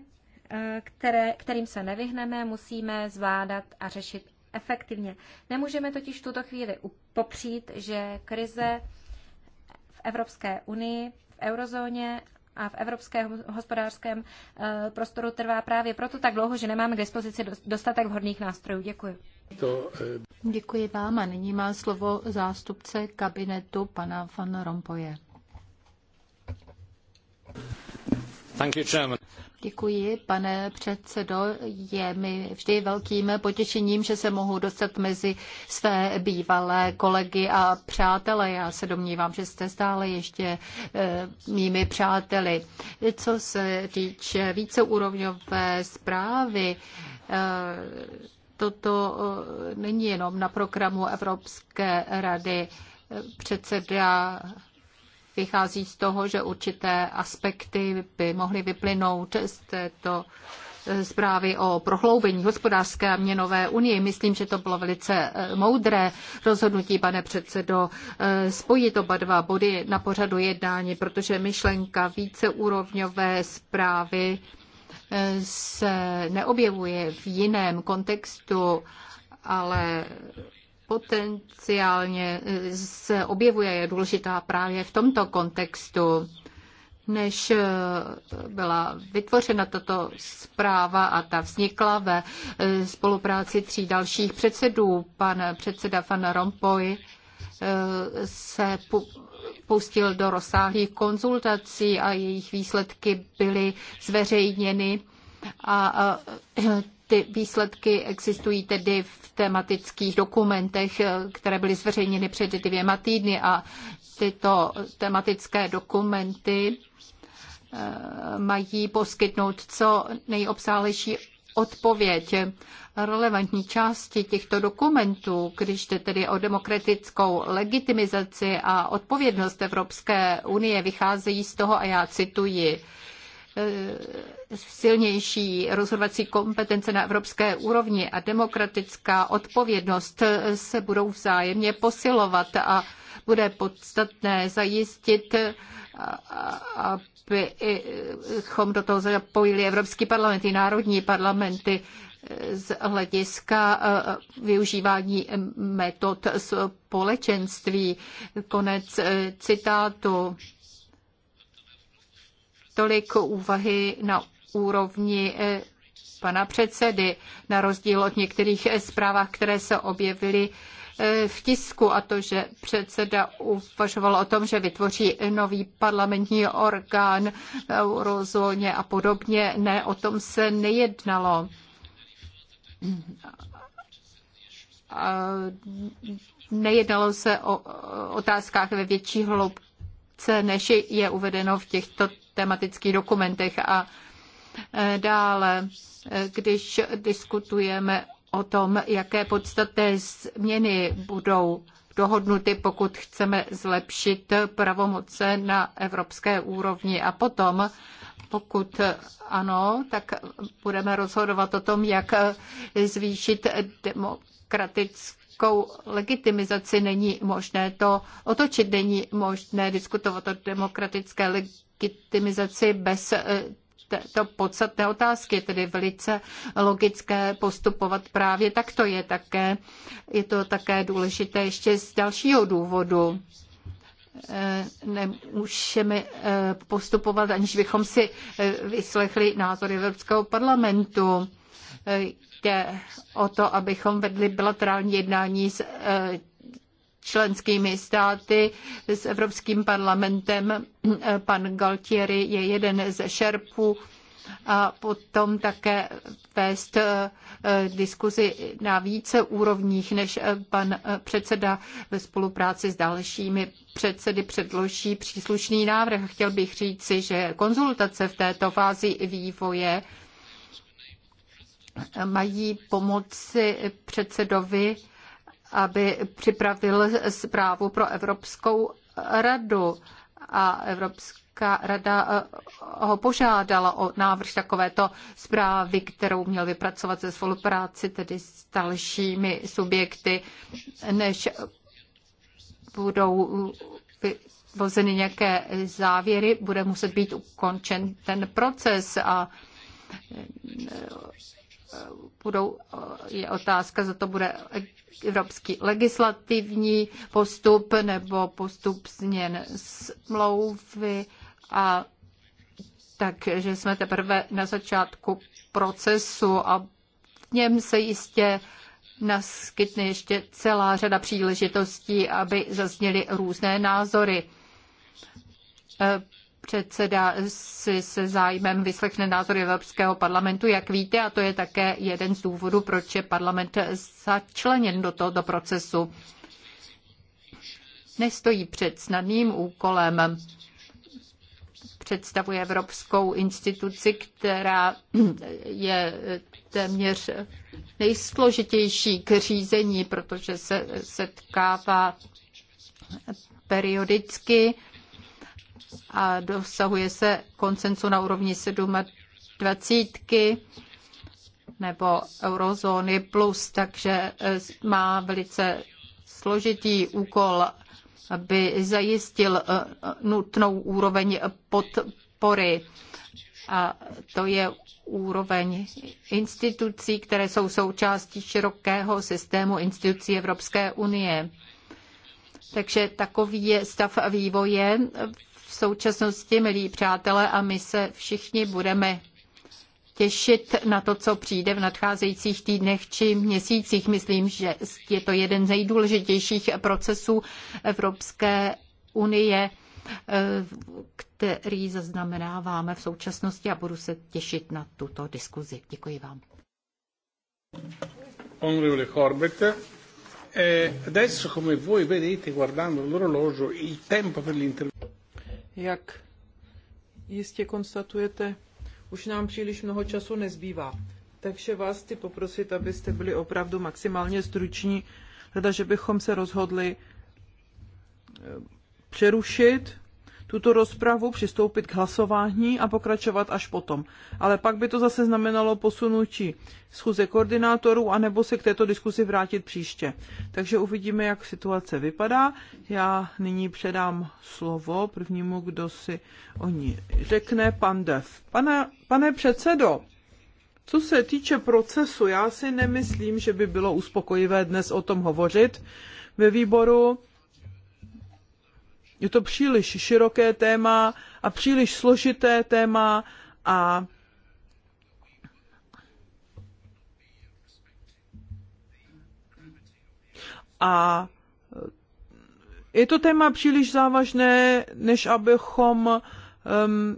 eh, které, kterým se nevyhneme, musíme zvládat a řešit efektivně. Nemůžeme totiž v tuto chvíli popřít, že krize v Evropské unii v eurozóně a v evropském hospodářském eh, prostoru trvá právě proto tak dlouho, že nemáme k dispozici dostatek vhodných nástrojů. Děkuji. To, eh... Děkuji vám a nyní má slovo zástupce kabinetu pana Van Rompoje. Děkuji, pane předsedo. Je mi vždy velkým potěšením, že se mohu dostat mezi své bývalé kolegy a přátele. Já se domnívám, že jste stále ještě eh, mými přáteli. Co se týče víceúrovňové zprávy, eh, toto eh, není jenom na programu Evropské rady. Předseda vychází z toho, že určité aspekty by mohly vyplynout z této zprávy o prohloubení hospodářské a měnové unie. Myslím, že to bylo velice eh, moudré rozhodnutí, pane předsedo, eh, spojit oba dva body na pořadu jednání, protože myšlenka víceúrovňové zprávy eh, se neobjevuje v jiném kontextu, ale potenciálně eh, se objevuje, je důležitá právě v tomto kontextu. Než eh, byla vytvořena tato zpráva a ta vznikla ve eh, spolupráci tří dalších předsedů, pan předseda Van Rompuy se pustil do rozsáhlých konzultací a jejich výsledky byly zveřejněny. A ty výsledky existují tedy v tematických dokumentech, eh, které byly zveřejněny před dvěma týdny a tyto tematické dokumenty eh, mají poskytnout co nejobsálejší odpověď. Relevantní části těchto dokumentů, když jde tedy o demokratickou legitimizaci a odpovědnost Evropské unie, vycházejí z toho, a já cituji, Eh, silnější rozhodovací kompetence na evropské úrovni a demokratická odpovědnost eh, se budou vzájemně posilovat a bude podstatné zajistit, eh, abychom do toho zapojili Evropský parlament i národní parlamenty z hlediska využívání metod společenství. Konec citátu. Tolik úvahy na úrovni eh, pana předsedy, na rozdíl od některých eh, zprávách, které se objevily eh, v tisku a to, že předseda uvažoval o tom, že vytvoří nový parlamentní orgán v eurozóně a podobně. Ne, o tom se nejednalo. A nejednalo se o otázkách ve větší hloubce krátce, než je uvedeno v těchto tematických dokumentech. A e, dále, e, když diskutujeme o tom, jaké podstatné změny budou dohodnuty, pokud chceme zlepšit pravomoce na evropské úrovni. A potom, pokud ano, tak budeme rozhodovat o tom, jak e, zvýšit demokratické politickou legitimizaci není možné to otočit, není možné diskutovat o demokratické legitimizaci bez eh, této podstatné otázky, je tedy velice logické postupovat právě takto. Je, také, je to také důležité ještě z dalšího důvodu eh, nemůžeme eh, postupovat, aniž bychom si vyslechli názory Evropského parlamentu. Jde o to, abychom vedli bilaterální jednání s eh, členskými státy, s Evropským parlamentem. Eh, pan Galtieri je jeden ze šerpů a potom také vést eh, diskuzi na více úrovních, než pan předseda ve spolupráci s dalšími předsedy předloží příslušný návrh. Chtěl bych říci, že konzultace v této fázi vývoje mají pomoci předsedovi, aby připravil zprávu pro Evropskou radu. A Evropská rada eh, ho požádala o návrh takovéto zprávy, kterou měl vypracovat ze spolupráci tedy s dalšími subjekty, než budou vyvozeny nějaké závěry, bude muset být ukončen ten proces a eh, budou, eh, je otázka, za to bude evropský legislativní postup nebo postup změn smlouvy a takže jsme teprve na začátku procesu a v něm se jistě naskytne ještě celá řada příležitostí, aby zazněly různé názory eh, Předseda si se zájmem vyslechne názory Evropského parlamentu, jak víte, a to je také jeden z důvodů, proč je parlament začleněn do tohoto procesu. Nestojí před snadným úkolem. Představuje Evropskou instituci, která je téměř nejsložitější k řízení, protože se setkává periodicky a dosahuje se koncensu na úrovni 27 nebo eurozóny plus, takže eh, má velice složitý úkol, aby zajistil eh, eh, nutnou úroveň podpory. A to je úroveň institucí, které jsou součástí širokého systému institucí Evropské unie. Takže takový je stav vývoje v současnosti, milí přátelé, a my se všichni budeme těšit na to, co přijde v nadcházejících týdnech či měsících. Myslím, že je to jeden z nejdůležitějších procesů Evropské unie, který zaznamenáváme v současnosti a budu se těšit na tuto diskuzi. Děkuji vám. Onorevole Corbett, eh, adesso come voi vedete guardando l'orologio il tempo per l'intervento jak jistě konstatujete, už nám příliš mnoho času nezbývá. Takže vás chci poprosit, abyste byli opravdu maximálně struční, teda že bychom se rozhodli eh, přerušit tuto rozpravu, přistoupit k hlasování a pokračovat až potom. Ale pak by to zase znamenalo posunutí schůze koordinátorů, anebo se k této diskusi vrátit příště. Takže uvidíme, jak situace vypadá. Já nyní předám slovo prvnímu, kdo si o ní řekne, pan Dev. Pane, pane předsedo, co se týče procesu, já si nemyslím, že by bylo uspokojivé dnes o tom hovořit ve výboru je to příliš široké téma a příliš složité téma a a je to téma příliš závažné, než abychom um,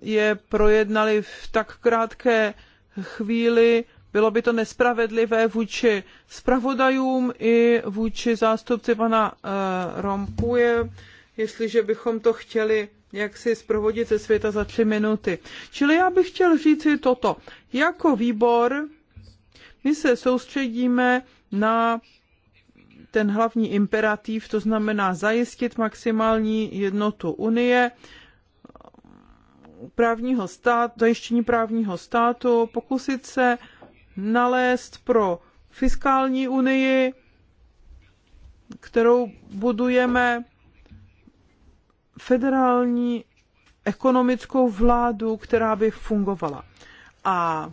je projednali v tak krátké chvíli. Bylo by to nespravedlivé vůči spravodajům i vůči zástupci pana uh, Rompuje jestliže bychom to chtěli jak si zprovodit ze světa za tři minuty. Čili já bych chtěl říct si toto. Jako výbor my se soustředíme na ten hlavní imperativ, to znamená zajistit maximální jednotu Unie, právního stát, zajištění právního státu, pokusit se nalézt pro fiskální unii, kterou budujeme federální ekonomickou vládu, která by fungovala. A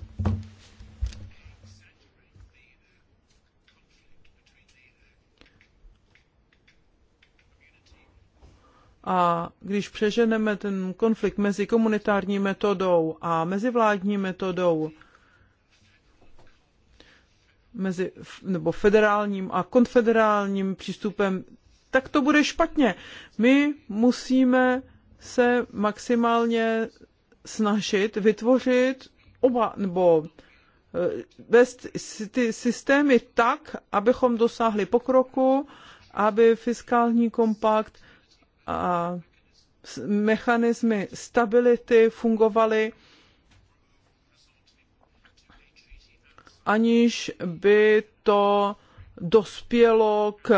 A když přeženeme ten konflikt mezi komunitární metodou a mezivládní metodou, mezi, nebo federálním a konfederálním přístupem tak to bude špatně. My musíme se maximálně snažit vytvořit oba, nebo eh, vést ty systémy tak, abychom dosáhli pokroku, aby fiskální kompakt a mechanismy stability fungovaly, aniž by to dospělo k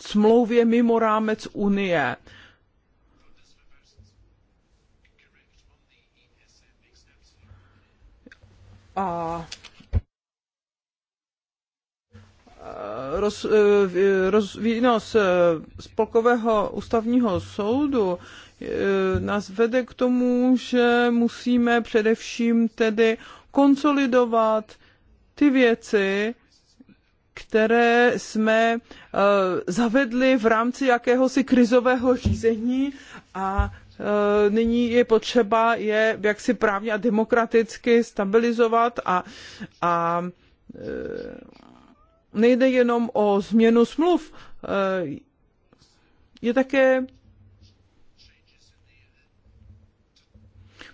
smlouvě mimo rámec Unie. A roz, e, roz, výnos e, spolkového ústavního soudu e, nás vede k tomu, že musíme především tedy konsolidovat ty věci, které jsme eh, zavedli v rámci jakéhosi krizového řízení a eh, nyní je potřeba je jaksi právně a demokraticky stabilizovat a, a eh, nejde jenom o změnu smluv, je také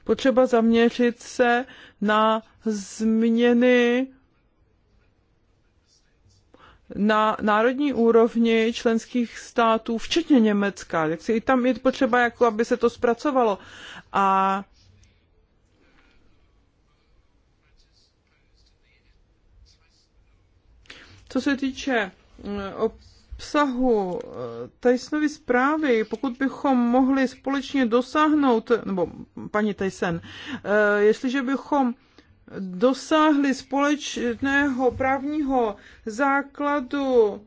potřeba zaměřit se na změny na národní úrovni členských států, včetně Německa. Tak si i tam je potřeba, jako aby se to zpracovalo. A co se týče eh, obsahu eh, Tysonovy zprávy, pokud bychom mohli společně dosáhnout, nebo paní Tyson, eh, jestliže bychom dosáhli společného právního základu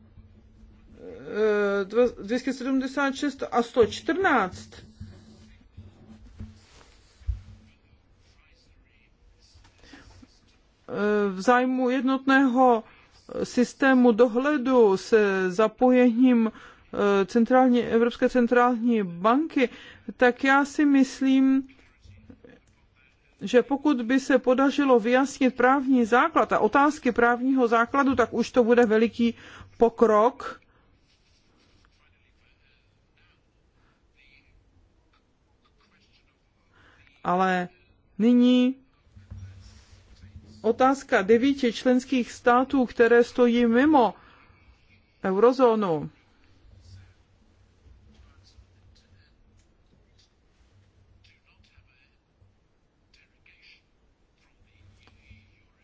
276 eh, a 114, eh, v zájmu jednotného systému dohledu se zapojením eh, centrální, Evropské centrální banky, tak já si myslím, že pokud by se podařilo vyjasnit právní základ a otázky právního základu, tak už to bude veliký pokrok. Ale nyní otázka devíti členských států, které stojí mimo eurozónu.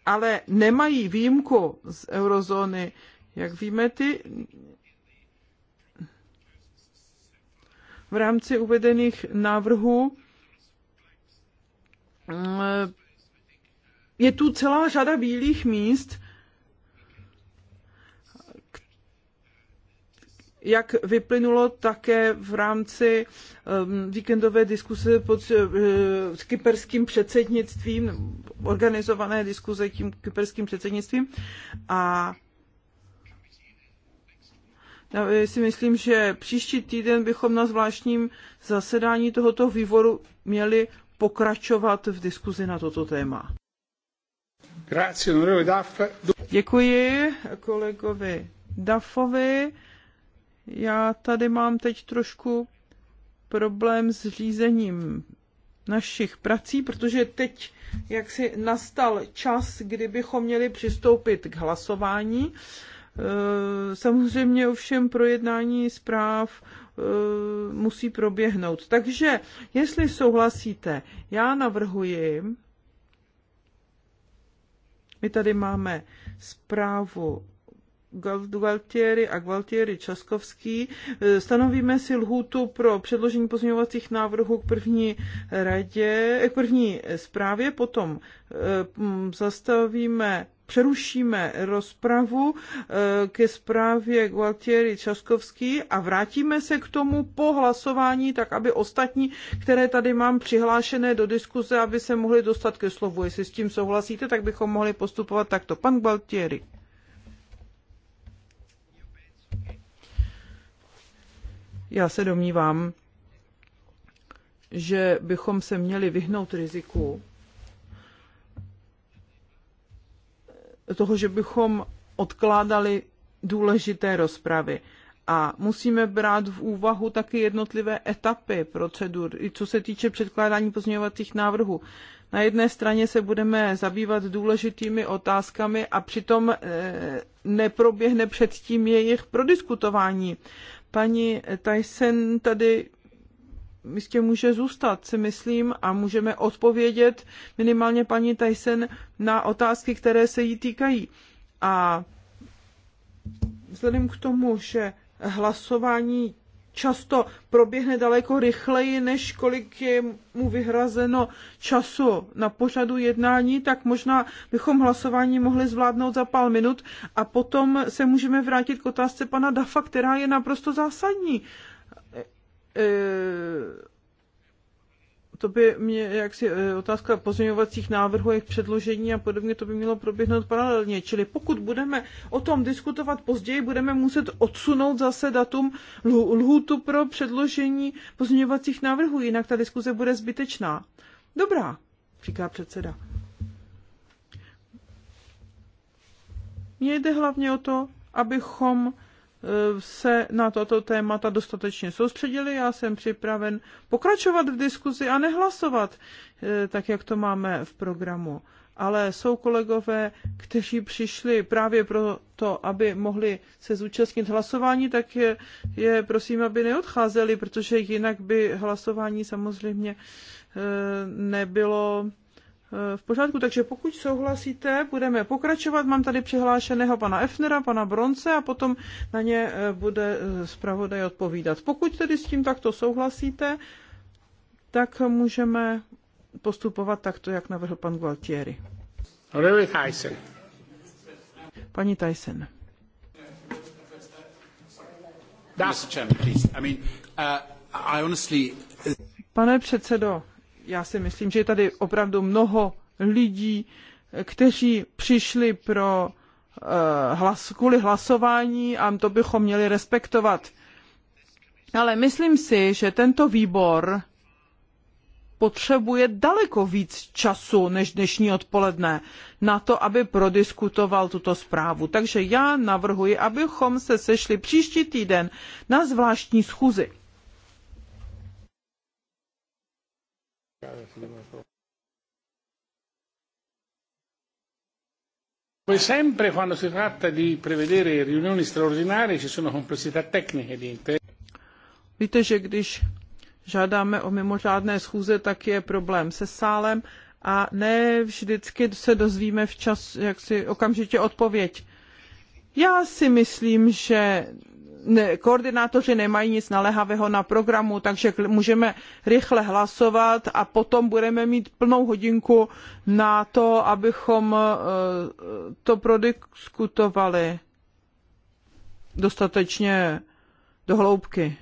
ale nemají výjimku z eurozóny. Jak víme, ty v rámci uvedených návrhů eh, je tu celá řada bílých míst, jak vyplynulo také v rámci um, víkendové diskuse pod eh, s kyperským předsednictvím, organizované diskuse tím kyperským předsednictvím. A já si myslím, že příští týden bychom na zvláštním zasedání tohoto výboru měli pokračovat v diskuzi na toto téma. Děkuji kolegovi Dafovi. Já tady mám teď trošku problém s řízením našich prací, protože teď jak si nastal čas, kdybychom měli přistoupit k hlasování. E, samozřejmě ovšem projednání zpráv e, musí proběhnout. Takže, jestli souhlasíte, já navrhuji, my tady máme zprávu Gualtieri a Gualtieri Časkovský. Eh, stanovíme si lhůtu pro předložení pozměňovacích návrhů k první radě, eh, k první zprávě, potom eh, zastavíme přerušíme rozpravu ke zprávě Gualtieri Časkovský a vrátíme se k tomu po hlasování, tak aby ostatní, které tady mám přihlášené do diskuze, aby se mohli dostat ke slovu. Jestli s tím souhlasíte, tak bychom mohli postupovat takto. Pan Gualtieri. já se domnívám, že bychom se měli vyhnout riziku toho, že bychom odkládali důležité rozpravy. A musíme brát v úvahu taky jednotlivé etapy procedur, i co se týče předkládání pozměňovacích návrhů. Na jedné straně se budeme zabývat důležitými otázkami a přitom eh, neproběhne předtím jejich prodiskutování. Paní Tyson tady jistě může zůstat, si myslím, a můžeme odpovědět minimálně paní Tyson na otázky, které se jí týkají. A vzhledem k tomu, že hlasování často proběhne daleko rychleji, než kolik je mu vyhrazeno času na pořadu jednání, tak možná bychom hlasování mohli zvládnout za pár minut a potom se můžeme vrátit k otázce pana Dafa, která je naprosto zásadní. E, e to by mě, jak si eh, otázka pozměňovacích návrhů, jejich předložení a podobně, to by mělo proběhnout paralelně. Čili pokud budeme o tom diskutovat později, budeme muset odsunout zase datum lhůtu pro předložení pozměňovacích návrhů, jinak ta diskuze bude zbytečná. Dobrá, říká předseda. Mně jde hlavně o to, abychom Eh, se na toto témata dostatečně soustředili. Já jsem připraven pokračovat v diskuzi a nehlasovat, eh, tak jak to máme v programu. Ale jsou kolegové, kteří přišli právě proto, aby mohli se zúčastnit hlasování, tak je, je prosím, aby neodcházeli, protože jinak by hlasování samozřejmě eh, nebylo v pořádku, takže pokud souhlasíte, budeme pokračovat. Mám tady přihlášeného pana Efnera, pana Bronce a potom na ně eh, bude eh, zpravodaj odpovídat. Pokud tedy s tím takto souhlasíte, tak můžeme postupovat takto, jak navrhl pan Gualtieri. Really Tyson. Paní Tyson. Uh, Pane předsedo, já si myslím, že je tady opravdu mnoho lidí, kteří přišli pro eh, hlas, kvůli hlasování a to bychom měli respektovat. Ale myslím si, že tento výbor potřebuje daleko víc času než dnešní odpoledne na to, aby prodiskutoval tuto zprávu. Takže já navrhuji, abychom se sešli příští týden na zvláštní schůzi Come sempre quando si tratta di prevedere riunioni straordinarie ci sono complessità tecniche di Víte, že když žádáme o mimořádné schůze, tak je problém se sálem a ne vždycky se dozvíme včas, jak si okamžitě odpověď. Já si myslím, že koordinátoři nemají nic naléhavého na programu, takže můžeme rychle hlasovat a potom budeme mít plnou hodinku na to, abychom eh, to prodiskutovali dostatečně do hloubky.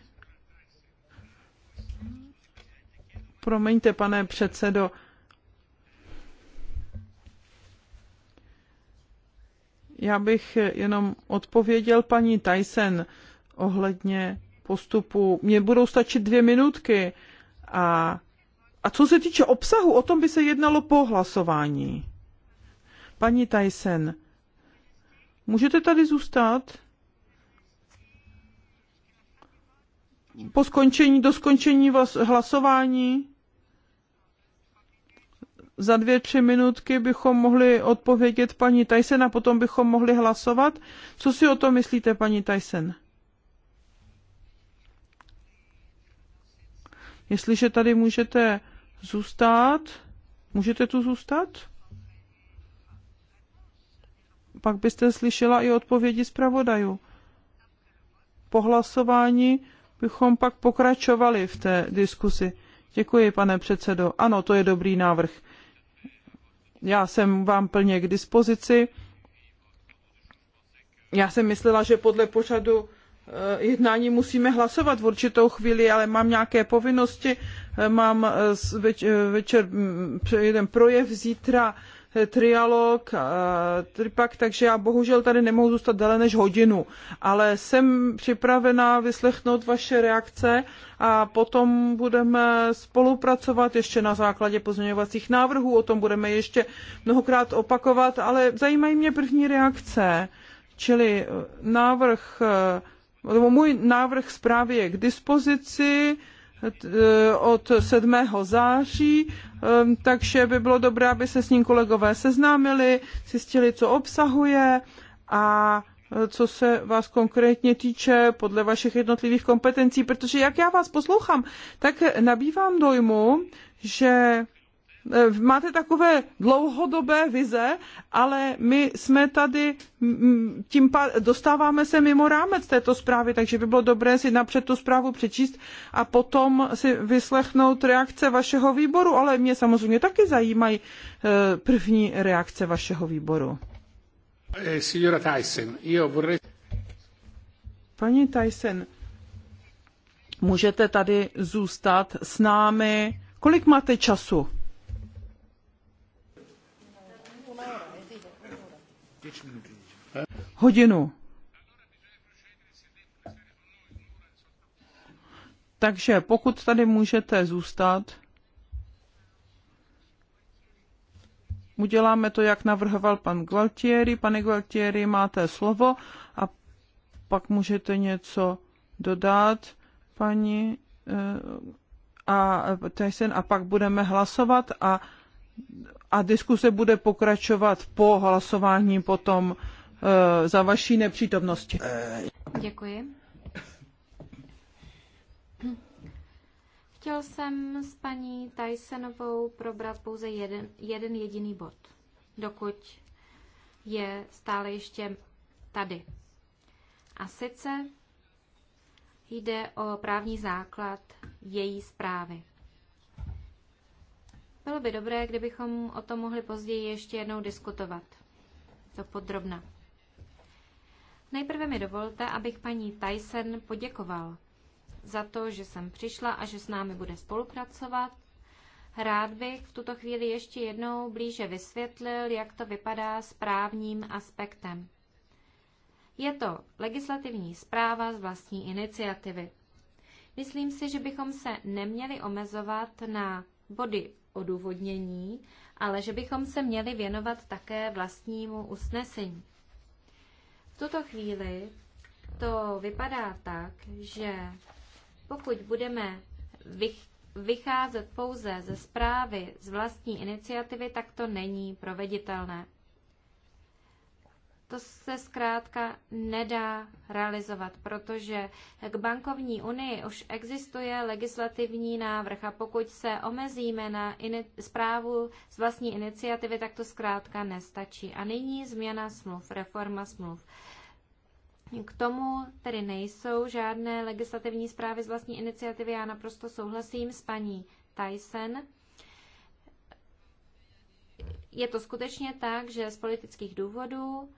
Promiňte, pane předsedo. Já bych jenom odpověděl paní Tyson ohledně postupu. Mně budou stačit dvě minutky. A, a co se týče obsahu, o tom by se jednalo po hlasování. Paní Tyson, můžete tady zůstat? Po skončení, do skončení hlasování? Za dvě, tři minutky bychom mohli odpovědět paní Tyson a potom bychom mohli hlasovat. Co si o to myslíte, paní Tyson? Jestliže tady můžete zůstat, můžete tu zůstat? Pak byste slyšela i odpovědi zpravodajů. Po hlasování bychom pak pokračovali v té diskusi. Děkuji, pane předsedo. Ano, to je dobrý návrh. Já jsem vám plně k dispozici. Já jsem myslela, že podle pořadu Eh, jednání musíme hlasovat v určitou chvíli, ale mám nějaké povinnosti, eh, mám eh, večer mm, jeden projev, zítra trialog, tripak, takže já bohužel tady nemohu zůstat déle než hodinu, ale jsem připravena vyslechnout vaše reakce a potom budeme spolupracovat ještě na základě pozměňovacích návrhů, o tom budeme ještě mnohokrát opakovat, ale zajímají mě první reakce, čili návrh můj návrh zprávy je k dispozici e, od 7. září, e, takže by bylo dobré, aby se s ním kolegové seznámili, zjistili, co obsahuje a e, co se vás konkrétně týče podle vašich jednotlivých kompetencí, protože jak já vás poslouchám, tak nabývám dojmu, že Eh, máte takové dlouhodobé vize, ale my jsme tady, tím pádem dostáváme se mimo rámec této zprávy, takže by bylo dobré si napřed tu zprávu přečíst a potom si vyslechnout reakce vašeho výboru, ale mě samozřejmě taky zajímají eh, první reakce vašeho výboru. Eh, signora Tyson, Paní Tyson, můžete tady zůstat s námi. Kolik máte času? hodinu. Takže pokud tady můžete zůstat, uděláme to, jak navrhoval pan Gualtieri. Pane Gualtieri, máte slovo a pak můžete něco dodat, paní eh, a Tyson, a pak budeme hlasovat a, a diskuse bude pokračovat po hlasování potom Eh, za vaší nepřítomnosti. Děkuji. Chtěl jsem s paní Tysonovou probrat pouze jeden, jeden jediný bod, dokud je stále ještě tady. A sice jde o právní základ její zprávy. Bylo by dobré, kdybychom o tom mohli později ještě jednou diskutovat. To podrobna. Nejprve mi dovolte, abych paní Tyson poděkoval za to, že jsem přišla a že s námi bude spolupracovat. Rád bych v tuto chvíli ještě jednou blíže vysvětlil, jak to vypadá s právním aspektem. Je to legislativní zpráva z vlastní iniciativy. Myslím si, že bychom se neměli omezovat na body odůvodnění, ale že bychom se měli věnovat také vlastnímu usnesení tuto chvíli to vypadá tak, že pokud budeme vycházet pouze ze zprávy z vlastní iniciativy, tak to není proveditelné. To se zkrátka nedá realizovat, protože k bankovní unii už existuje legislativní návrh a pokud se omezíme na zprávu z vlastní iniciativy, tak to zkrátka nestačí. A nyní změna smluv, reforma smluv. K tomu tedy nejsou žádné legislativní zprávy z vlastní iniciativy. Já naprosto souhlasím s paní Tyson. Je to skutečně tak, že z politických důvodů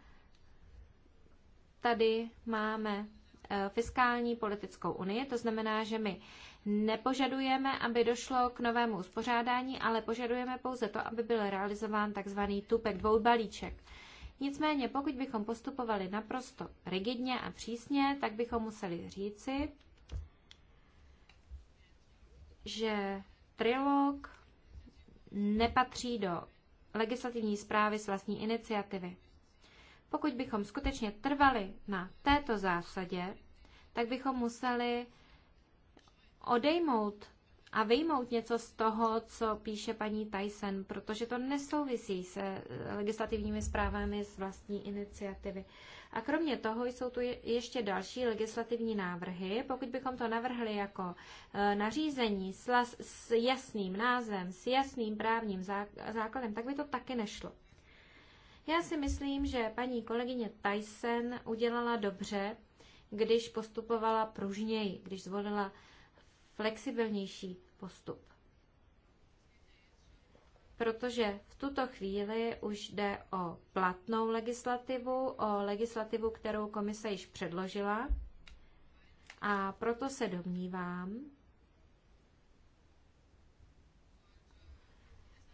tady máme eh, fiskální politickou unii, to znamená, že my nepožadujeme, aby došlo k novému uspořádání, ale požadujeme pouze to, aby byl realizován tzv. tupek dvou balíček. Nicméně, pokud bychom postupovali naprosto rigidně a přísně, tak bychom museli říci, že trilog nepatří do legislativní zprávy s vlastní iniciativy. Pokud bychom skutečně trvali na této zásadě, tak bychom museli odejmout a vyjmout něco z toho, co píše paní Tyson, protože to nesouvisí se legislativními zprávami z vlastní iniciativy. A kromě toho jsou tu ještě další legislativní návrhy. Pokud bychom to navrhli jako e, nařízení s jasným názvem, s jasným právním základem, tak by to taky nešlo. Já si myslím, že paní kolegyně Tyson udělala dobře, když postupovala pružněji, když zvolila flexibilnější postup. Protože v tuto chvíli už jde o platnou legislativu, o legislativu, kterou komise již předložila. A proto se domnívám,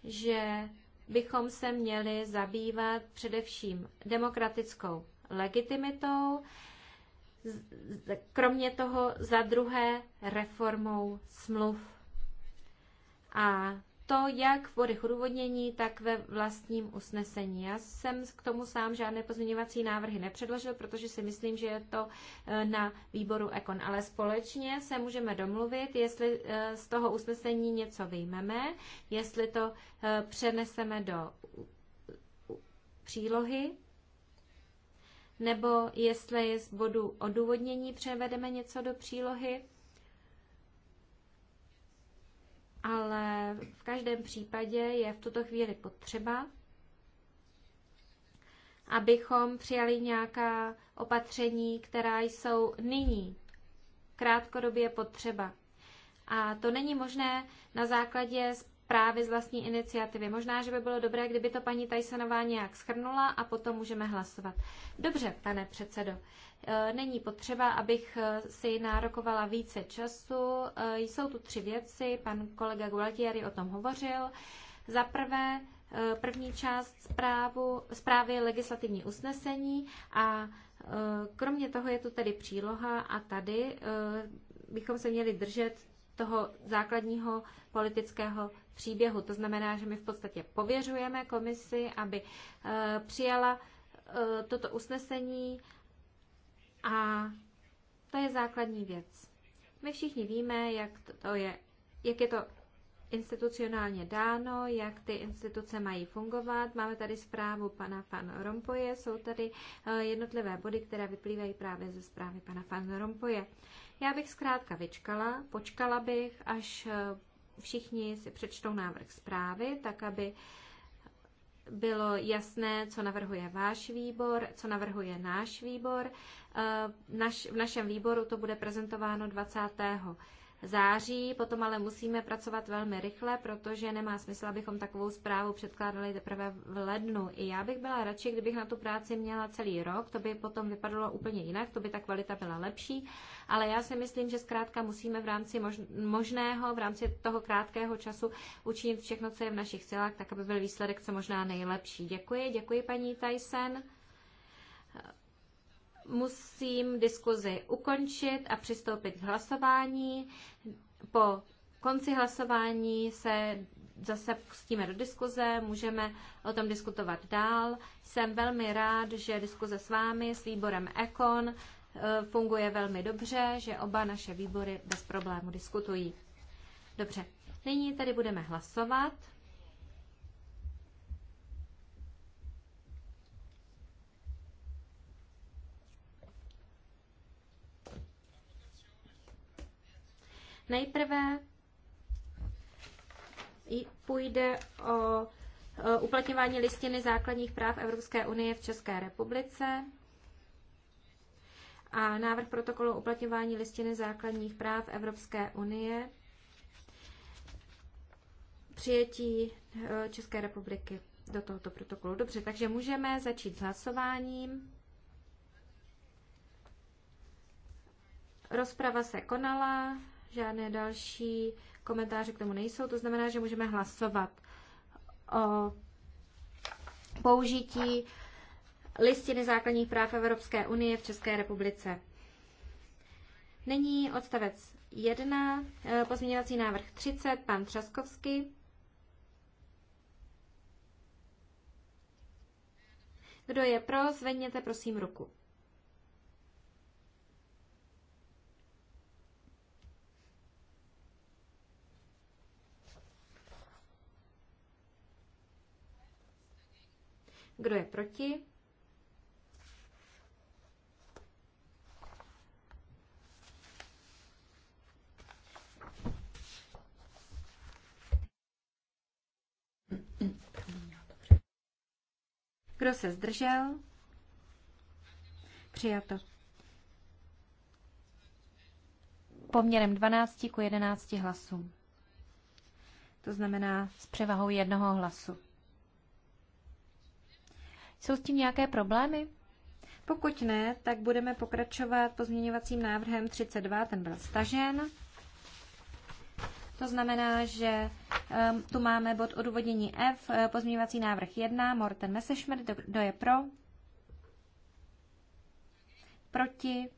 že bychom se měli zabývat především demokratickou legitimitou, kromě toho za druhé reformou smluv. A to jak v bodech odůvodnění, tak ve vlastním usnesení. Já jsem k tomu sám žádné pozměňovací návrhy nepředložil, protože si myslím, že je to eh, na výboru Ekon. Ale společně se můžeme domluvit, jestli eh, z toho usnesení něco vyjmeme, jestli to eh, přeneseme do přílohy, nebo jestli z bodu odůvodnění převedeme něco do přílohy ale v každém případě je v tuto chvíli potřeba, abychom přijali nějaká opatření, která jsou nyní krátkodobě potřeba. A to není možné na základě právě z vlastní iniciativy. Možná, že by bylo dobré, kdyby to paní Tysonová nějak schrnula a potom můžeme hlasovat. Dobře, pane předsedo. E, není potřeba, abych e, si nárokovala více času. E, jsou tu tři věci, pan kolega Gualtieri o tom hovořil. Za prvé, první část zprávu, zprávy legislativní usnesení a kromě toho je tu tedy příloha a tady bychom se měli držet toho základního politického příběhu. To znamená, že my v podstatě pověřujeme komisi, aby přijala toto usnesení a to je základní věc. My všichni víme, jak to je, jak je to institucionálně dáno, jak ty instituce mají fungovat. Máme tady zprávu pana Van Rompoje, jsou tady eh, jednotlivé body, které vyplývají právě ze zprávy pana Van Rompoje. Já bych zkrátka vyčkala, počkala bych, až eh, všichni si přečtou návrh zprávy, tak aby uh, bylo jasné, co navrhuje váš výbor, co navrhuje náš výbor. Eh, naš, v našem výboru to bude prezentováno 20 září, potom ale musíme pracovat velmi rychle, protože nemá smysl, abychom takovou zprávu předkládali teprve v lednu. I já bych byla radši, kdybych na tu práci měla celý rok, to by potom vypadalo úplně jinak, to by ta kvalita byla lepší, ale já si myslím, že zkrátka musíme v rámci možného, v rámci toho krátkého času učinit všechno, co je v našich silách, tak aby byl výsledek co možná nejlepší. Děkuji, děkuji paní Tyson musím diskuzi ukončit a přistoupit k hlasování. Po konci hlasování se zase pustíme do diskuze, můžeme o tom diskutovat dál. Jsem velmi rád, že diskuze s vámi, s výborem ECON e, funguje velmi dobře, že oba naše výbory bez problému diskutují. Dobře, nyní tady budeme hlasovat. Nejprve půjde o uplatňování listiny základních práv Evropské unie v České republice a návrh protokolu uplatňování listiny základních práv Evropské unie přijetí e, České republiky do tohoto protokolu. Dobře, takže můžeme začít s hlasováním. Rozprava se konala, Žádné další komentáře k tomu nejsou, to znamená, že můžeme hlasovat o použití listiny základních práv Evropské unie v České republice. Nyní odstavec 1, eh, pozměňovací návrh 30, pan Třaskovský. Kdo je pro, zvedněte prosím ruku. Kdo je proti? Kdo se zdržel? Přijato. Poměrem 12 ku 11 hlasům. To znamená s převahou jednoho hlasu. Jsou s tím nějaké problémy? Pokud ne, tak budeme pokračovat pozměňovacím návrhem 32, ten byl stažen. To znamená, že um, tu máme bod odůvodnění F, eh, pozměňovací návrh 1, Morten Messerschmidt, kdo, kdo je pro? Proti?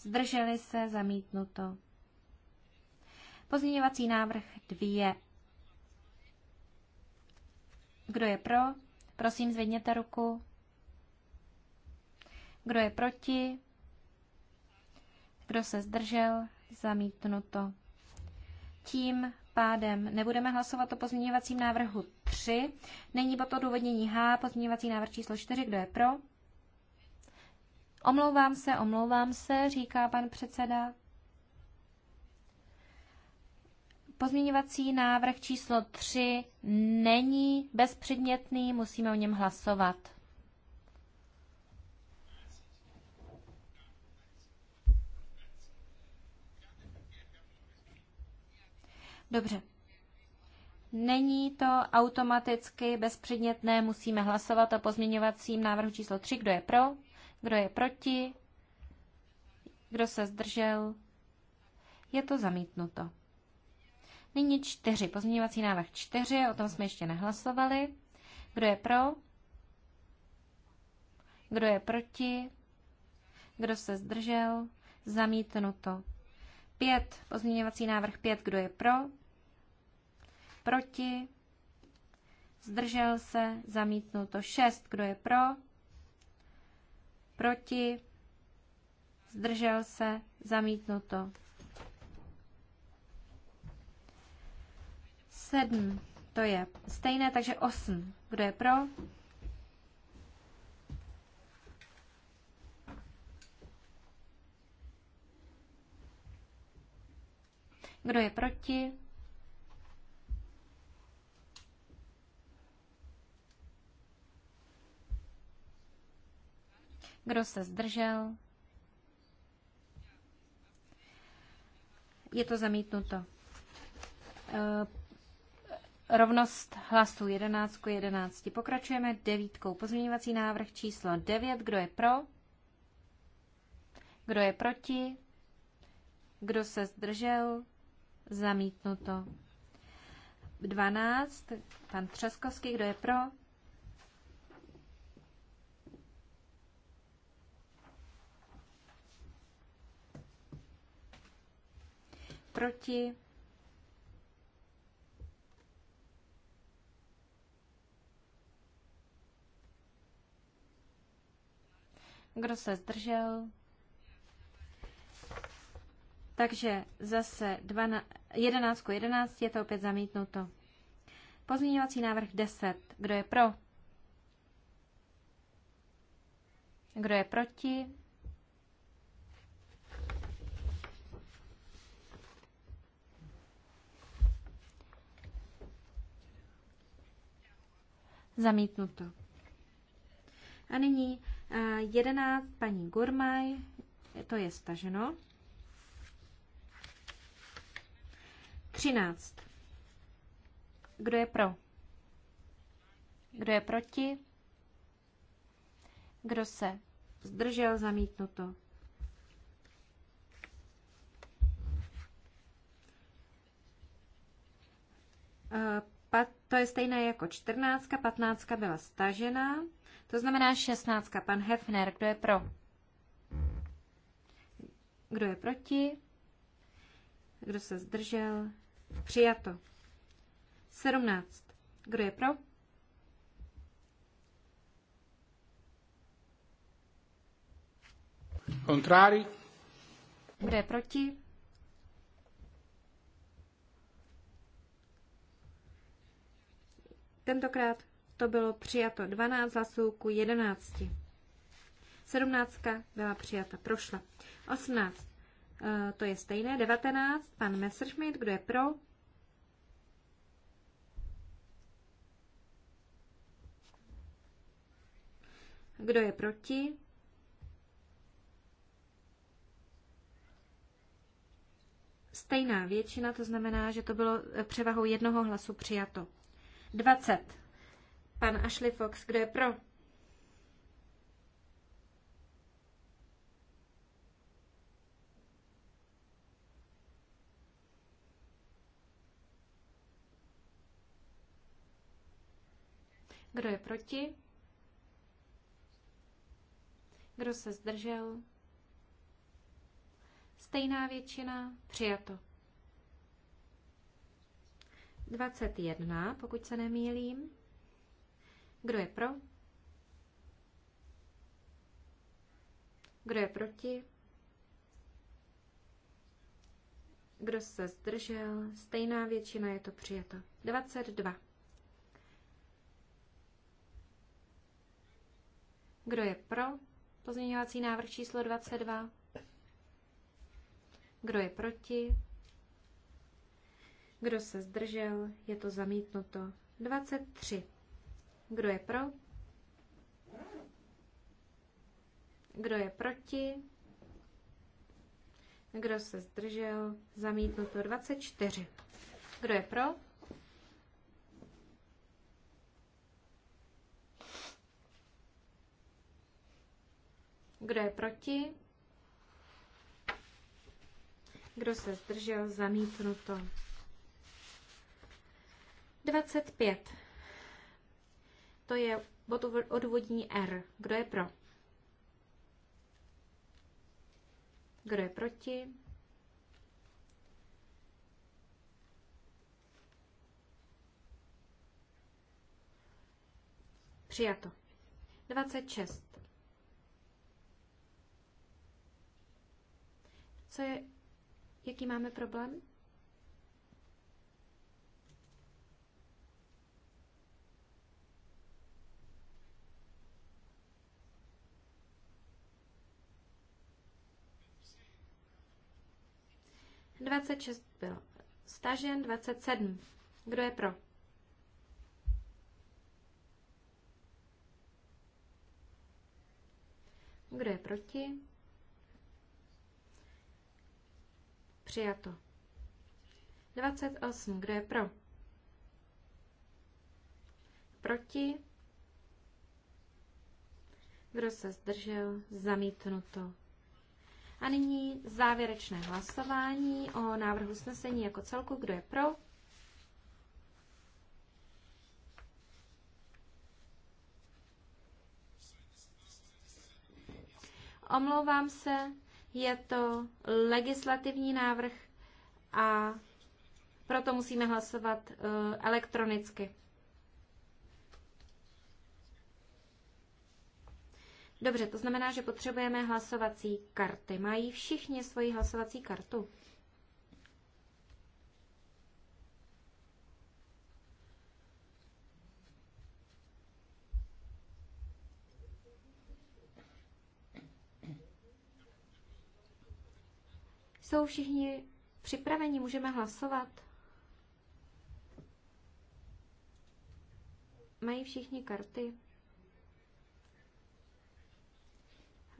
Zdrželi se, zamítnuto. Pozměňovací návrh 2 kdo je pro? Prosím, zvedněte ruku. Kdo je proti? Kdo se zdržel? Zamítnuto. Tím pádem nebudeme hlasovat o pozměňovacím návrhu 3. Není bod důvodnění H, pozměňovací návrh číslo 4. Kdo je pro? Omlouvám se, omlouvám se, říká pan předseda. Pozměňovací návrh číslo 3 není bezpředmětný, musíme o něm hlasovat. Dobře. Není to automaticky bezpředmětné, musíme hlasovat o pozměňovacím návrhu číslo 3. Kdo je pro? Kdo je proti? Kdo se zdržel? Je to zamítnuto. Nyní čtyři. Pozměňovací návrh čtyři, o tom jsme ještě nehlasovali. Kdo je pro? Kdo je proti? Kdo se zdržel? Zamítnuto. Pět. Pozměňovací návrh pět. Kdo je pro? Proti? Zdržel se? Zamítnuto. Šest. Kdo je pro? Proti? Zdržel se? Zamítnuto. 7, to je stejné, takže 8. Kdo je pro? Kdo je proti? Kdo se zdržel? Je to zamítnuto. Rovnost hlasů 11 k 11. Pokračujeme devítkou. Pozměňovací návrh číslo 9. Kdo je pro? Kdo je proti? Kdo se zdržel? Zamítnuto. 12. Pan Třeskovský. Kdo je pro? Proti? Kdo se zdržel? Takže zase 11 ku 11 je to opět zamítnuto. Pozměňovací návrh 10. Kdo je pro? Kdo je proti? Zamítnuto. A nyní 11 paní Gurmaj, to je staženo. 13. Kdo je pro? Kdo je proti? Kdo se zdržel zamítnuto? To je stejné jako 14, 15 byla stažena. To znamená 16. Pan Hefner, kdo je pro? Kdo je proti? Kdo se zdržel? Přijato. 17. Kdo je pro? Kontrári. Kdo je proti? Tentokrát to bylo přijato 12 hlasů ku 11. 17 byla přijata, prošla. 18, eh, to je stejné. 19, pan Messerschmidt, kdo je pro? Kdo je proti? Stejná většina, to znamená, že to bylo eh, převahou jednoho hlasu přijato. 20. Pan Ashley Fox, kdo je pro? Kdo je proti? Kdo se zdržel? Stejná většina, přijato. 21, pokud se nemýlím. Kdo je pro? Kdo je proti? Kdo se zdržel? Stejná většina je to přijata. 22. Kdo je pro? Pozměňovací návrh číslo 22. Kdo je proti? Kdo se zdržel? Je to zamítnuto. 23. Kdo je pro? Kdo je proti? Kdo se zdržel? Zamítnuto 24. Kdo je pro? Kdo je proti? Kdo se zdržel? Zamítnuto. 25. To je bod odvodní R. Kdo je pro? Kdo je proti? Přijato. 26. Co je, jaký máme problém? 26 byl stažen, 27. Kdo je pro? Kdo je proti? Přijato. 28. Kdo je pro? Proti? Kdo se zdržel? Zamítnuto. A nyní závěrečné hlasování o návrhu usnesení jako celku. Kdo je pro? Omlouvám se, je to legislativní návrh a proto musíme hlasovat eh, elektronicky. Dobře, to znamená, že potřebujeme hlasovací karty. Mají všichni svoji hlasovací kartu? Jsou všichni připraveni, můžeme hlasovat? Mají všichni karty?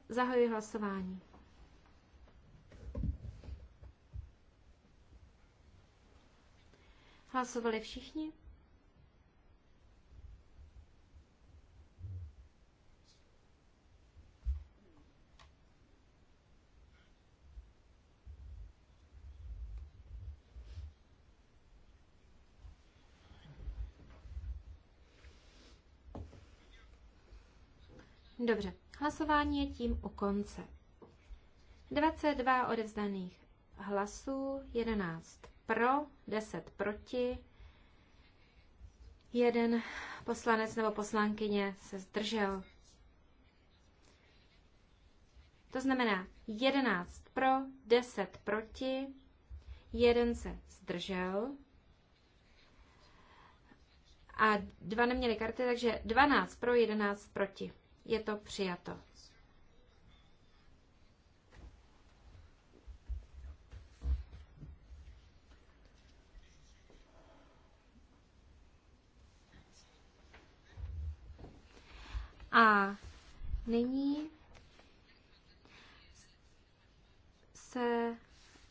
Zahajuji hlasování. Hlasovali všichni? Dobře. Hlasování je tím u konce. 22 odevzdaných hlasů, 11 pro, 10 proti, jeden poslanec nebo poslankyně se zdržel. To znamená 11 pro, 10 proti, jeden se zdržel a dva neměli karty, takže 12 pro, 11 proti. Je to přijato. A nyní se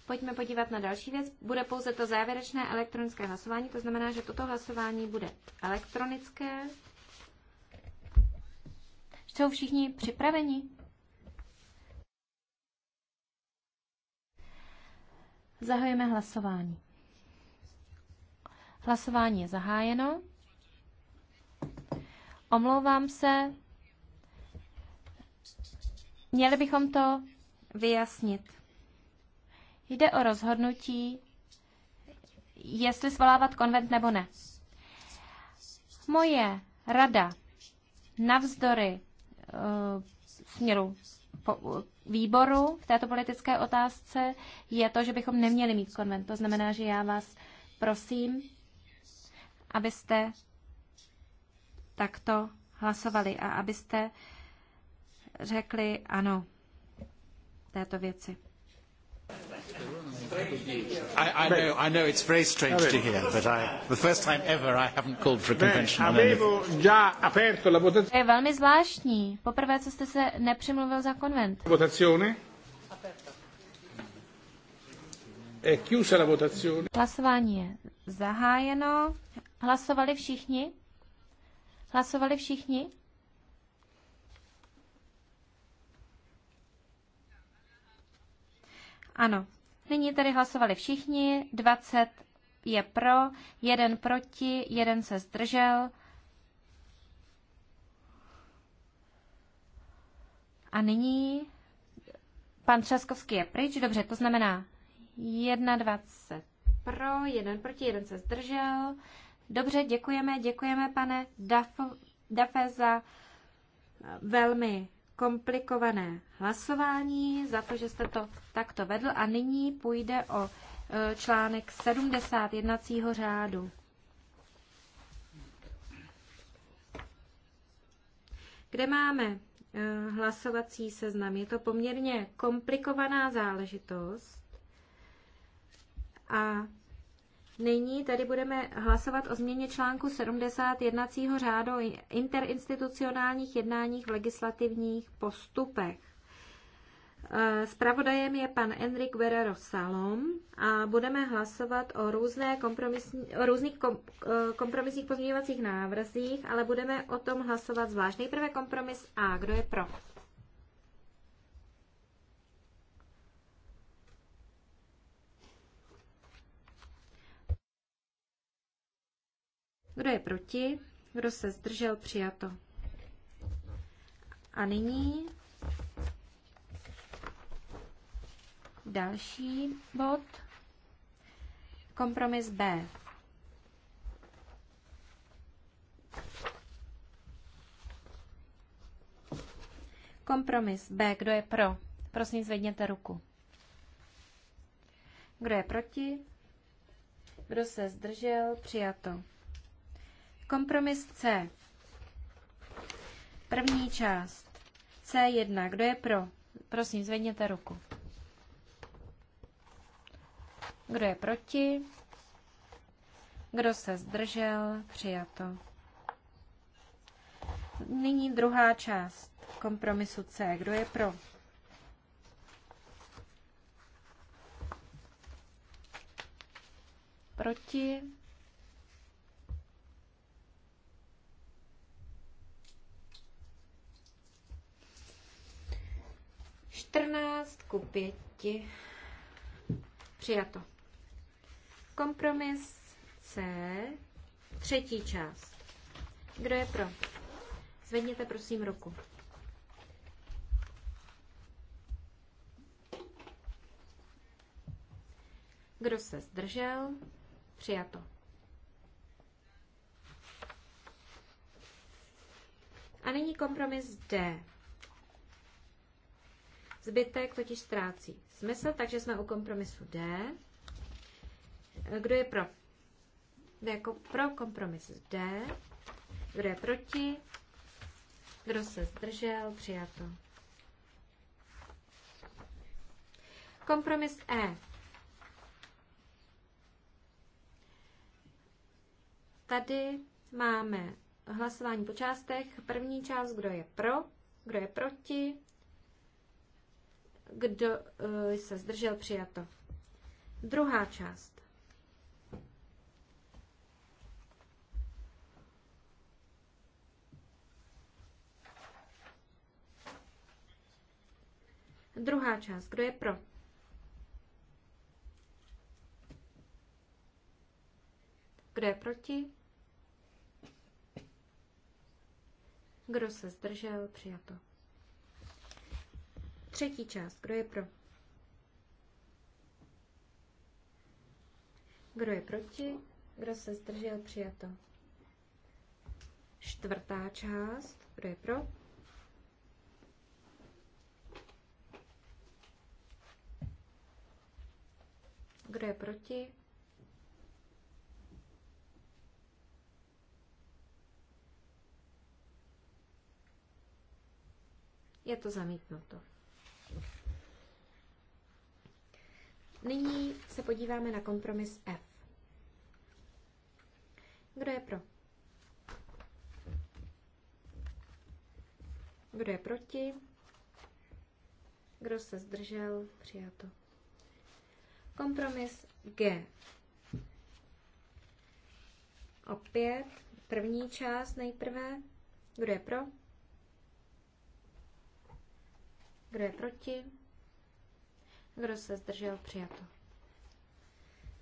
pojďme podívat na další věc. Bude pouze to závěrečné elektronické hlasování, to znamená, že toto hlasování bude elektronické. Jsou všichni připraveni? Zahajeme hlasování. Hlasování je zahájeno. Omlouvám se. Měli bychom to vyjasnit. Jde o rozhodnutí, jestli svolávat konvent nebo ne. Moje rada navzdory Eh, směru výboru v této politické otázce je to, že bychom neměli mít konvent. To znamená, že já vás prosím, abyste takto hlasovali a abyste řekli ano této věci. I, I, know, I know it's very strange to hear, but I, the first time ever I haven't called for a convention on anything. Je velmi zvláštní. Poprvé, co jste se nepřimluvil za konvent. Votazione. È chiusa la votazione. Hlasování je zahájeno. Hlasovali všichni? Hlasovali všichni? Ano. Nyní tedy hlasovali všichni, 20 je pro, jeden proti, jeden se zdržel. A nyní pan Třaskovský je pryč, dobře, to znamená 21 pro, jeden proti, jeden se zdržel. Dobře, děkujeme, děkujeme pane Dafe za velmi komplikované hlasování, za to, že jste to takto vedl. A nyní půjde o e, článek 70 jednacího řádu. Kde máme e, hlasovací seznam? Je to poměrně komplikovaná záležitost. A Nyní tady budeme hlasovat o změně článku 70 jednacího řádu o interinstitucionálních jednáních v legislativních postupech. Spravodajem eh, je pan Enrik Verero Salom a budeme hlasovat o, různé kompromisní, o různých eh, kompromisních pozměňovacích návrzích, ale budeme o tom hlasovat zvlášť. Nejprve kompromis A. Kdo je pro? Kdo je proti? Kdo se zdržel? Přijato. A nyní další bod. Kompromis B. Kompromis B. Kdo je pro? Prosím, zvedněte ruku. Kdo je proti? Kdo se zdržel? Přijato. Kompromis C. První část. C1. Kdo je pro? Prosím, zvedněte ruku. Kdo je proti? Kdo se zdržel? Přijato. Nyní druhá část kompromisu C. Kdo je pro? Proti? 14 ku 5. Přijato. Kompromis C, třetí část. Kdo je pro? Zvedněte prosím ruku. Kdo se zdržel? Přijato. A nyní kompromis D. Zbytek totiž ztrácí smysl, takže jsme u kompromisu D. Kdo je pro? Kdo je pro kompromis D? Kdo je proti? Kdo se zdržel? Přijato. Kompromis E. Tady máme hlasování po částech. První část, kdo je pro, kdo je proti, kdo eh, se zdržel? Přijato. Druhá část. Druhá část. Kdo je pro? Kdo je proti? Kdo se zdržel? Přijato. Třetí část. Kdo je pro? Kdo je proti? Kdo se zdržel? Přijato. Čtvrtá část. Kdo je pro? Kdo je proti? Je to zamítnuto. Nyní se podíváme na kompromis F. Kdo je pro? Kdo je proti? Kdo se zdržel? Přijato. Kompromis G. Opět první část nejprve. Kdo je pro? Kdo je proti? Kdo se zdržel? Přijato.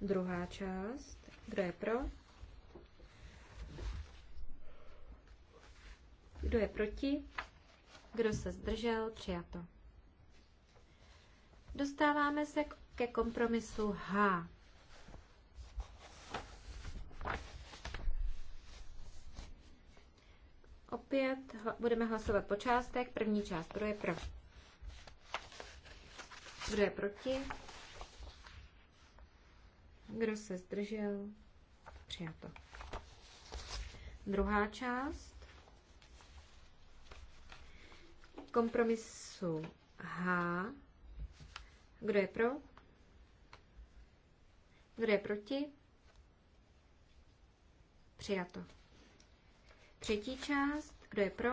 Druhá část. Kdo je pro? Kdo je proti? Kdo se zdržel? Přijato. Dostáváme se ke kompromisu H. Opět budeme hlasovat po částech. První část, kdo je pro? Kdo je proti? Kdo se zdržel? Přijato. Druhá část kompromisu H. Kdo je pro? Kdo je proti? Přijato. Třetí část. Kdo je pro?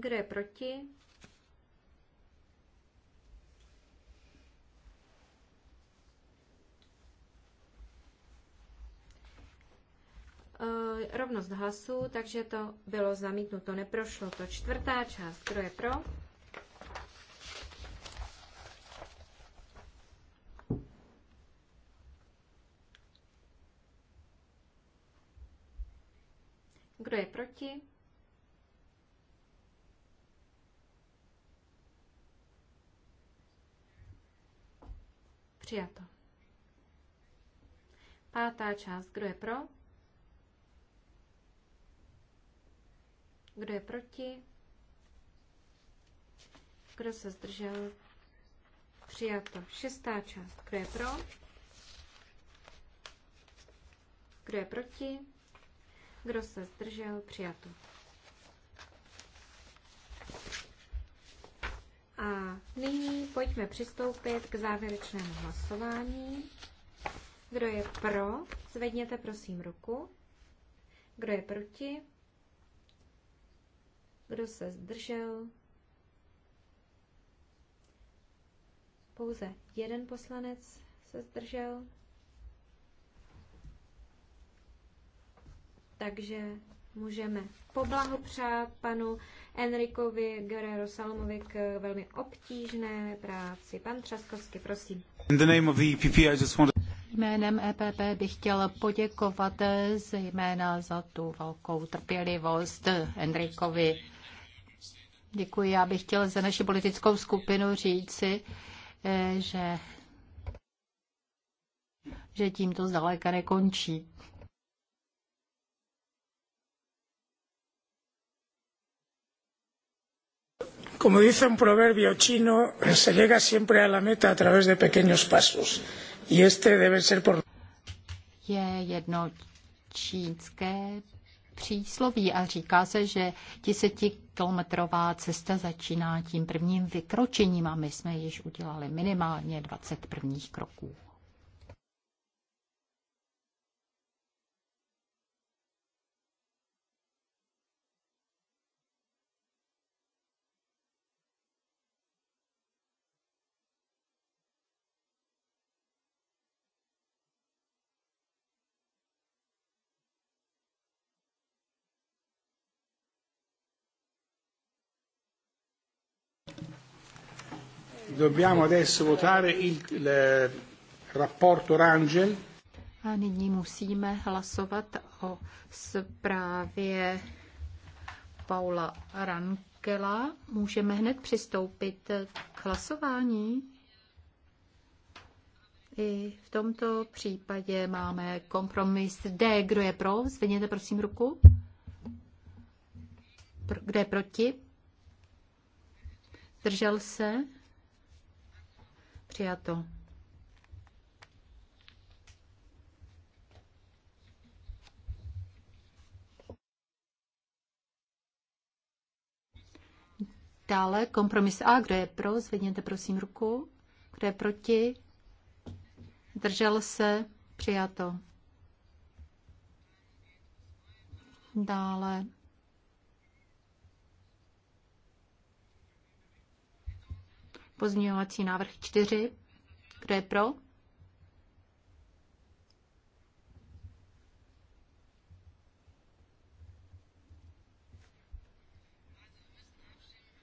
Kdo je proti? Eh, rovnost hlasů, takže to bylo zamítnuto, neprošlo to. Čtvrtá část, kdo je pro? Kdo je proti? Přijato. Pátá část. Kdo je pro? Kdo je proti? Kdo se zdržel? Přijato. Šestá část. Kdo je pro? Kdo je proti? Kdo se zdržel? Přijato. A nyní pojďme přistoupit k závěrečnému hlasování. Kdo je pro, zvedněte prosím ruku. Kdo je proti? Kdo se zdržel? Pouze jeden poslanec se zdržel. Takže můžeme poblahopřát panu Enrikovi Guerrero Salomovi k velmi obtížné práci. Pan Třaskovský, prosím. In the name of the EPP, I just want Jménem EPP bych chtěl poděkovat zejména za tu velkou trpělivost Enrikovi. Děkuji. Já bych chtěl za naši politickou skupinu říci, eh, že, že tím to zdaleka nekončí. como dice un proverbio chino se llega siempre a la meta a través de pequeños pasos y este debe ser por je jedno čínské přísloví a říká se, že desetikilometrová cesta začíná tím prvním vykročením a my jsme již udělali minimálně 20 prvních kroků. Dobbiamo adesso votare il, il eh, rapporto Rangel. A nyní musíme hlasovat o zprávě Paula Rankela. Můžeme hned přistoupit k hlasování. I v tomto případě máme kompromis D. Kdo je pro? Zvedněte prosím ruku. Pro, kdo je proti? Držel se? Přijato. Dále kompromis A. Kdo je pro? Zvedněte prosím ruku. Kdo je proti? Držel se? Přijato. Dále Pozměňovací návrh 4. Kdo je pro?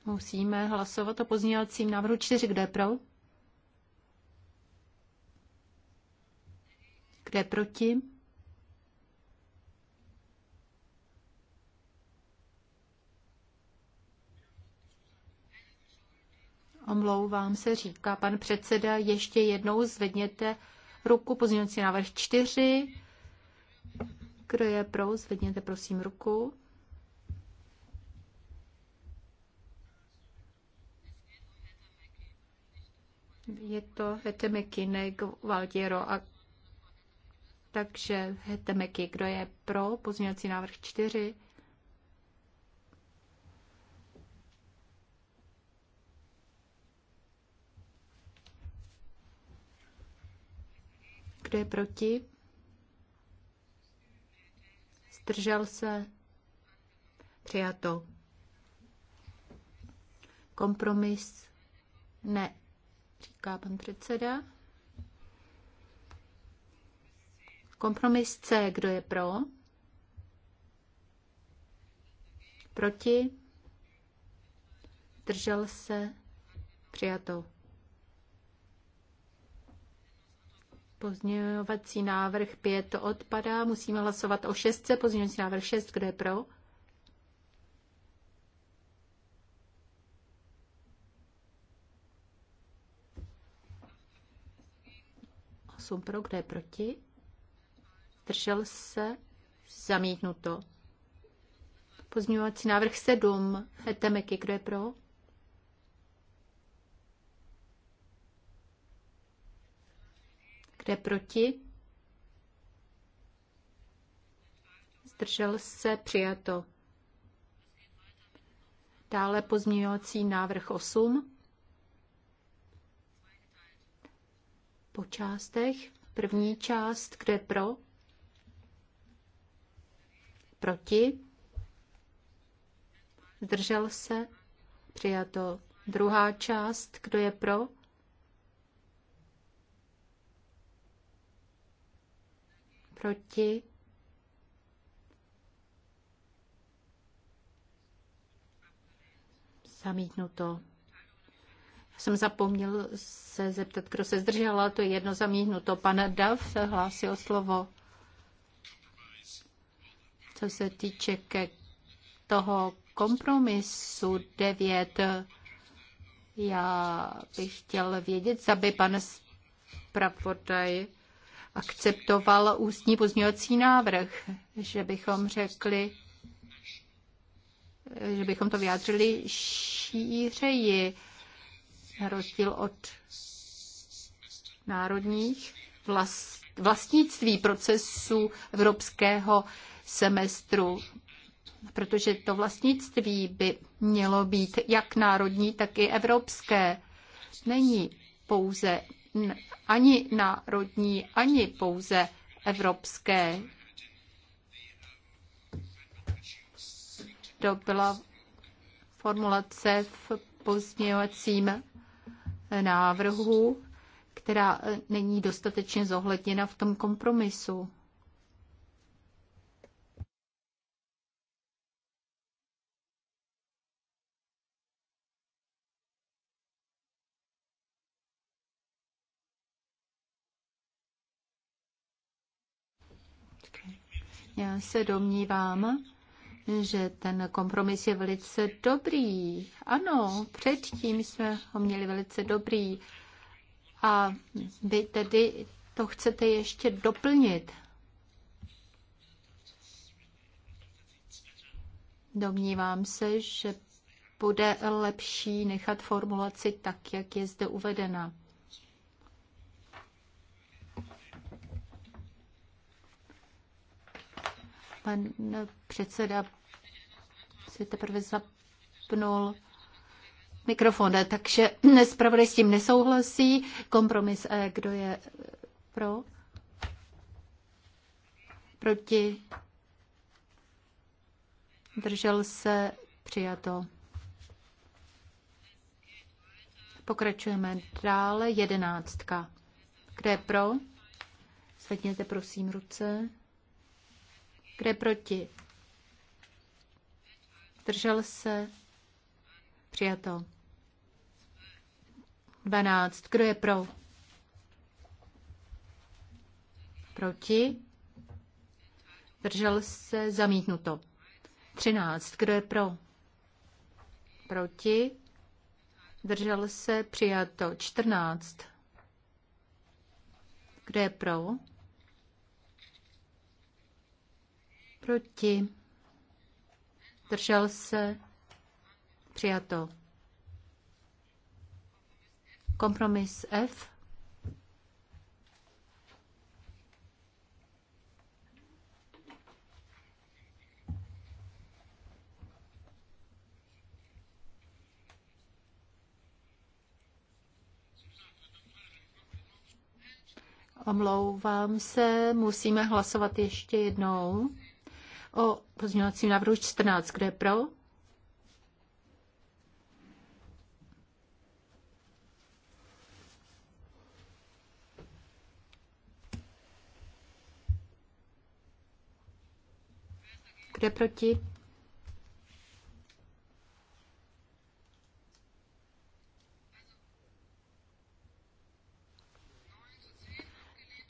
Musíme hlasovat o pozměňovacím návrhu 4. Kdo je pro? Kdo je proti? Omlouvám se, říká pan předseda, ještě jednou zvedněte ruku, pozměňovací návrh 4. Kdo je pro, zvedněte prosím ruku. Je to ne Valdiero a takže Hetemeky, kdo je pro, pozměňovací návrh 4. Kdo je proti? Zdržel se? Přijato. Kompromis? Ne, říká pan předseda. Kompromis C, kdo je pro? Proti? Držel se? Přijato. Pozměňovací návrh 5 to odpadá. Musíme hlasovat o 6. Pozměňovací návrh 6. Kdo je pro? Osm pro, kdo je proti? Držel se? Zamítnuto. Pozměňovací návrh 7. Hetemeky, kdo je pro? Kde proti? Zdržel se přijato. Dále pozměňovací návrh 8. Po částech. První část, kde pro? Proti? Zdržel se? Přijato. Druhá část, kdo je pro? Proti? Zamítnuto. Já jsem zapomněl se zeptat, kdo se zdržel, ale to je jedno zamítnuto. Pan Dav se hlásil slovo. Co se týče ke toho kompromisu 9, já bych chtěl vědět, aby pan zpravodaj akceptoval ústní pozměňovací návrh, že bychom řekli, že bychom to vyjádřili šířeji, na rozdíl od národních vlast, vlastnictví procesu evropského semestru, protože to vlastnictví by mělo být jak národní, tak i evropské. Není pouze ani národní, ani pouze evropské. To byla formulace v pozměňovacím návrhu, která není dostatečně zohledněna v tom kompromisu. Já se domnívám, že ten kompromis je velice dobrý. Ano, předtím jsme ho měli velice dobrý. A vy tedy to chcete ještě doplnit. Domnívám se, že bude lepší nechat formulaci tak, jak je zde uvedena. Pan předseda si teprve zapnul mikrofon, takže zpravodaj s tím nesouhlasí. Kompromis E, kdo je pro? Proti? Držel se přijato. Pokračujeme dále. Jedenáctka. Kde je pro? Zvedněte prosím ruce. Kde proti? Držel se? Přijato. 12. Kdo je pro? Proti? Držel se? Zamítnuto. 13. Kdo je pro? Proti? Držel se? Přijato. 14. Kdo je pro? Proti. Držel se. Přijato. Kompromis F. Omlouvám se, musíme hlasovat ještě jednou o pozměňovacím návrhu 14. Kdo je pro? Kdo je proti?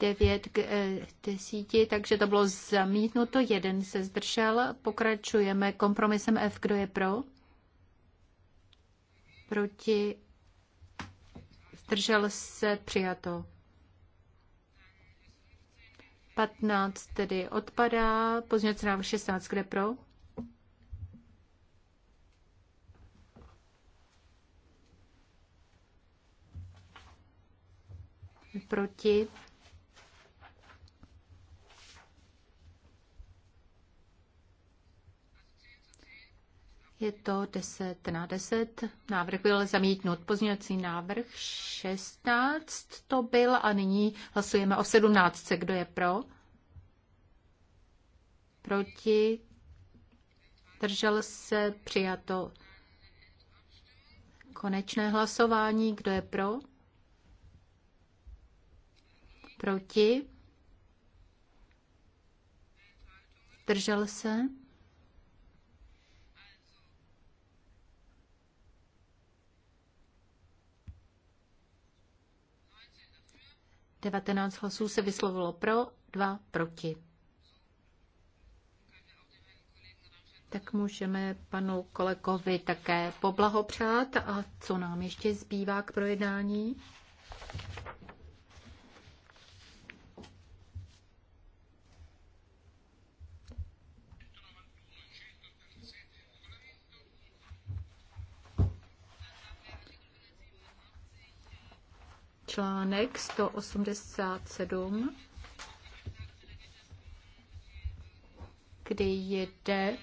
9 k 10, eh, takže to bylo zamítnuto, jeden se zdržel. Pokračujeme kompromisem F, kdo je pro? Proti? Zdržel se, přijato. 15 tedy odpadá, pozměňovací návrh 16, kde pro? Proti? Je to 10 na 10. Návrh byl zamítnut. Pozměňovací návrh 16 to byl a nyní hlasujeme o 17. Kdo je pro? Proti? Držel se? Přijato. Konečné hlasování. Kdo je pro? Proti? Držel se? 19 hlasů se vyslovilo pro, 2 proti. Tak můžeme panu kolegovi také poblahopřát a co nám ještě zbývá k projednání? článek 187, kdy jde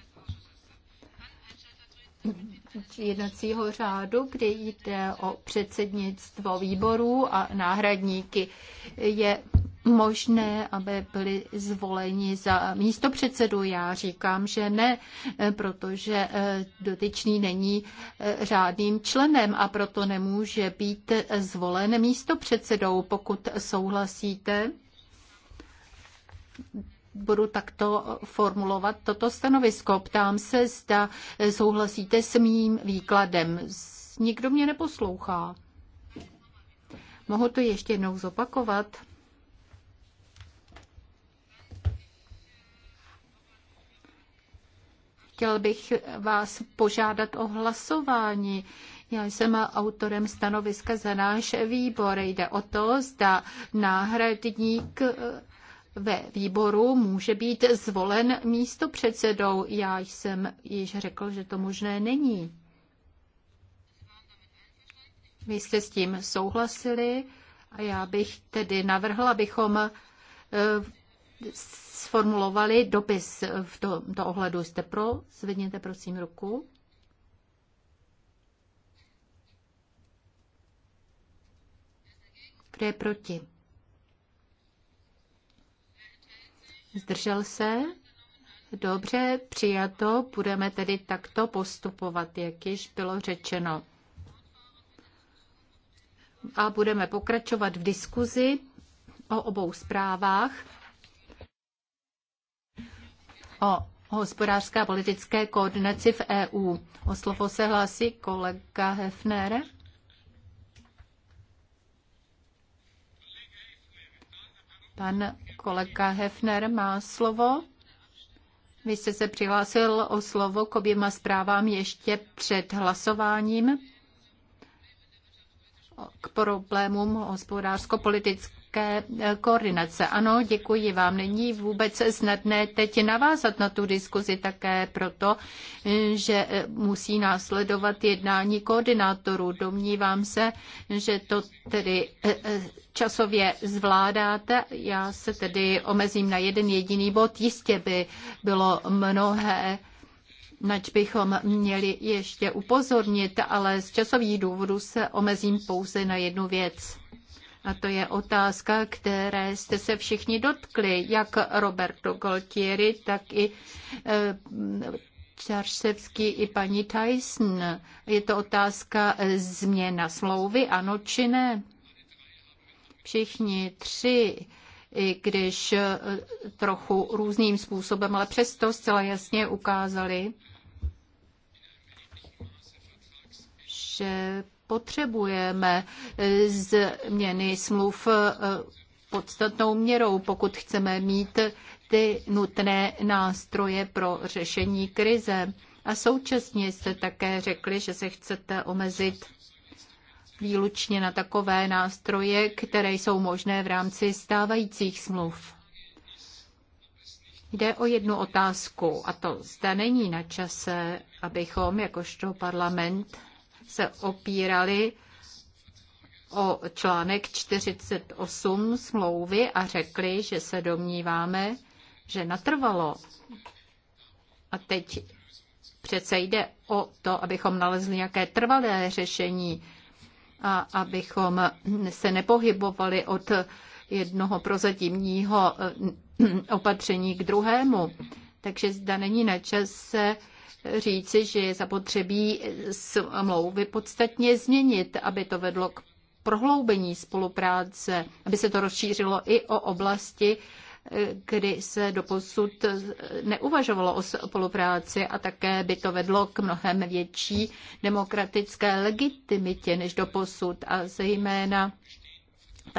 jednacího řádu, kde jde o předsednictvo výborů a náhradníky. Je možné, aby byli zvoleni za místo předsedu. Já říkám, že ne, protože eh, dotyčný není eh, řádným členem a proto nemůže být zvolen místo předsedou. Pokud souhlasíte, budu takto formulovat toto stanovisko. Ptám se, zda souhlasíte s mým výkladem. Nikdo mě neposlouchá. Mohu to ještě jednou zopakovat? chtěl bych vás požádat o hlasování. Já jsem autorem stanoviska za náš výbor. Jde o to, zda náhradník eh, ve výboru může být zvolen místo předsedou. Já jsem již řekl, že to možné není. Vy jste s tím souhlasili a já bych tedy navrhl, abychom eh, sformulovali dopis v tomto ohledu. Jste pro? Zvedněte prosím ruku. Kdo je proti? Zdržel se? Dobře, přijato. Budeme tedy takto postupovat, jak již bylo řečeno. A budeme pokračovat v diskuzi o obou zprávách o hospodářské a politické koordinaci v EU. O slovo se hlásí kolega Hefner. Pan kolega Hefner má slovo. Vy jste se přihlásil o slovo k oběma zprávám ještě před hlasováním k problémům hospodářsko politické nějaké eh, koordinace. Ano, děkuji vám. Není vůbec snadné teď navázat na tu diskuzi také proto, eh, že eh, musí následovat jednání koordinátorů. Domnívám se, že to tedy časově zvládáte. Já se tedy omezím na jeden jediný bod. Jistě by bylo mnohé nač bychom měli ještě upozornit, ale z časových důvodů se omezím pouze na jednu věc. A to je otázka, které jste se všichni dotkli, jak Roberto Goltieri, tak i eh, Čarševský i paní Tyson. Je to otázka eh, změna smlouvy, ano či ne? Všichni tři, i když eh, trochu různým způsobem, ale přesto zcela jasně ukázali, že potřebujeme e, změny smluv e, podstatnou měrou, pokud chceme mít ty nutné nástroje pro řešení krize. A současně jste také řekli, že se chcete omezit výlučně na takové nástroje, které jsou možné v rámci stávajících smluv. Jde o jednu otázku, a to zda není na čase, abychom jakožto parlament se opírali o článek 48 smlouvy a řekli, že se domníváme, že natrvalo. A teď přece jde o to, abychom nalezli nějaké trvalé řešení a abychom se nepohybovali od jednoho prozatímního eh, opatření k druhému. Takže zda není na čase říci, že je zapotřebí smlouvy podstatně změnit, aby to vedlo k prohloubení spolupráce, aby se to rozšířilo i o oblasti, kdy se doposud neuvažovalo o spolupráci a také by to vedlo k mnohem větší demokratické legitimitě než doposud a zejména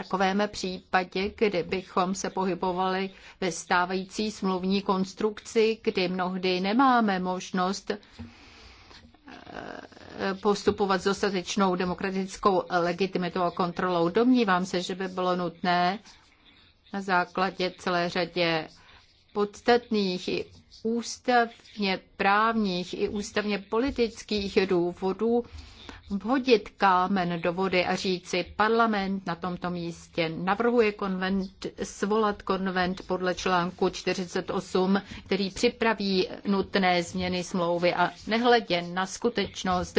takovém případě, kdybychom se pohybovali ve stávající smluvní konstrukci, kdy mnohdy nemáme možnost eh, postupovat s dostatečnou demokratickou legitimitou a kontrolou. Domnívám se, že by bylo nutné na základě celé řadě podstatných i ústavně právních, i ústavně politických důvodů vhodit kámen do vody a říci, parlament na tomto místě navrhuje konvent, svolat konvent podle článku 48, který připraví nutné změny smlouvy a nehledě na skutečnost,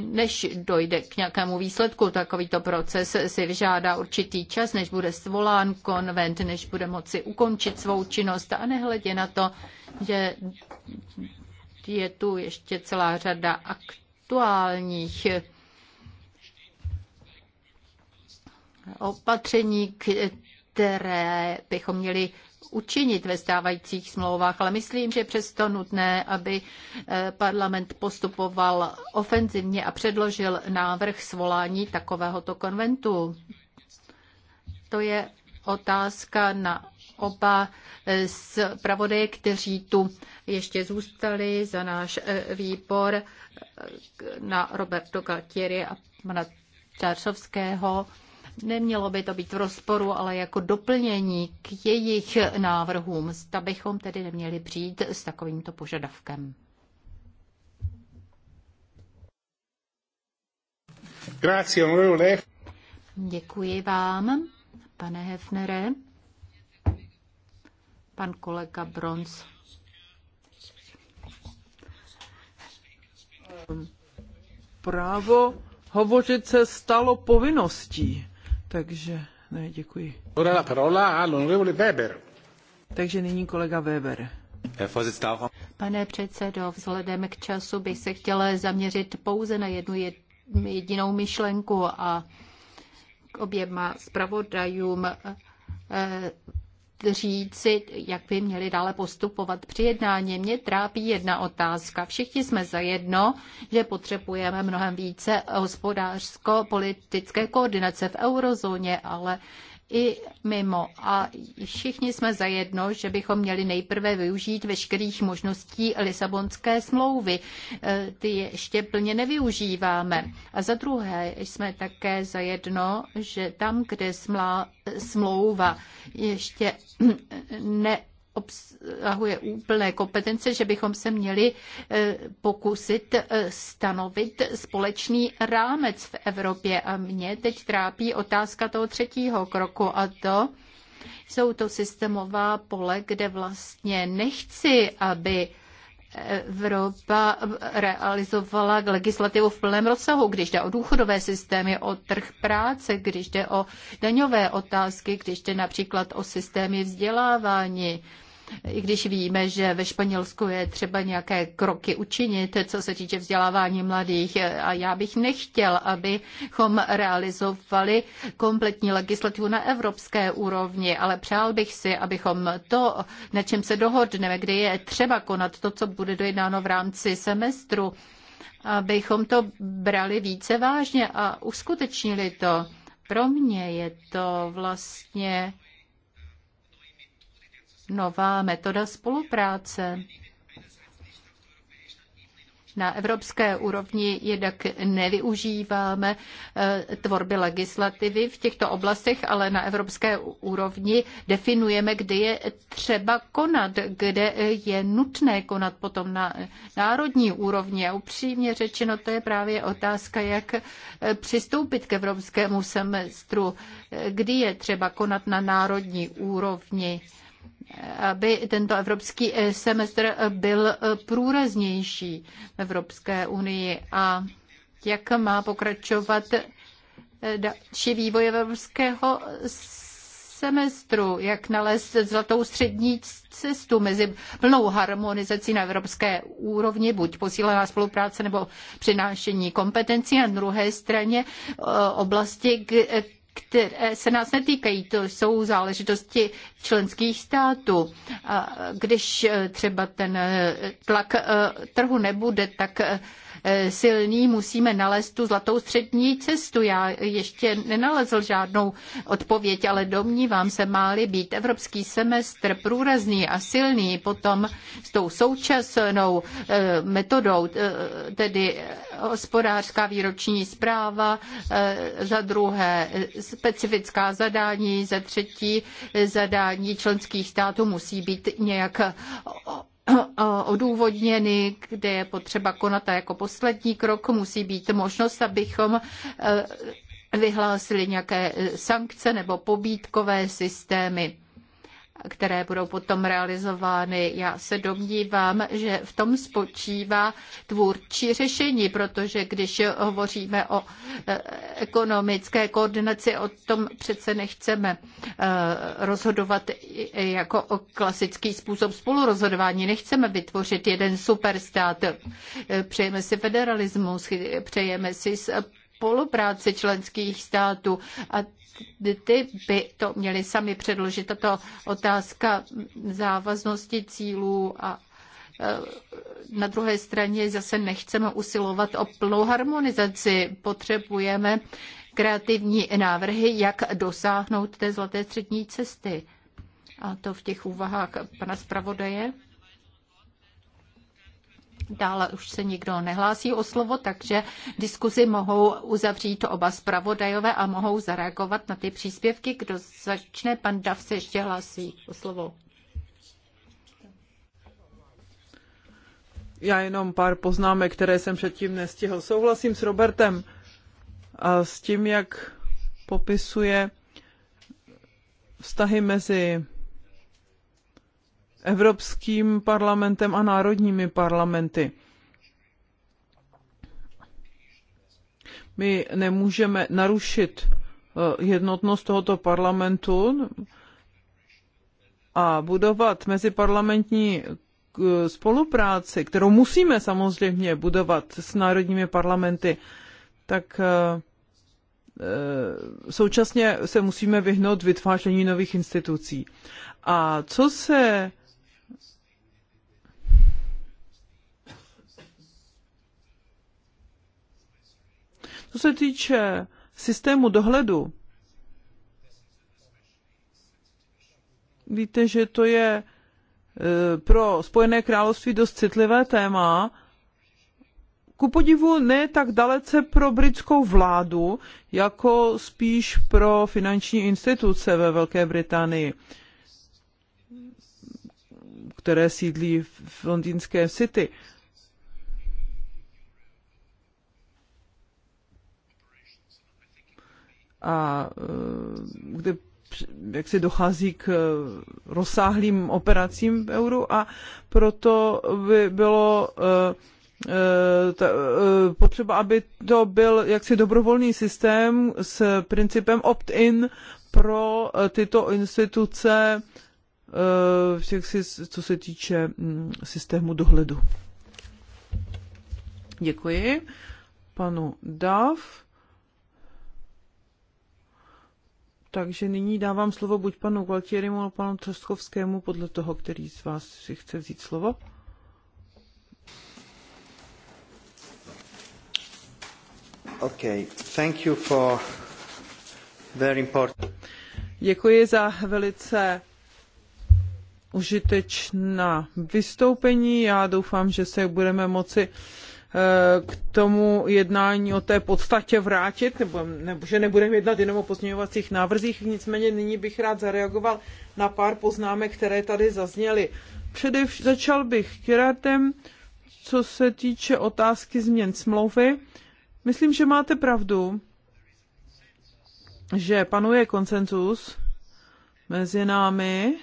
než dojde k nějakému výsledku, takovýto proces si vyžádá určitý čas, než bude svolán konvent, než bude moci ukončit svou činnost a nehledě na to, že je tu ještě celá řada aktů aktuálních opatření, které bychom měli učinit ve stávajících smlouvách, ale myslím, že přesto nutné, aby eh, parlament postupoval ofenzivně a předložil návrh svolání takovéhoto konventu. To je otázka na oba zpravodaje, eh, kteří tu ještě zůstali za náš eh, výbor eh, na Roberto Galtieri a pana Čáršovského. Nemělo by to být v rozporu, ale jako doplnění k jejich návrhům. Zda bychom tedy neměli přijít s takovýmto požadavkem. Děkuji vám, pane Hefnere. Pan kolega Bronz. Právo hovořit se stalo povinností, takže ne, děkuji. Takže nyní kolega Weber. Pane předsedo, vzhledem k času bych se chtěla zaměřit pouze na jednu jedinou myšlenku a k oběma zpravodajům eh, říci, jak by měli dále postupovat při jednání. Mě trápí jedna otázka. Všichni jsme za jedno, že potřebujeme mnohem více hospodářsko-politické koordinace v eurozóně, ale i mimo. A všichni jsme zajedno, že bychom měli nejprve využít veškerých možností Lisabonské smlouvy. E, ty ještě plně nevyužíváme. A za druhé jsme také zajedno, že tam, kde smlouva ještě ne obsahuje úplné kompetence, že bychom se měli eh, pokusit eh, stanovit společný rámec v Evropě. A mě teď trápí otázka toho třetího kroku a to, jsou to systémová pole, kde vlastně nechci, aby Evropa realizovala legislativu v plném rozsahu, když jde o důchodové systémy, o trh práce, když jde o daňové otázky, když jde například o systémy vzdělávání i když víme, že ve Španělsku je třeba nějaké kroky učinit, co se týče vzdělávání mladých. A já bych nechtěl, abychom realizovali kompletní legislativu na evropské úrovni, ale přál bych si, abychom to, na čem se dohodneme, kdy je třeba konat to, co bude dojednáno v rámci semestru, abychom to brali více vážně a uskutečnili to. Pro mě je to vlastně nová metoda spolupráce. Na evropské úrovni jednak nevyužíváme eh, tvorby legislativy v těchto oblastech, ale na evropské úrovni definujeme, kdy je třeba konat, kde eh, je nutné konat potom na národní úrovni. A upřímně řečeno, to je právě otázka, jak eh, přistoupit k evropskému semestru, kdy je třeba konat na národní úrovni aby tento evropský eh, semestr eh, byl eh, průraznější v Evropské unii a jak má pokračovat další vývoj evropského semestru, jak nalézt zlatou střední cestu mezi plnou harmonizací na evropské úrovni, buď posílená spolupráce nebo přinášení kompetencí, a na druhé straně oblasti, které se nás netýkají, to jsou záležitosti členských států. když eh, třeba ten eh, tlak eh, trhu nebude, tak Eh, silný, musíme nalézt tu zlatou střední cestu. Já ještě nenalezl žádnou odpověď, ale domnívám se, má-li být evropský semestr průrazný a silný, potom s tou současnou eh, metodou, eh, tedy hospodářská výroční zpráva, za druhé specifická zadání, za třetí zadání členských států musí být nějak odůvodněny, kde je potřeba konat a jako poslední krok musí být možnost, abychom e, vyhlásili nějaké e, sankce nebo pobídkové systémy které budou potom realizovány. Já se domnívám, že v tom spočívá tvůrčí řešení, protože když hovoříme o eh, ekonomické koordinaci, o tom přece nechceme eh, rozhodovat jako o klasický způsob spolurozhodování. Nechceme vytvořit jeden superstát. Eh, přejeme si federalismus, přejeme si spolupráci členských států a ty by to měly sami předložit. Tato otázka závaznosti cílů a e, na druhé straně zase nechceme usilovat o plnou harmonizaci. Potřebujeme kreativní návrhy, jak dosáhnout té zlaté střední cesty. A to v těch úvahách pana zpravodaje. Dále už se nikdo nehlásí o slovo, takže diskuzi mohou uzavřít oba zpravodajové a mohou zareagovat na ty příspěvky. Kdo začne, pan Dav se ještě hlásí o slovo. Já jenom pár poznámek, které jsem předtím nestihl. Souhlasím s Robertem a s tím, jak popisuje vztahy mezi Evropským parlamentem a národními parlamenty. My nemůžeme narušit eh, jednotnost tohoto parlamentu a budovat meziparlamentní eh, spolupráci, kterou musíme samozřejmě budovat s národními parlamenty, tak eh, současně se musíme vyhnout vytváření nových institucí. A co se Co se týče systému dohledu, víte, že to je e, pro Spojené království dost citlivé téma. Ku podivu ne tak dalece pro britskou vládu, jako spíš pro finanční instituce ve Velké Británii, které sídlí v londýnské city. a eh, kde jak si dochází k eh, rozsáhlým operacím v euru a proto by bylo eh, potřeba, aby to byl jaksi dobrovolný systém s principem opt-in pro tyto instituce, co se týče mm, systému dohledu. Děkuji panu Dav Takže nyní dávám slovo buď panu Gualtierimu nebo panu Třaskovskému, podle toho, který z vás si chce vzít slovo. Okay, thank you for very important... Děkuji za velice užitečná vystoupení. Já doufám, že se budeme moci uh, k tomu jednání o té podstatě vrátit, nebo, nebo že nebudeme jednat jenom o pozměňovacích návrzích, nicméně nyní bych rád zareagoval na pár poznámek, které tady zazněly. Předev, začal bych Kiratem, co se týče otázky změn smlouvy. Myslím, že máte pravdu, že panuje konsenzus mezi námi,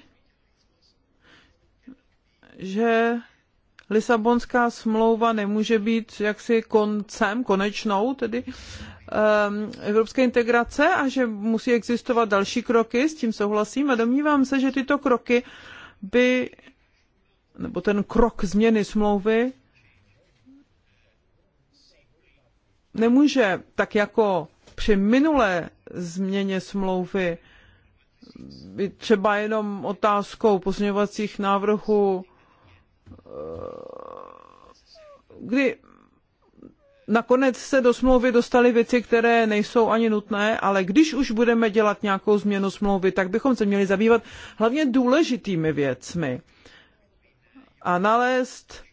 že Lisabonská smlouva nemůže být jaksi koncem, konečnou tedy ehm, evropské integrace a že musí existovat další kroky, s tím souhlasím a domnívám se, že tyto kroky by, nebo ten krok změny smlouvy nemůže tak jako při minulé změně smlouvy být třeba jenom otázkou pozměňovacích návrhů kdy nakonec se do smlouvy dostaly věci, které nejsou ani nutné, ale když už budeme dělat nějakou změnu smlouvy, tak bychom se měli zabývat hlavně důležitými věcmi a nalézt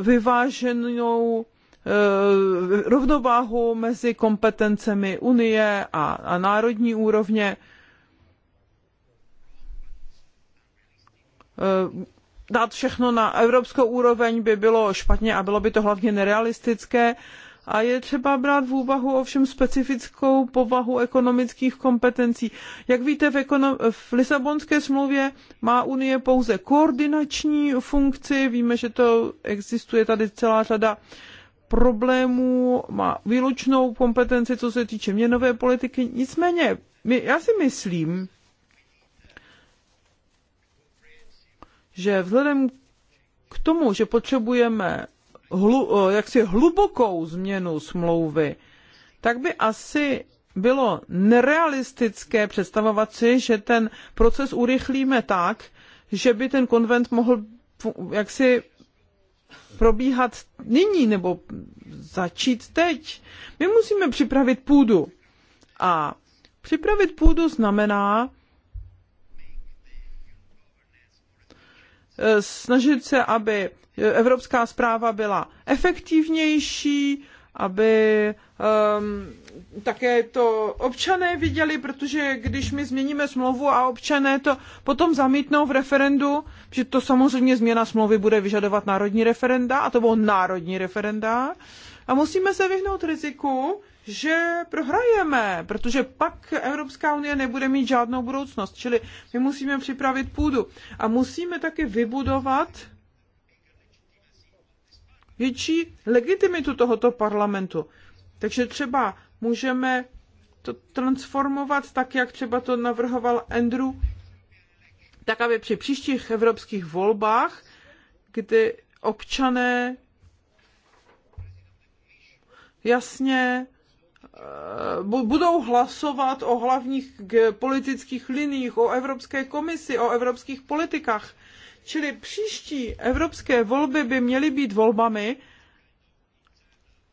vyváženou e, rovnováhu mezi kompetencemi Unie a, a národní úrovně. E, dát všechno na evropskou úroveň by bylo špatně a bylo by to hlavně nerealistické. A je třeba brát v úvahu ovšem specifickou povahu ekonomických kompetencí. Jak víte, v, v Lisabonské smlouvě má Unie pouze koordinační funkci. Víme, že to existuje tady celá řada problémů, má výlučnou kompetenci, co se týče měnové politiky. Nicméně, já si myslím, že vzhledem k tomu, že potřebujeme hlu, jaksi hlubokou změnu smlouvy, tak by asi bylo nerealistické představovat si, že ten proces urychlíme tak, že by ten konvent mohl jaksi probíhat nyní nebo začít teď. My musíme připravit půdu. A připravit půdu znamená, Eh, snažit se, aby eh, evropská zpráva byla efektivnější, aby um, také to občané viděli, protože když my změníme smlouvu a občané to potom zamítnou v referendu, že to samozřejmě změna smlouvy bude vyžadovat národní referenda a to budou národní referenda a musíme se vyhnout riziku, že prohrajeme, protože pak Evropská unie nebude mít žádnou budoucnost. Čili my musíme připravit půdu a musíme taky vybudovat větší legitimitu tohoto parlamentu. Takže třeba můžeme to transformovat tak, jak třeba to navrhoval Andrew, tak aby při příštích evropských volbách, kdy občané jasně Eh, budou hlasovat o hlavních politických liních, o Evropské komisi, o evropských politikách. Čili příští evropské volby by měly být volbami,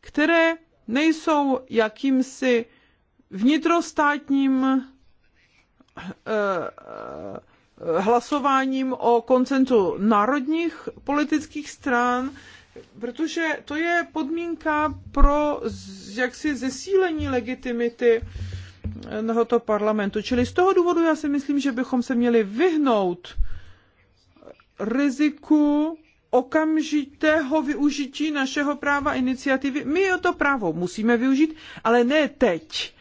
které nejsou jakýmsi vnitrostátním eh, eh, hlasováním o koncentu národních politických stran, protože to je podmínka pro jaksi zesílení legitimity eh, tohoto parlamentu. Čili z toho důvodu já si myslím, že bychom se měli vyhnout riziku okamžitého využití našeho práva iniciativy. My o to právo musíme využít, ale ne teď.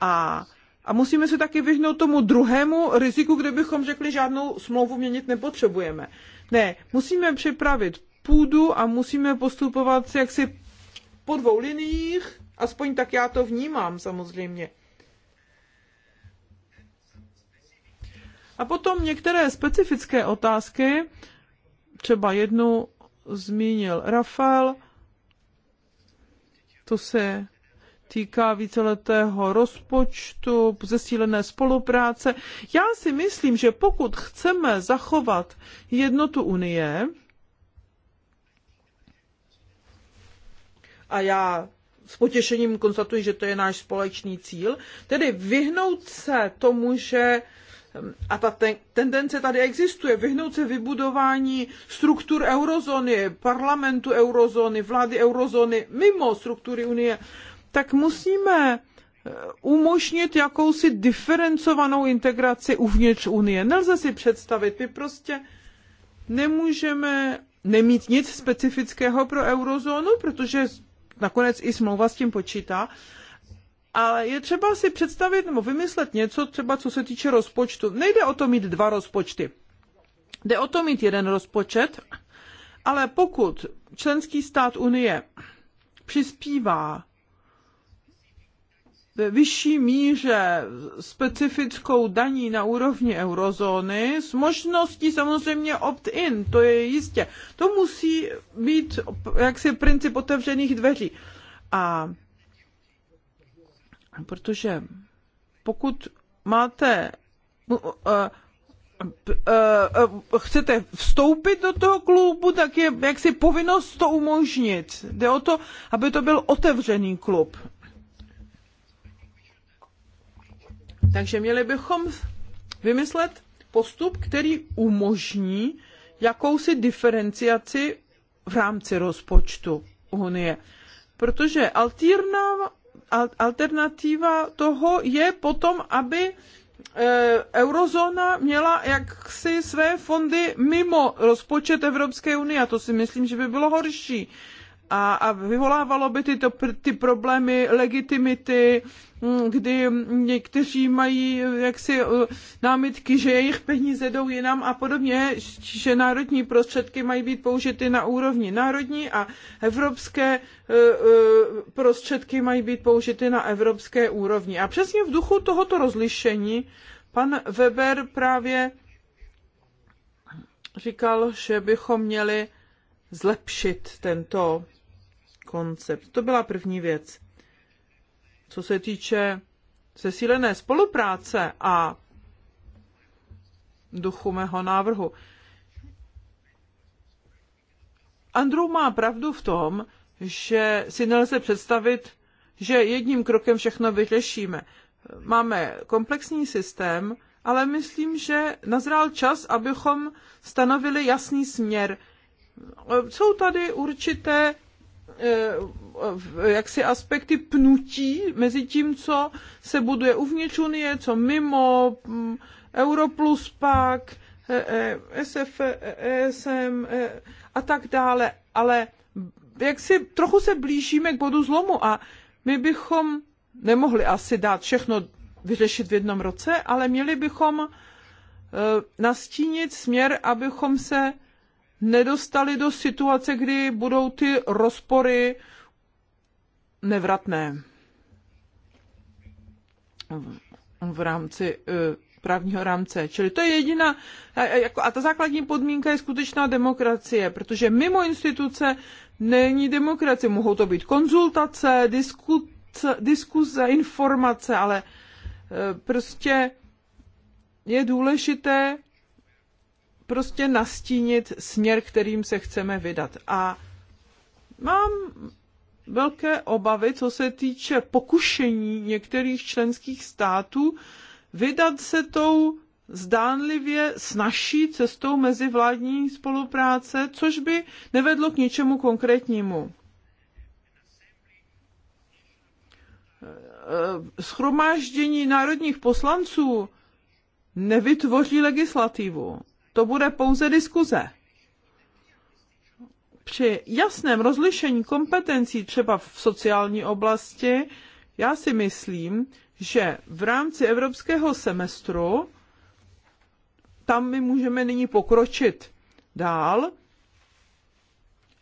A, a musíme se taky vyhnout tomu druhému riziku, kde bychom řekli, žádnou smlouvu měnit nepotřebujeme. Ne, musíme připravit půdu a musíme postupovat jaksi po dvou liniích, aspoň tak já to vnímám samozřejmě. A potom některé specifické otázky, třeba jednu zmínil Rafael, to se týká víceletého rozpočtu, zesílené spolupráce. Já si myslím, že pokud chceme zachovat jednotu Unie, a já s potěšením konstatuji, že to je náš společný cíl, tedy vyhnout se tomu, že hm, a ta ten, tendence tady existuje, vyhnout se vybudování struktur eurozóny, parlamentu eurozóny, vlády eurozóny mimo struktury Unie, tak musíme hm, umožnit jakousi diferencovanou integraci uvnitř Unie. Nelze si představit, my prostě nemůžeme nemít nic specifického pro eurozónu, protože nakonec i smlouva s tím počítá, ale je třeba si představit nebo vymyslet něco třeba co se týče rozpočtu. Nejde o to mít dva rozpočty. Jde o to mít jeden rozpočet, ale pokud členský stát Unie přispívá ve vyšší míře specifickou daní na úrovni eurozóny s možností samozřejmě opt-in, to je jistě. To musí být jaksi princip otevřených dveří. A protože pokud máte uh, uh, uh, chcete vstoupit do toho klubu, tak je jaksi povinnost to umožnit. Jde o to, aby to byl otevřený klub Takže měli bychom vymyslet postup, který umožní jakousi diferenciaci v rámci rozpočtu Unie. Protože alternativa toho je potom, aby e, eurozóna měla jaksi své fondy mimo rozpočet Evropské unie a to si myslím, že by bylo horší a, a vyvolávalo by tyto, ty problémy legitimity, mm, kdy někteří mají jaksi uh, námitky, že jejich peníze jdou jinam a podobně, že národní prostředky mají být použity na úrovni národní a evropské uh, uh, prostředky mají být použity na evropské úrovni. A přesně v duchu tohoto rozlišení pan Weber právě říkal, že bychom měli zlepšit tento koncept. To byla první věc. Co se týče zesílené spolupráce a duchu mého návrhu. Andrew má pravdu v tom, že si nelze představit, že jedním krokem všechno vyřešíme. Máme komplexní systém, ale myslím, že nazrál čas, abychom stanovili jasný směr. Jsou tady určité Eh, eh, jaksi aspekty pnutí mezi tím, co se buduje uvnitř Unie, co mimo, mm, Europlus pak, eh, SF, ESM e a tak dále, ale jak si trochu se blížíme k bodu zlomu a my bychom nemohli asi dát všechno vyřešit v jednom roce, ale měli bychom nastínit směr, abychom se nedostali do situace, kdy budou ty rozpory nevratné v rámci eh, právního rámce. Čili to je jediná, jako, a ta základní podmínka je skutečná demokracie, protože mimo instituce není demokracie. Mohou to být konzultace, diskuce, diskuze informace, ale eh, prostě je důležité prostě nastínit směr, kterým se chceme vydat. A mám velké obavy, co se týče pokušení některých členských států vydat se tou zdánlivě snažší cestou mezivládní spolupráce, což by nevedlo k ničemu konkrétnímu. Schromáždění národních poslanců nevytvoří legislativu to bude pouze diskuze. Při jasném rozlišení kompetencí třeba v sociální oblasti, já si myslím, že v rámci evropského semestru tam my můžeme nyní pokročit dál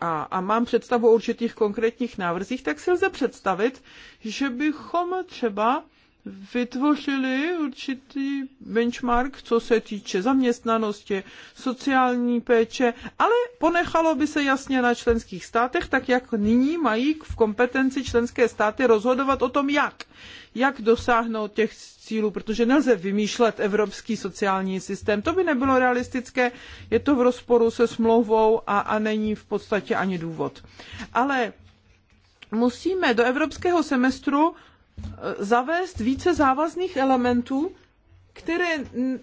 a, a mám představu o určitých konkrétních návrzích, tak si lze představit, že bychom třeba vytvořili určitý benchmark, co se týče zaměstnanosti, sociální péče, ale ponechalo by se jasně na členských státech, tak jak nyní mají v kompetenci členské státy rozhodovat o tom, jak. Jak dosáhnout těch cílů, protože nelze vymýšlet evropský sociální systém. To by nebylo realistické, je to v rozporu se smlouvou a, a není v podstatě ani důvod. Ale musíme do evropského semestru zavést více závazných elementů, které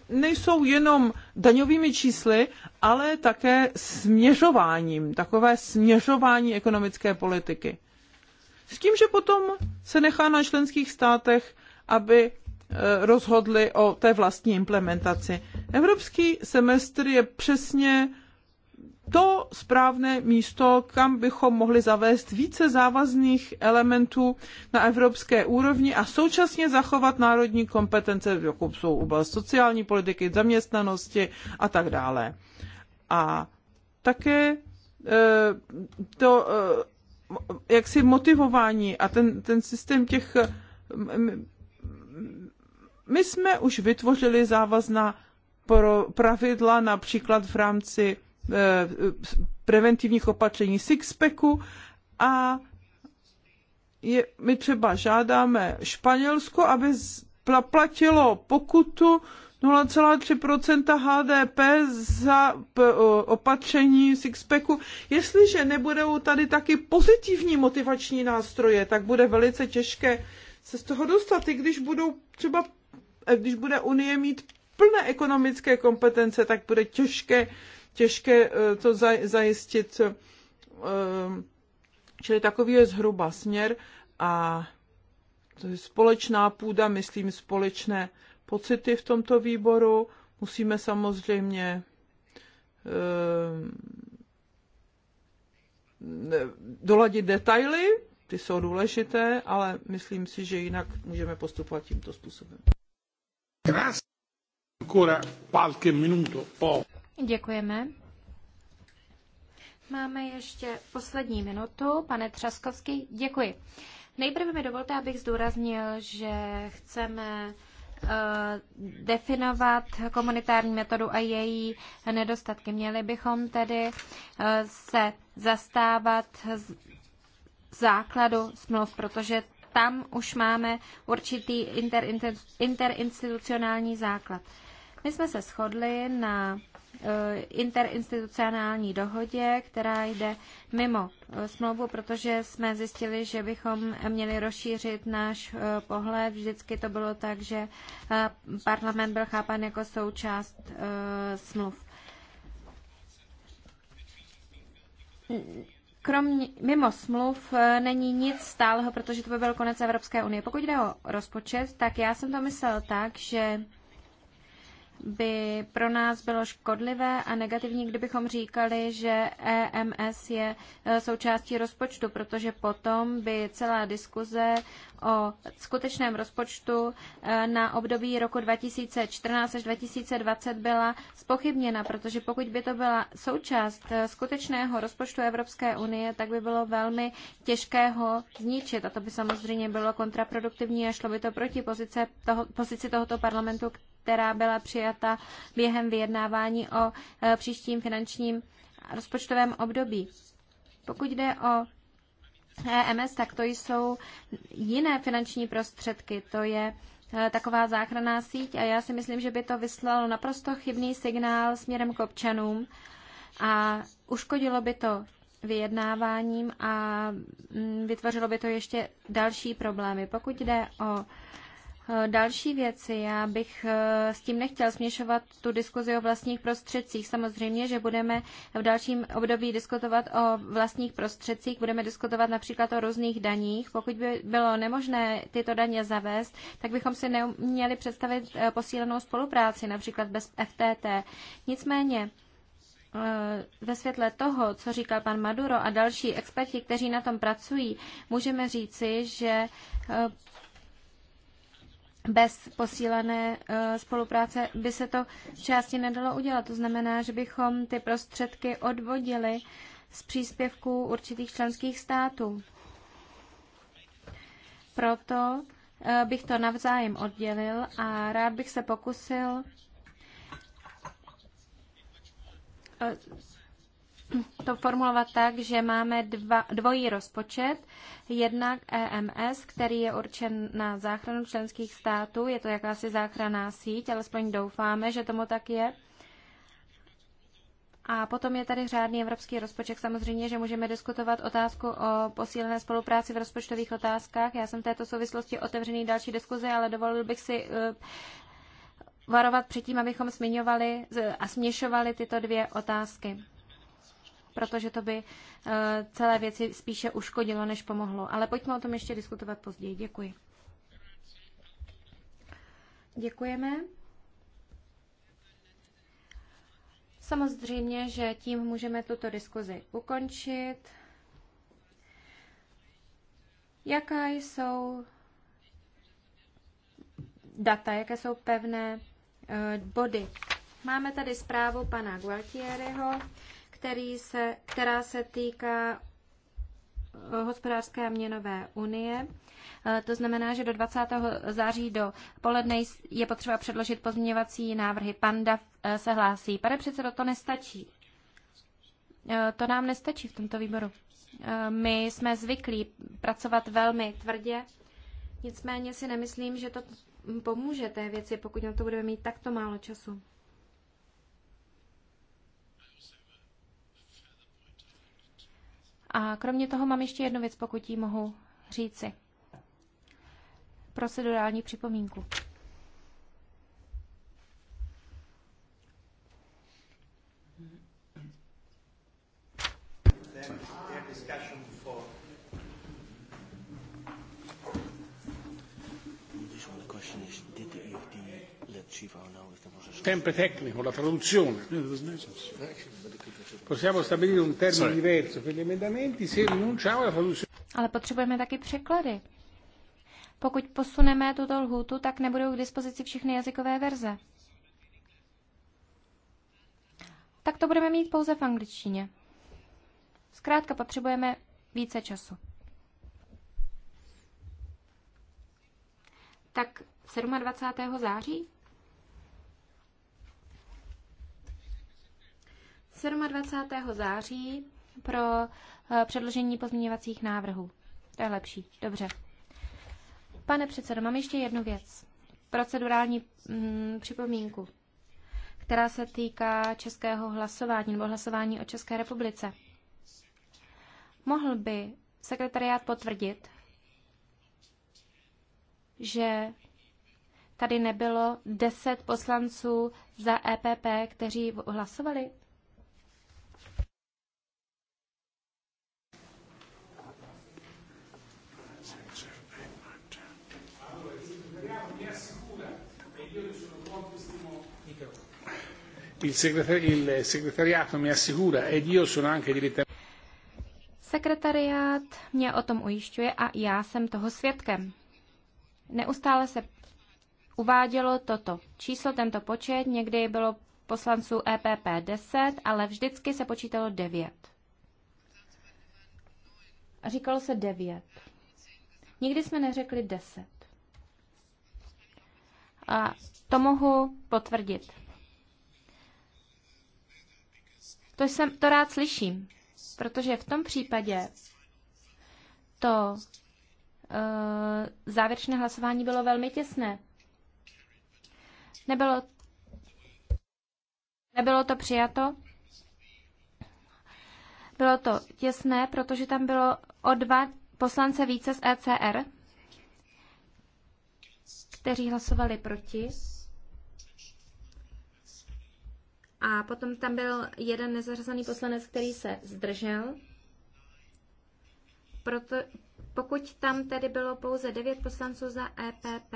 nejsou jenom daňovými čísly, ale také směřováním, takové směřování ekonomické politiky. S tím, že potom se nechá na členských státech, aby e, rozhodli o té vlastní implementaci. Evropský semestr je přesně to správné místo, kam bychom mohli zavést více závazných elementů na evropské úrovni a současně zachovat národní kompetence, jako jsou oblast sociální politiky, zaměstnanosti a tak dále. A také eh, to eh, jaksi motivování a ten, ten systém těch... My jsme už vytvořili závazná pravidla například v rámci Eh, preventivních opatření Sixpacku a je, my třeba žádáme Španělsko, aby platilo pokutu 0,3 HDP za opatření Sixpacku. Jestliže nebudou tady taky pozitivní motivační nástroje, tak bude velice těžké se z toho dostat, i když budou třeba, eh, když bude Unie mít plné ekonomické kompetence, tak bude těžké těžké eh, to zajistit. Eh, čili takový je zhruba směr a to je společná půda, myslím společné pocity v tomto výboru. Musíme samozřejmě eh, doladit detaily, ty jsou důležité, ale myslím si, že jinak můžeme postupovat tímto způsobem. Krásně. Ancora qualche minuto. Oh. Děkujeme. Máme ještě poslední minutu. Pane Třaskovský, děkuji. Nejprve mi dovolte, abych zdůraznil, že chceme eh, definovat komunitární metodu a její nedostatky. Měli bychom tedy eh, se zastávat základu smluv, protože tam už máme určitý interinstitucionální základ. My jsme se shodli na Eh, interinstitucionální dohodě, která jde mimo eh, smlouvu, protože jsme zjistili, že bychom měli rozšířit náš eh, pohled. Vždycky to bylo tak, že parlament byl chápan jako součást smluv. Kromě, mimo smluv není nic stálého, protože to by byl konec Evropské unie. Pokud jde o rozpočet, tak já jsem to myslel tak, že by pro nás bylo škodlivé a negativní, kdybychom říkali, že EMS je e, součástí rozpočtu, protože potom by celá diskuze o skutečném rozpočtu e, na období roku 2014 až 2020 byla spochybněna, protože pokud by to byla součást e, skutečného rozpočtu Evropské unie, tak by bylo velmi těžké ho zničit a to by samozřejmě bylo kontraproduktivní a šlo by to proti pozice toho, pozici tohoto parlamentu, která byla přijata během vyjednávání o e, příštím finančním rozpočtovém období. Pokud jde o EMS, tak to jsou jiné finanční prostředky. To je e, taková záchranná síť a já si myslím, že by to vyslalo naprosto chybný signál směrem k občanům a uškodilo by to vyjednáváním a mm, vytvořilo by to ještě další problémy. Pokud jde o Eh, další věci, já bych eh, s tím nechtěl směšovat tu diskuzi o vlastních prostředcích. Samozřejmě, že budeme v dalším období diskutovat o vlastních prostředcích, budeme diskutovat například o různých daních. Pokud by bylo nemožné tyto daně zavést, tak bychom si neměli představit eh, posílenou spolupráci, například bez FTT. Nicméně, ve světle toho, co říkal pan Maduro a další experti, kteří na tom pracují, můžeme říci, že bez posílené eh, spolupráce by se to v části nedalo udělat. To znamená, že bychom ty prostředky odvodili z příspěvků určitých členských států. Proto eh, bych to navzájem oddělil a rád bych se pokusil eh, to formulovat tak, že máme dva, dvojí rozpočet, jednak EMS, který je určen na záchranu členských států, je to jakási záchranná síť, alespoň doufáme, že tomu tak je. A potom je tady řádný evropský rozpočet. Samozřejmě, že můžeme diskutovat otázku o posílené spolupráci v rozpočtových otázkách. Já jsem v této souvislosti otevřený další diskuze, ale dovolil bych si eh, varovat před tím, abychom zmiňovali a směšovali tyto dvě otázky protože to by eh, celé věci spíše uškodilo, než pomohlo. Ale pojďme o tom ještě diskutovat později. Děkuji. Děkujeme. Samozřejmě, že tím můžeme tuto diskuzi ukončit. Jaká jsou data, jaké jsou pevné eh, body? Máme tady zprávu pana Gualtieriho který se, která se týká eh, hospodářské a měnové unie. Eh, to znamená, že do 20. září do poledne je potřeba předložit pozměňovací návrhy. Panda eh, se hlásí. Pane předsedo, to nestačí. To nám nestačí v tomto výboru. My jsme zvyklí pracovat velmi tvrdě, nicméně si nemyslím, že to pomůže té věci, pokud na to budeme mít takto málo času. A kromě toho mám ještě jednu věc, pokud ji mohu říci. Procedurální připomínku. Tempo tecnico, la traduzione. Eh, Possiamo stabilire un termine diverso per gli emendamenti se rinunciamo alla produzione. Ale potřebujeme taky překlady. Pokud posuneme tuto lhůtu, tak nebudou k dispozici všechny jazykové verze. Tak to budeme mít pouze v angličtině. Zkrátka potřebujeme více času. Tak 27. září 27. září pro eh, předložení pozměňovacích návrhů. To je lepší. Dobře. Pane předsedo, mám ještě jednu věc. Procedurální mm, připomínku, která se týká českého hlasování nebo hlasování o České republice. Mohl by sekretariát potvrdit, že tady nebylo deset poslanců za EPP, kteří hlasovali Sekretariát mě o tom ujišťuje a já jsem toho svědkem. Neustále se uvádělo toto číslo, tento počet, někdy bylo poslanců EPP 10, ale vždycky se počítalo 9. A říkalo se 9. Nikdy jsme neřekli 10. A to mohu potvrdit. To, jsem, to rád slyším, protože v tom případě to uh, závěrečné hlasování bylo velmi těsné. Nebylo, nebylo to přijato. Bylo to těsné, protože tam bylo o dva poslance více z ECR, kteří hlasovali proti. A potom tam byl jeden nezařazený poslanec, který se zdržel. Proto, pokud tam tedy bylo pouze 9 poslanců za EPP,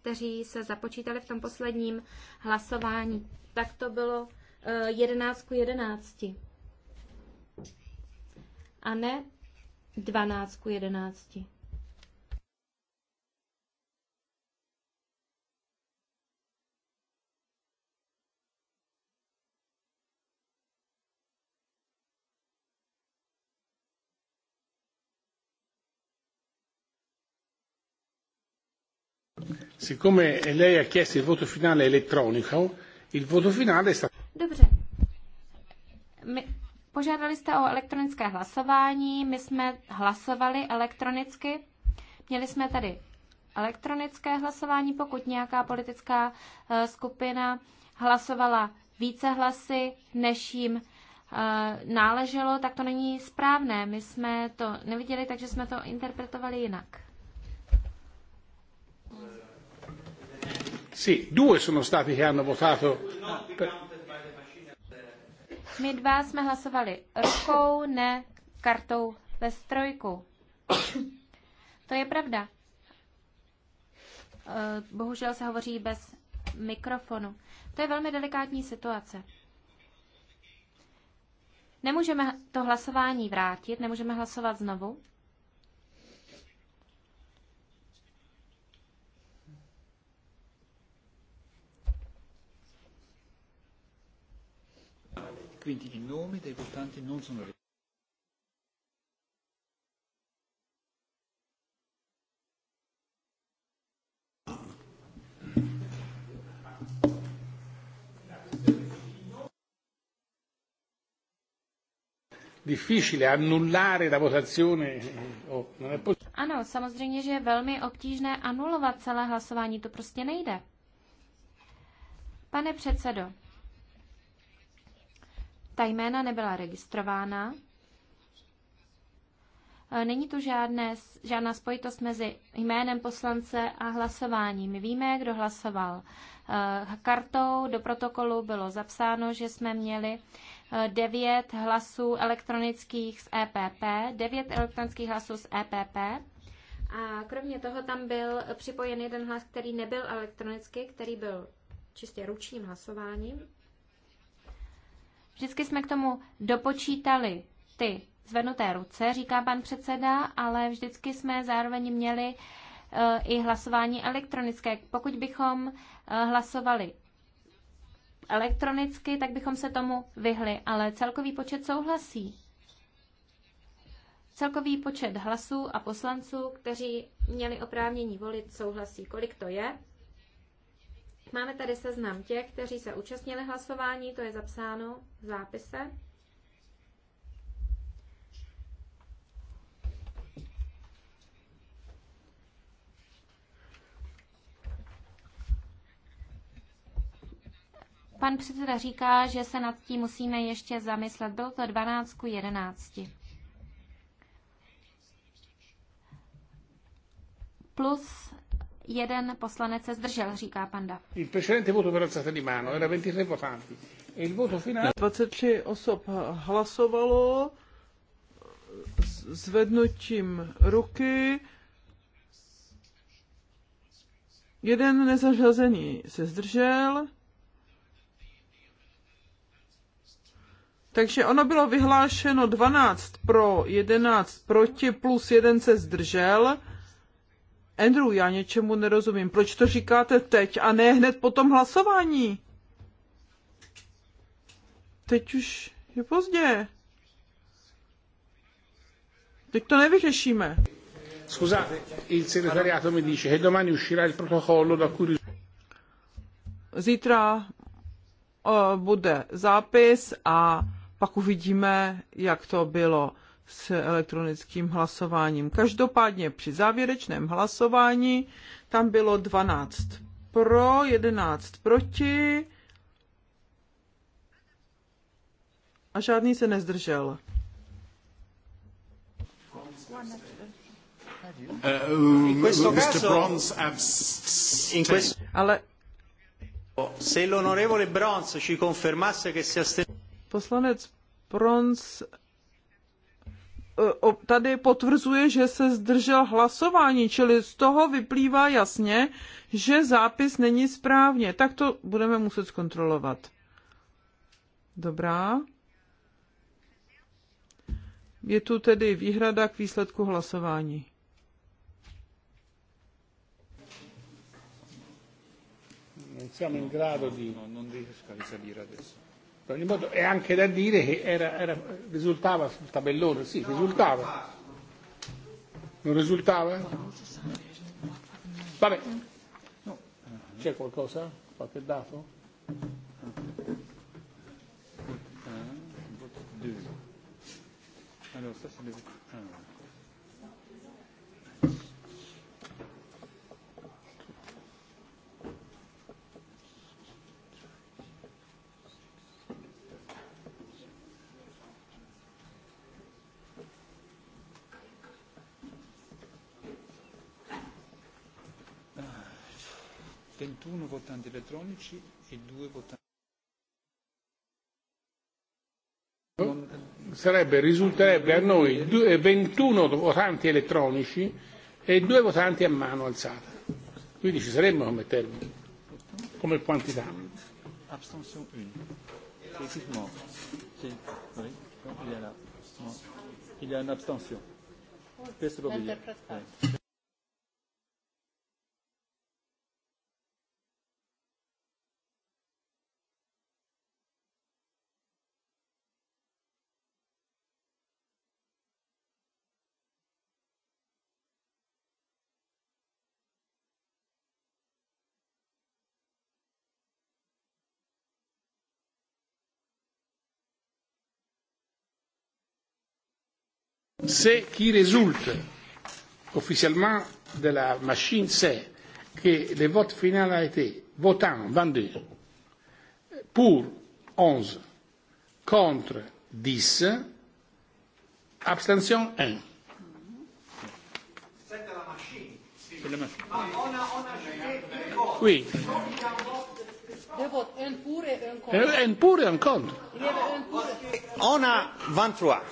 kteří se započítali v tom posledním hlasování, tak to bylo 11 k 11. A ne 12 k 11. Siccome lei ha chiesto il voto finale elettronico, il voto finale è stato... Dobře. My, požádali jste o elektronické hlasování, my jsme hlasovali elektronicky. Měli jsme tady elektronické hlasování, pokud nějaká politická eh, skupina hlasovala více hlasy, než jim eh, náleželo, tak to není správné. My jsme to neviděli, takže jsme to interpretovali jinak. Sì, due sono stati che hanno votato. Per... My dva jsme hlasovali rukou, ne kartou ve strojku. To je pravda. Eh, bohužel se hovoří bez mikrofonu. To je velmi delikátní situace. Nemůžeme to hlasování vrátit, nemůžeme hlasovat znovu, quindi i nomi dei votanti non sono registrati. difficile annullare la votazione. Eh, ano, samozřejmě, že je velmi obtížné anulovat celé hlasování, to prostě nejde. Pane předsedo, ta jména nebyla registrována. E, není tu žádné, žádná spojitost mezi jménem poslance a hlasováním. My víme, kdo hlasoval. E, kartou do protokolu bylo zapsáno, že jsme měli e, devět hlasů elektronických z EPP, devět elektronických hlasů z EPP. A kromě toho tam byl připojen jeden hlas, který nebyl elektronicky, který byl čistě ručním hlasováním. Vždycky jsme k tomu dopočítali ty zvednuté ruce, říká pan předseda, ale vždycky jsme zároveň měli eh, i hlasování elektronické. Pokud bychom eh, hlasovali elektronicky, tak bychom se tomu vyhli, ale celkový počet souhlasí. Celkový počet hlasů a poslanců, kteří měli oprávnění volit, souhlasí. Kolik to je? Máme tady seznam těch, kteří se účastnili hlasování, to je zapsáno v zápise. Pan předseda říká, že se nad tím musíme ještě zamyslet. Bylo to 12 11. Plus Jeden poslanec se zdržel, říká panda. Il mano 23 e il voto osob hlasovalo vednutím ruky. Jeden nezařazený se zdržel. Takže ono bylo vyhlášeno 12 pro, 11 proti, plus jeden se zdržel. Andrew, já něčemu nerozumím. Proč to říkáte teď a ne hned po tom hlasování? Teď už je pozdě. Teď to nevyřešíme. Scusa, il segretariato mi dice che domani uscirà il protocollo da cui... Zítra uh, bude zápis a pak uvidíme, jak to bylo s elektronickým hlasováním. Každopádně při závěrečném hlasování tam bylo 12 pro, 11 proti a žádný se nezdržel. Ale se l'onorevole Brons ci confermasse che si poslanec Brons tady potvrzuje, že se zdržel hlasování, čili z toho vyplývá jasně, že zápis není správně. Tak to budeme muset zkontrolovat. Dobrá. Je tu tedy výhrada k výsledku hlasování. Non siamo in grado di... No, non riesco a risalire adesso. In ogni modo è e anche da dire che era, era, risultava sul tabellone, sì, risultava. Non risultava? Vabbè. C'è qualcosa? Qualche dato? Allora, ça c'est le 1. 21 votanti elettronici e 2 votanti. Sarebbe, risulterebbe a noi 21 votanti elettronici e 2 votanti a mano alzata. Quindi ci saremmo come termine, come quantità. 1. Il y a, la, il y c'est qui résulte officiellement de la machine, c'est que le vote final a été votant 22 pour 11, contre 10, abstention 1. Oui. Un pour et un contre. On a 23.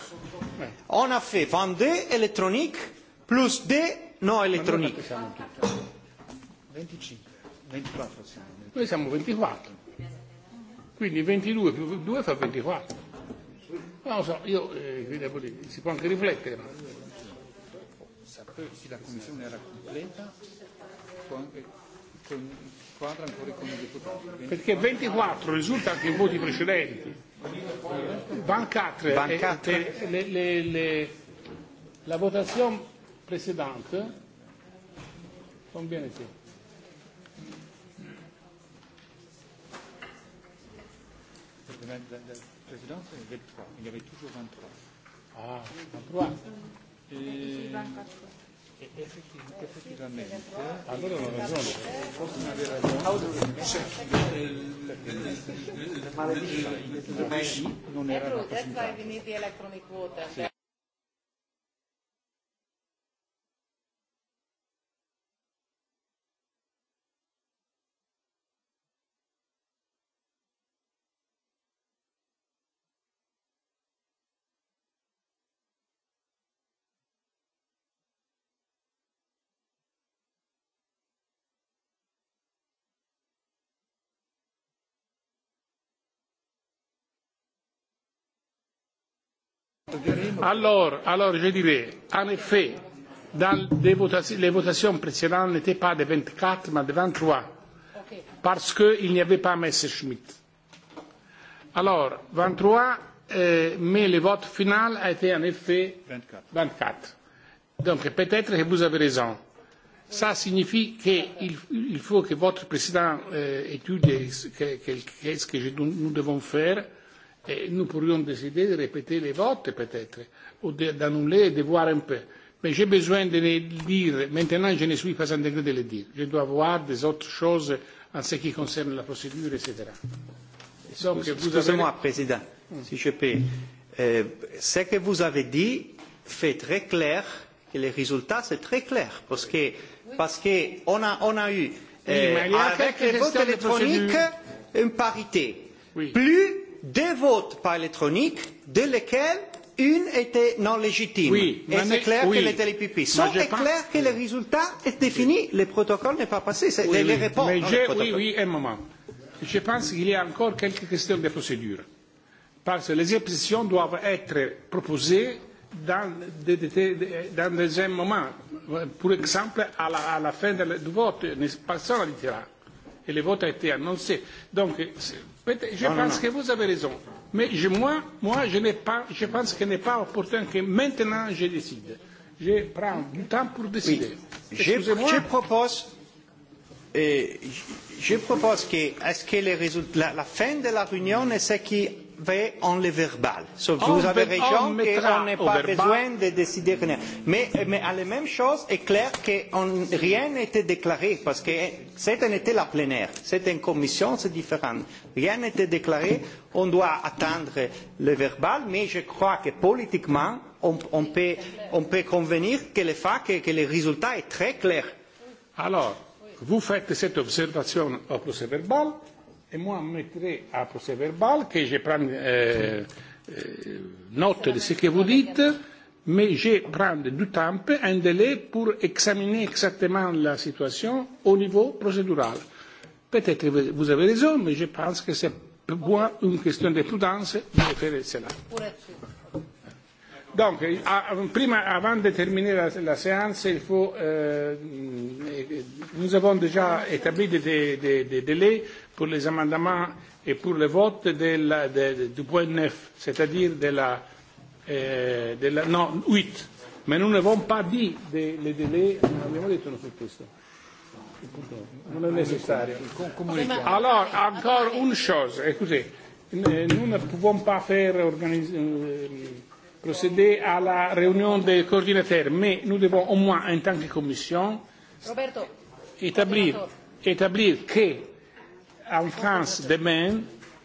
On a fait 22 électroniques plus 2 non électroniques. siamo 25, 24 siamo. Noi siamo 24. Quindi 22 più 2 fa 24. Non lo so, io eh, si può anche riflettere. Se la commissione era completa, può anche Perché 24 risulta anche in voti precedenti. 24, 24. Le, le, le, le, la votazione precedente conviene sì. Il y avait toujours 23. Ah, 23. Et effettivamente allora non ragione possono avere ragione non era Alors, alors je dirais, en effet, dans les votations, les votations précédentes n'étaient pas de 24, mais de 23, okay. parce qu'il n'y avait pas Messerschmitt. Alors, 23, euh, mais le vote final a été en effet 24. 24. Donc peut-être que vous avez raison. Ça signifie qu'il il faut que votre président euh, étudie qu'est-ce que, que, que, que je, nous devons faire Et nous pourrions décider de répéter les votes peut-être, ou d'annuler, de, de voir un peu. Mais j'ai besoin de les dire, maintenant je ne suis pas en degré de les dire. Je dois voir des autres choses en ce qui concerne la procédure, etc. Excusez-moi, avez... Président, mm. si je peux. Euh, ce que vous avez dit fait très clair que les résultats, c'est très clair, parce que, parce que on a, on a eu, euh, oui, avec les votes électroniques, une parité. Oui. Plus deux votes par électronique, de lesquels une était non légitime. Oui, et c'est clair oui. qu'elle était les pipis. Sauf est pense... clair que le résultat est défini, le protocole n'est pas passé. C'est oui, les oui. réponses. Mais je, le oui, oui, un moment. Je pense qu'il y a encore quelques questions de procédure. Parce que les oppositions doivent être proposées dans, de, de, de, dans des un moment. Par exemple, à la, à la fin du vote, passons à l'ITRA. Et le vote a été annoncé. Donc, je non, pense non, que vous avez raison. Mais je, moi, moi je, pas, je pense qu'il n'est pas opportun que maintenant je décide. Je prends du temps pour décider. Oui. Je, je propose, euh, je propose que, est-ce que les résultats, la, la fin de la réunion est ce fait en le verbal. So, on vous avez raison qu'on n'a pas besoin de décider rien. Mais, mais à la même chose, est clair que on, rien n'était déclaré parce que c'était n'était la plénière, c'était une commission, c'est différent. Rien n'était déclaré. On doit attendre le verbal, mais je crois que politiquement, on, on, peut, on peut convenir que le fait que, que le résultat est très clair. Alors, vous faites cette observation au procès verbal Et moi, on mettrai à procès verbal que je prends euh, euh, note de ce que vous dites, mais je prends du temps, un délai pour examiner exactement la situation au niveau procédural. Peut-être que vous avez raison, mais je pense que c'est pour moi une question de prudence de faire cela. Donc, à, prima, avant de terminer la, la séance, il faut, euh, nous avons déjà établi des, des, des, des délais pour les amendements et pour le vote de la, de, de, du point 9, c'est-à-dire de la, euh, de la non, 8. Ma nous n'avons pas dit de, le délai, Nous avons dit no, su questo. Non è necessario. Alors, eh, encore une chose. écoutez, nous ne pouvons pas faire organiser, euh, procéder à la réunion des coordinateurs, mais nous devons au moins, en tant que commission, Roberto, établir, établir que en France demain,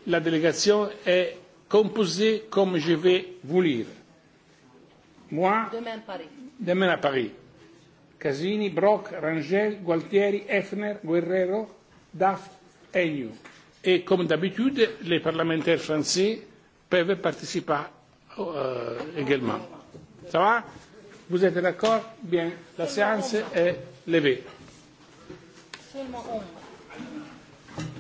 la délégation est composée comme je vais vous lire. Moi, demain, Paris. demain à Paris. Casini, Brock, Rangel, Gualtieri, Effner, Guerrero, Duff, Agnew. Et comme d'habitude, les parlementaires français peuvent participer euh, également. Ça va Vous êtes d'accord Bien. La séance est levée. Seulement